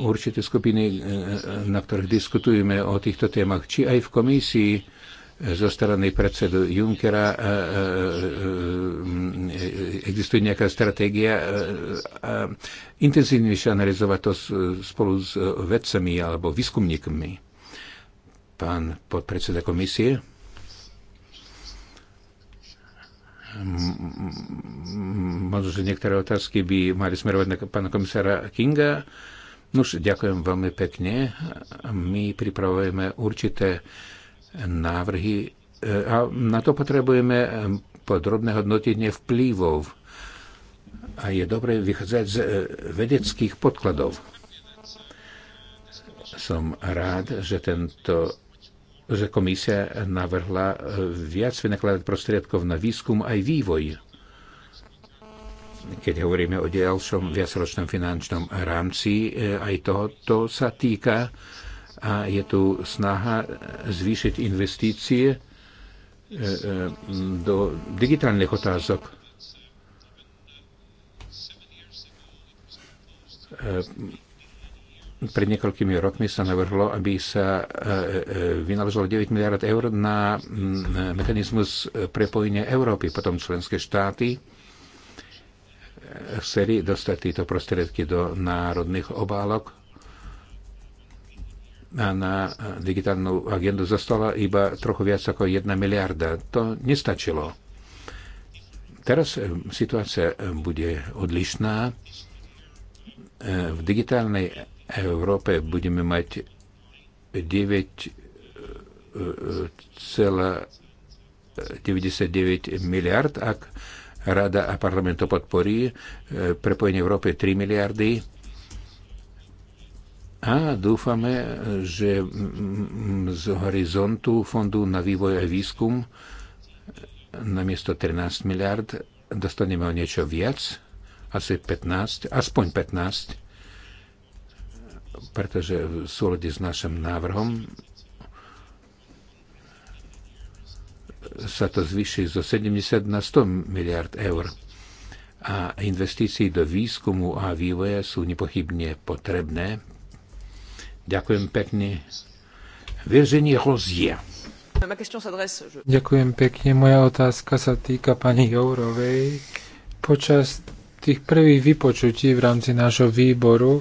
určité skupiny, na ktorých diskutujeme o týchto témach, či aj v komisii zo strany predsedu Junckera e, e, e, existuje nejaká stratégia intenzívnejšie analyzovať to spolu s vedcami alebo výskumníkmi. Pán podpredseda komisie. Možno, že niektoré otázky by mali smerovať na pána komisára Kinga. Nuž, ďakujem veľmi pekne. My pripravujeme určité uh, návrhy e, a na to potrebujeme e, podrobné hodnotenie vplyvov a je dobre vychádzať z e, vedeckých podkladov. Som rád, že tento že komisia navrhla viac vynakladať prostriedkov na výskum aj vývoj. Keď hovoríme o ďalšom viacročnom finančnom rámci, aj toho to sa týka a je tu snaha e, zvýšiť investície e, e, do digitálnych otázok. Pred niekoľkými rokmi sa navrhlo, aby sa vynaložilo 9 miliard eur na mechanizmus prepojenia Európy. Potom členské štáty chceli dostať tieto prostriedky do národných obálok na digitálnu agendu zostala iba trochu viac ako 1 miliarda. To nestačilo. Teraz eh, situácia eh, bude odlišná. Eh, v digitálnej Európe budeme mať 9,99 miliard, ak Rada a parlament to podporí. Prepojenie Európy 3 miliardy a dúfame, že z horizontu Fondu na vývoj a výskum namiesto 13 miliard dostaneme o niečo viac, asi 15, aspoň 15, pretože v súlade s našim návrhom sa to zvýši zo 70 na 100 miliard eur. A investície do výskumu a vývoja sú nepochybne potrebné Ďakujem pekne. Virginie Rozier. Ďakujem pekne. Moja otázka sa týka pani Jourovej. Počas tých prvých vypočutí v rámci nášho výboru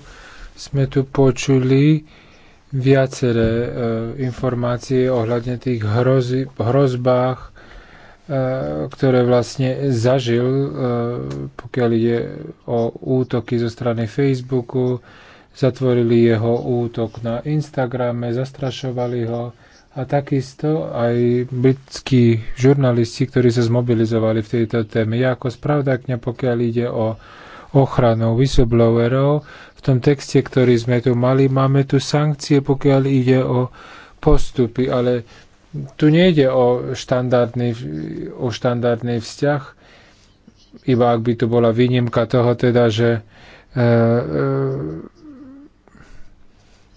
sme tu počuli viaceré e, informácie ohľadne tých hrozi, hrozbách, e, ktoré vlastne zažil, e, pokiaľ ide o útoky zo strany Facebooku, e, zatvorili jeho útok na Instagrame, zastrašovali ho a takisto aj britskí žurnalisti, ktorí sa zmobilizovali v tejto téme. Ja ako spravdakňa, pokiaľ ide o ochranu whistleblowerov, v tom texte, ktorý sme tu mali, máme tu sankcie, pokiaľ ide o postupy, ale tu nejde o štandardný, o štandardný vzťah, iba ak by tu bola výnimka toho teda, že e, e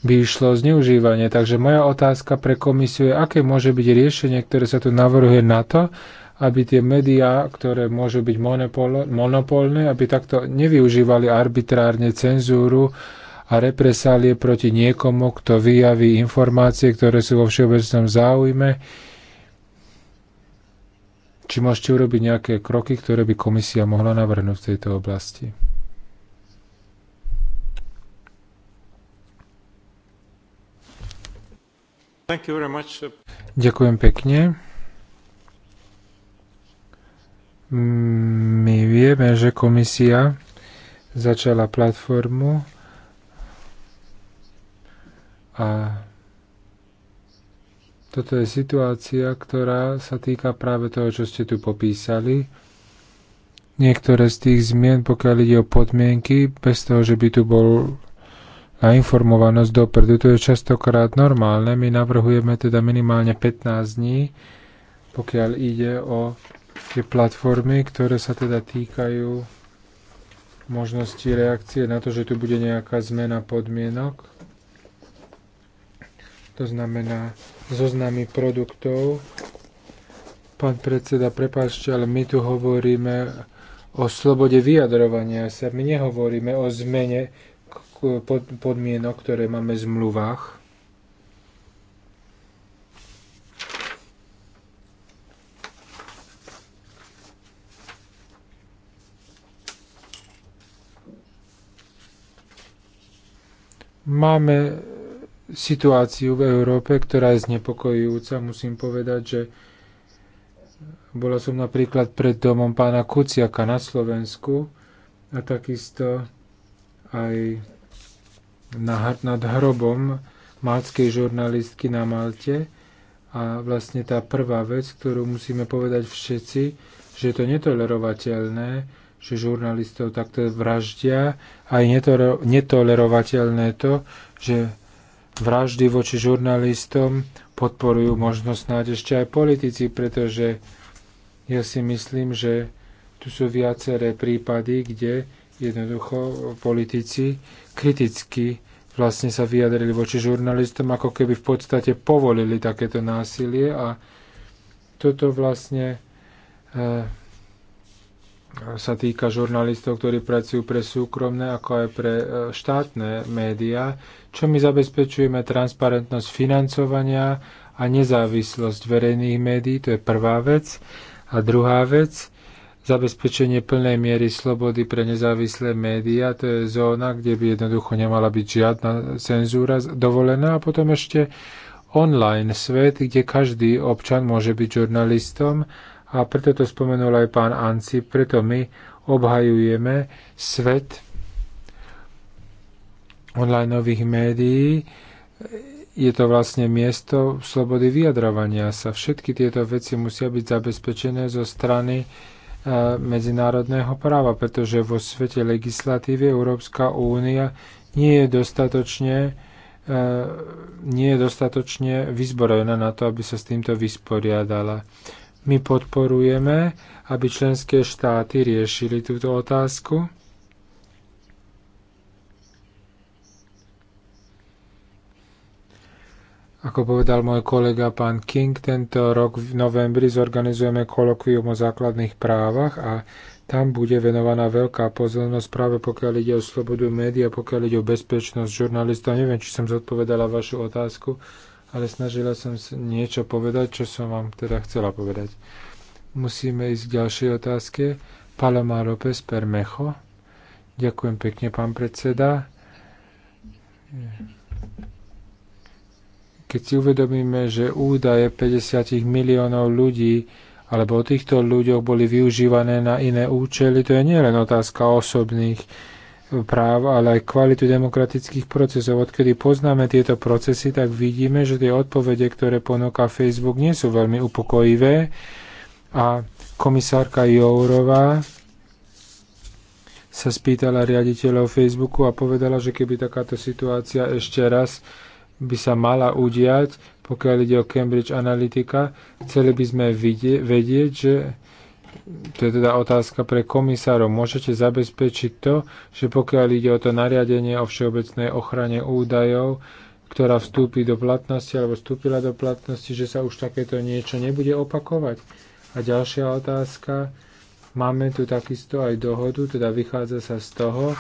by išlo o zneužívanie. Takže moja otázka pre komisiu je, aké môže byť riešenie, ktoré sa tu navrhuje na to, aby tie médiá, ktoré môžu byť monopol, monopolné, aby takto nevyužívali arbitrárne cenzúru a represálie proti niekomu, kto vyjaví informácie, ktoré sú vo všeobecnom záujme. Či môžete urobiť nejaké kroky, ktoré by komisia mohla navrhnúť v tejto oblasti? Ďakujem pekne. My vieme, že komisia začala platformu a toto je situácia, ktorá sa týka práve toho, čo ste tu popísali. Niektoré z tých zmien, pokiaľ ide o podmienky, bez toho, že by tu bol a informovanosť dopredu. To je častokrát normálne. My navrhujeme teda minimálne 15 dní, pokiaľ ide o tie platformy, ktoré sa teda týkajú možnosti reakcie na to, že tu bude nejaká zmena podmienok. To znamená zoznamy produktov. Pán predseda, prepáčte, ale my tu hovoríme o slobode vyjadrovania sa. My nehovoríme o zmene podmienok, ktoré máme v zmluvách. Máme situáciu v Európe, ktorá je znepokojujúca. Musím povedať, že bola som napríklad pred domom pána Kuciaka na Slovensku a takisto aj nad hrobom maltskej žurnalistky na Malte. A vlastne tá prvá vec, ktorú musíme povedať všetci, že je to netolerovateľné, že žurnalistov takto vraždia a je netolerovateľné to, že vraždy voči žurnalistom podporujú možnosť snáď ešte aj politici, pretože ja si myslím, že tu sú viaceré prípady, kde jednoducho politici kriticky vlastne sa vyjadrili voči žurnalistom, ako keby v podstate povolili takéto násilie a toto vlastne e, sa týka žurnalistov, ktorí pracujú pre súkromné ako aj pre eh, štátne médiá, čo my zabezpečujeme transparentnosť financovania a nezávislosť verejných médií, to je prvá vec. A druhá vec, zabezpečenie plnej miery slobody pre nezávislé médiá. To je zóna, kde by jednoducho nemala byť žiadna cenzúra dovolená. A potom ešte online svet, kde každý občan môže byť žurnalistom. A preto to spomenul aj pán Anci, preto my obhajujeme svet online nových médií je to vlastne miesto slobody vyjadrovania sa. Všetky tieto veci musia byť zabezpečené zo strany medzinárodného práva, pretože vo svete legislatívy Európska únia nie je dostatočne e, nie je dostatočne vyzbrojená na to, aby sa s týmto vysporiadala. My podporujeme, aby členské štáty riešili túto otázku Ako povedal môj kolega pán King, tento rok v novembri zorganizujeme kolokvium o základných právach a tam bude venovaná veľká pozornosť práve pokiaľ ide o slobodu médií a pokiaľ ide o bezpečnosť žurnalistov. Neviem, či som zodpovedala vašu otázku, ale snažila som niečo povedať, čo som vám teda chcela povedať. Musíme ísť k ďalšej otázke. Paloma López Permecho. Ďakujem pekne, pán predseda. Keď si uvedomíme, že údaje 50 miliónov ľudí alebo o týchto ľuďoch boli využívané na iné účely, to je nielen otázka osobných práv, ale aj kvalitu demokratických procesov. Odkedy poznáme tieto procesy, tak vidíme, že tie odpovede, ktoré ponúka Facebook, nie sú veľmi upokojivé. A komisárka Jourová sa spýtala riaditeľov Facebooku a povedala, že keby takáto situácia ešte raz by sa mala udiať, pokiaľ ide o Cambridge Analytica. Chceli by sme vidie, vedieť, že to je teda otázka pre komisárov. Môžete zabezpečiť to, že pokiaľ ide o to nariadenie o všeobecnej ochrane údajov, ktorá vstúpi do platnosti alebo vstúpila do platnosti, že sa už takéto niečo nebude opakovať. A ďalšia otázka. Máme tu takisto aj dohodu, teda vychádza sa z toho,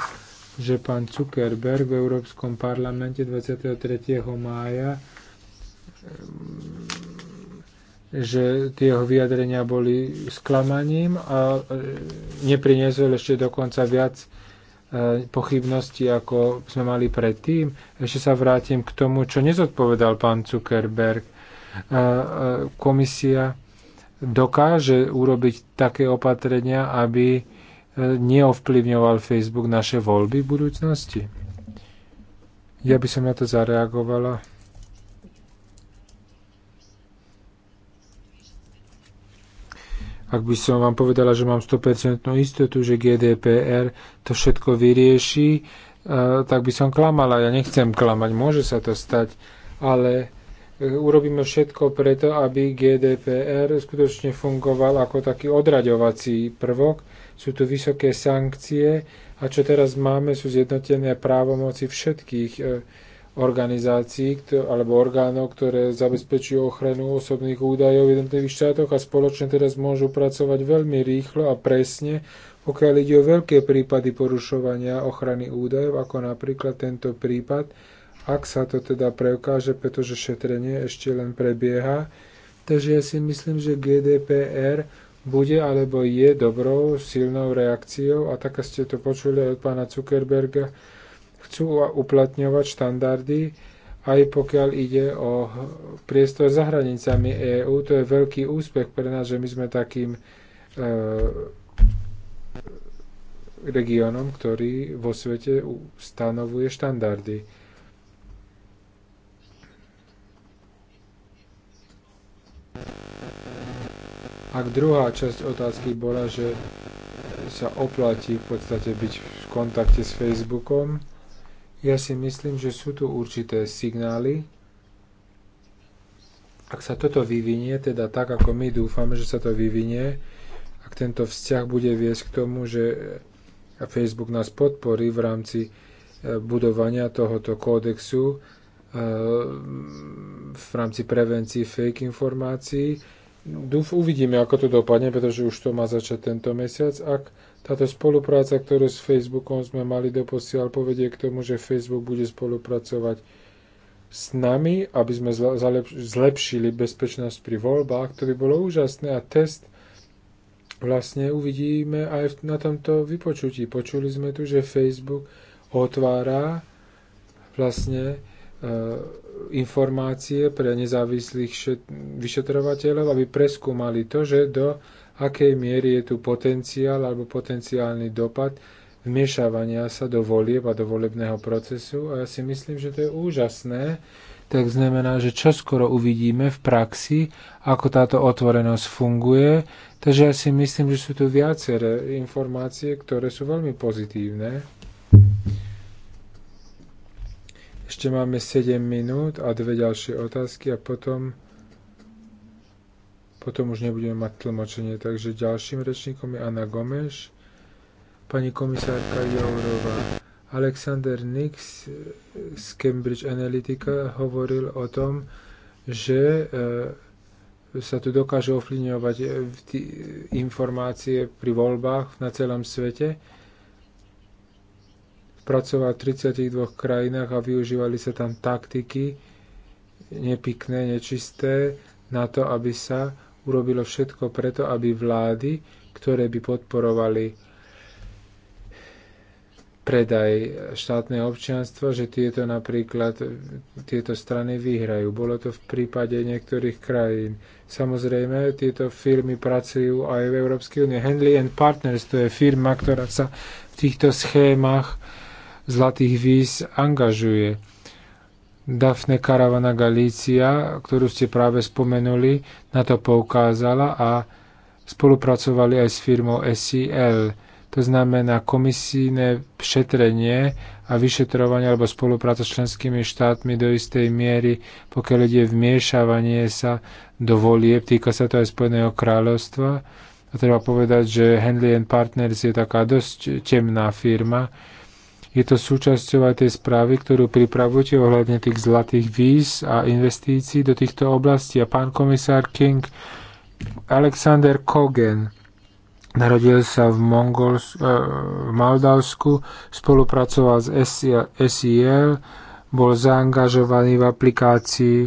že pán Zuckerberg v Európskom parlamente 23. mája ehm, že tie jeho vyjadrenia boli sklamaním a e, nepriniesol ešte dokonca viac e, pochybností, ako sme mali predtým. Ešte sa vrátim k tomu, čo nezodpovedal pán Zuckerberg. E, komisia dokáže urobiť také opatrenia, aby neovplyvňoval Facebook naše voľby v budúcnosti? Ja by som na to zareagovala. Ak by som vám povedala, že mám 100% istotu, že GDPR to všetko vyrieši, eh, tak by som klamala. Ja nechcem klamať, môže sa to stať, ale eh, urobíme všetko preto, aby GDPR skutočne fungoval ako taký odraďovací prvok, sú tu vysoké sankcie a čo teraz máme, sú zjednotené právomoci všetkých e, organizácií alebo orgánov, ktoré zabezpečujú ochranu osobných údajov v jednotlivých štátoch a spoločne teraz môžu pracovať veľmi rýchlo a presne, pokiaľ ide o veľké prípady porušovania ochrany údajov, ako napríklad tento prípad, ak sa to teda preukáže, pretože šetrenie ešte len prebieha. Takže ja si myslím, že GDPR bude alebo je dobrou, silnou reakciou, a tak ste to počuli aj od pána Zuckerberga, chcú uplatňovať štandardy, aj pokiaľ ide o priestor za hranicami EÚ. To je veľký úspech pre nás, že my sme takým e, regiónom, ktorý vo svete stanovuje štandardy. Thank you. Ak druhá časť otázky bola, že sa oplatí v podstate byť v kontakte s Facebookom, ja si myslím, že sú tu určité signály. Ak sa toto vyvinie, teda tak, ako my dúfame, že sa to vyvinie, ak tento vzťah bude viesť k tomu, že Facebook nás podporí v rámci e, budovania tohoto kódexu e, v rámci prevencii fake informácií, Dúf, uvidíme, ako to dopadne, pretože už to má začať tento mesiac. Ak táto spolupráca, ktorú s Facebookom sme mali doposiaľ, povedie k tomu, že Facebook bude spolupracovať s nami, aby sme zlepšili bezpečnosť pri voľbách, to by bolo úžasné. A test vlastne uvidíme aj na tomto vypočutí. Počuli sme tu, že Facebook otvára vlastne e, informácie pre nezávislých vyšetrovateľov, aby preskúmali to, že do akej miery je tu potenciál alebo potenciálny dopad vmiešavania sa do volieb a do volebného procesu. A ja si myslím, že to je úžasné, tak znamená, že čo skoro uvidíme v praxi, ako táto otvorenosť funguje. Takže ja si myslím, že sú tu viaceré informácie, ktoré sú veľmi pozitívne. Ešte máme 7 minút a dve ďalšie otázky a potom potom už nebudeme mať tlmočenie. Takže ďalším rečníkom je Anna Gomeš, pani komisárka Jourová. Alexander Nix z Cambridge Analytica hovoril o tom, že e, sa tu dokážu ovplyvňovať e, informácie pri voľbách na celom svete pracoval v 32 krajinách a využívali sa tam taktiky nepikné, nečisté, na to, aby sa urobilo všetko preto, aby vlády, ktoré by podporovali predaj štátneho občianstva, že tieto napríklad tieto strany vyhrajú. Bolo to v prípade niektorých krajín. Samozrejme, tieto firmy pracujú aj v Európskej únie. Henley and Partners to je firma, ktorá sa v týchto schémach zlatých víz angažuje. Dafne Karavana Galícia, ktorú ste práve spomenuli, na to poukázala a spolupracovali aj s firmou SEL. To znamená komisijné šetrenie a vyšetrovanie alebo spolupráca s členskými štátmi do istej miery, pokiaľ ide vmiešavanie sa do volieb, týka sa to aj Spojeného kráľovstva. A treba povedať, že Henley and Partners je taká dosť temná firma, je to súčasťou aj tej správy, ktorú pripravujete ohľadne tých zlatých víz a investícií do týchto oblastí. A pán komisár King, Alexander Kogen, Narodil sa v, Mongols, eh, v Maldavsku, spolupracoval s SIL, bol zaangažovaný v aplikácii,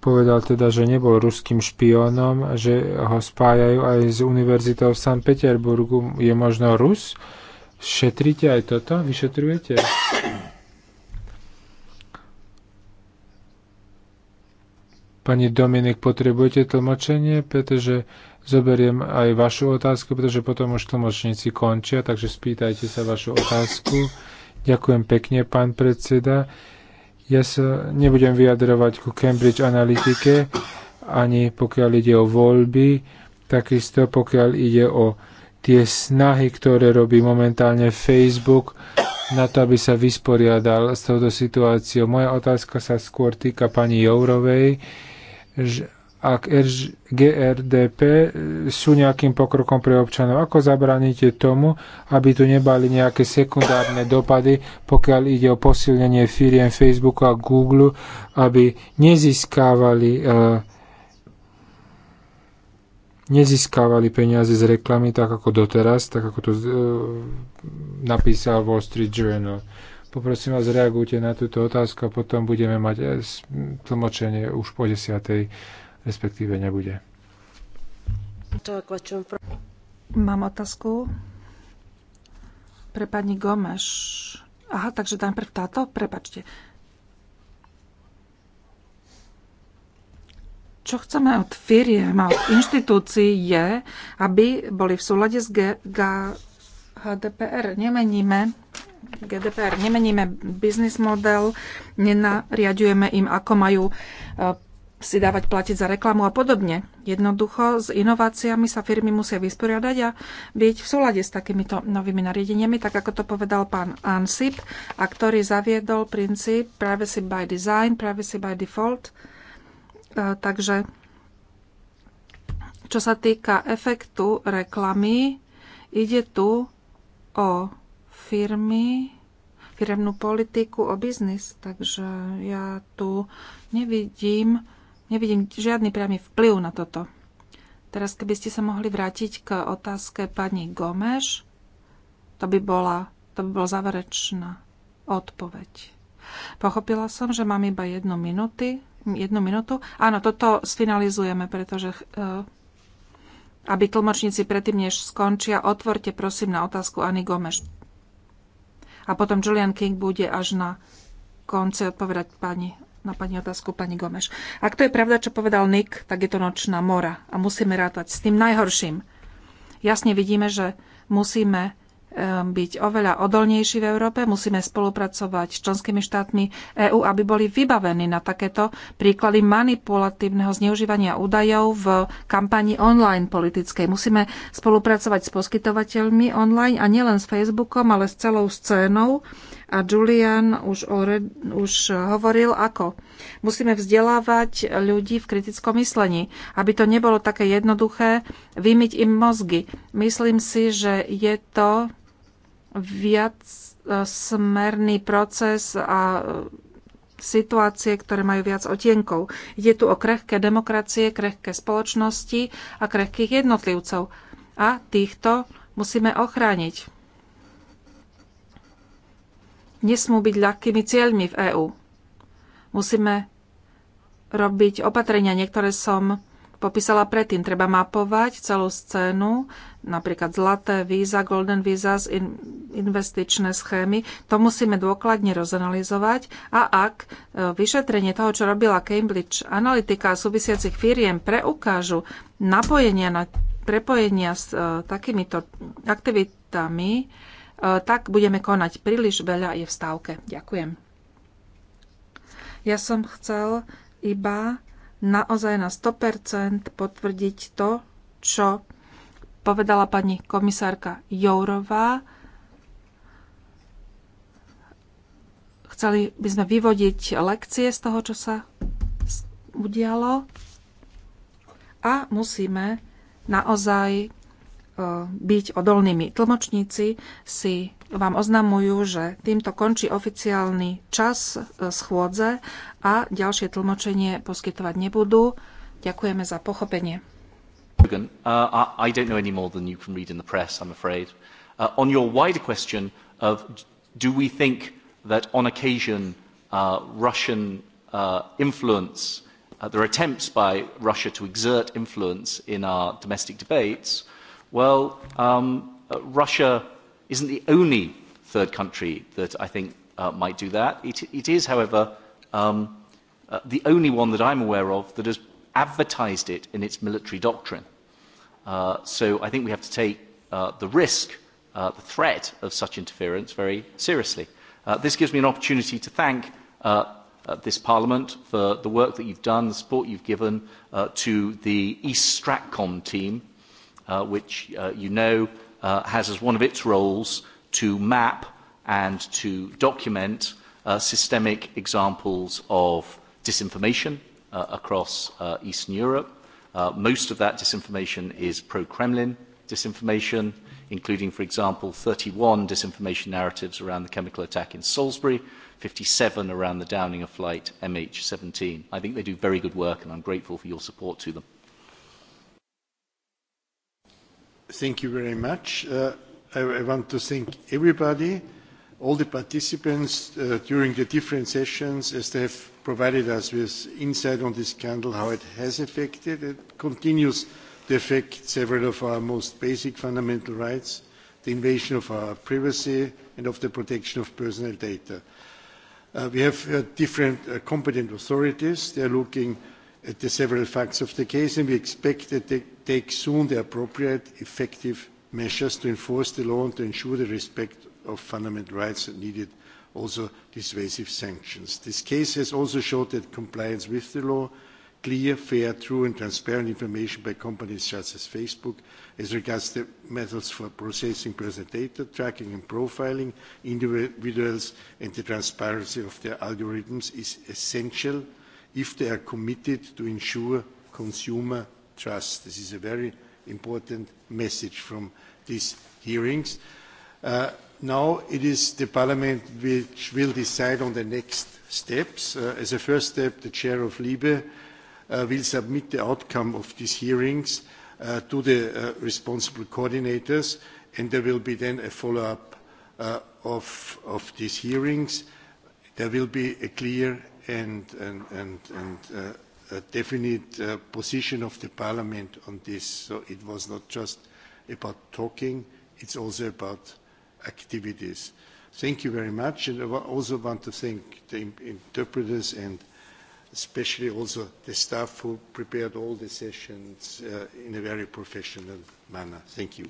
povedal teda, že nebol ruským špiónom, že ho spájajú aj s univerzitou v Sankt Peterburgu. Je možno Rus? Uh, Šetrite aj toto? Vyšetrujete? Pani Dominik, potrebujete tlmočenie, pretože zoberiem aj vašu otázku, pretože potom už tlmočníci končia, takže spýtajte sa vašu otázku. Ďakujem pekne, pán predseda. Ja sa nebudem vyjadrovať ku Cambridge Analytike, ani pokiaľ ide o voľby, takisto pokiaľ ide o tie snahy, ktoré robí momentálne Facebook na to, aby sa vysporiadal s touto situáciou. Moja otázka sa skôr týka pani Jourovej, že ak GRDP e, sú nejakým pokrokom pre občanov, ako zabraníte tomu, aby tu nebali nejaké sekundárne dopady, pokiaľ ide o posilnenie firiem Facebooku a Google, aby nezískávali uh, nezískávali peniaze z reklamy tak ako doteraz, tak ako to e, napísal Wall Street Journal. Poprosím vás, reagujte na túto otázku a potom budeme mať e, tlmočenie už po desiatej, respektíve nebude. Mám otázku pre pani Gomeš. Aha, takže prv táto? Prepačte. Čo chceme od firiem a od inštitúcií je, aby boli v súlade s GDPR. HDPR. Nemeníme GDPR, nemeníme biznis model, nenariadujeme im, ako majú eh, si dávať platiť za reklamu a podobne. Jednoducho s inováciami sa firmy musia vysporiadať a byť v súlade s takýmito novými nariadeniami, tak ako to povedal pán Ansip, a ktorý zaviedol princíp privacy by design, privacy by default, E, takže čo sa týka efektu reklamy, ide tu o firmy, firemnú politiku, o biznis. Takže ja tu nevidím, nevidím žiadny priamy vplyv na toto. Teraz, keby ste sa mohli vrátiť k otázke pani Gomeš, to by bola, to by bola záverečná odpoveď. Pochopila som, že mám iba jednu minúty, jednu minútu. Áno, toto sfinalizujeme, pretože eh, aby tlmočníci predtým, než skončia, otvorte prosím na otázku Ani Gomeš. A potom Julian King bude až na konci odpovedať pani, na pani otázku pani Gomeš. Ak to je pravda, čo povedal Nick, tak je to nočná mora a musíme rátať s tým najhorším. Jasne vidíme, že musíme Um, byť oveľa odolnejší v Európe, musíme spolupracovať s členskými štátmi EÚ, aby boli vybavení na takéto príklady manipulatívneho zneužívania údajov v kampani online politickej. Musíme spolupracovať s poskytovateľmi online a nielen s Facebookom, ale s celou scénou. A Julian už, ore, už hovoril ako. Musíme vzdelávať ľudí v kritickom myslení, aby to nebolo také jednoduché vymyť im mozgy. Myslím si, že je to viac e, smerný proces a e, situácie, ktoré majú viac otienkov. Ide tu o krehké demokracie, krehké spoločnosti a krehkých jednotlivcov. A týchto musíme ochrániť. Nesmú byť ľahkými cieľmi v EÚ. Musíme robiť opatrenia. Niektoré som popísala predtým. Treba mapovať celú scénu, napríklad zlaté víza, golden visas, in, investičné schémy. To musíme dôkladne rozanalizovať a ak e, vyšetrenie toho, čo robila Cambridge Analytica a súvisiacich firiem preukážu napojenia na prepojenia s uh, takýmito aktivitami, uh, tak budeme konať. Príliš veľa je v stávke. Ďakujem. Ja som chcel iba naozaj na 100% potvrdiť to, čo povedala pani komisárka Jourová. Chceli by sme vyvodiť lekcie z toho, čo sa udialo a musíme naozaj E, byť odolnými. Tlmočníci si vám oznamujú, že týmto končí oficiálny čas e, schôdze a ďalšie tlmočenie poskytovať nebudú. Ďakujeme za pochopenie. Uh, I don't know any more than you can read in the press, I'm afraid. Uh, on your wider question of do we think that on occasion uh, Russian uh, influence, uh, there are attempts by Russia to exert influence in our domestic debates, Well, um, uh, Russia isn't the only third country that I think uh, might do that. It, it is, however, um, uh, the only one that I'm aware of that has advertised it in its military doctrine. Uh, so I think we have to take uh, the risk, uh, the threat of such interference very seriously. Uh, this gives me an opportunity to thank uh, uh, this Parliament for the work that you've done, the support you've given uh, to the East Stratcom team uh, which uh, you know uh, has as one of its roles to map and to document uh, systemic examples of disinformation uh, across uh, Eastern Europe. Uh, most of that disinformation is pro-Kremlin disinformation, including, for example, 31 disinformation narratives around the chemical attack in Salisbury, 57 around the downing of flight MH17. I think they do very good work, and I'm grateful for your support to them. Thank you very much. Uh, I, I want to thank everybody, all the participants uh, during the different sessions as they have provided us with insight on this scandal, how it has affected and continues to affect several of our most basic fundamental rights, the invasion of our privacy and of the protection of personal data. Uh, we have uh, different uh, competent authorities. They are looking at the several facts of the case, and we expect that they take soon the appropriate, effective measures to enforce the law and to ensure the respect of fundamental rights and needed also dissuasive sanctions. This case has also showed that compliance with the law, clear, fair, true and transparent information by companies such as Facebook as regards the methods for processing personal data, tracking and profiling individuals and the transparency of their algorithms is essential if they are committed to ensure consumer trust. This is a very important message from these hearings. Uh, now it is the Parliament which will decide on the next steps. Uh, as a first step, the Chair of LIBE uh, will submit the outcome of these hearings uh, to the uh, responsible coordinators, and there will be then a follow-up uh, of, of these hearings. There will be a clear and, and, and, and uh, a definite uh, position of the Parliament on this. So it was not just about talking, it's also about activities. Thank you very much. And I also want to thank the interpreters and especially also the staff who prepared all the sessions uh, in a very professional manner. Thank you.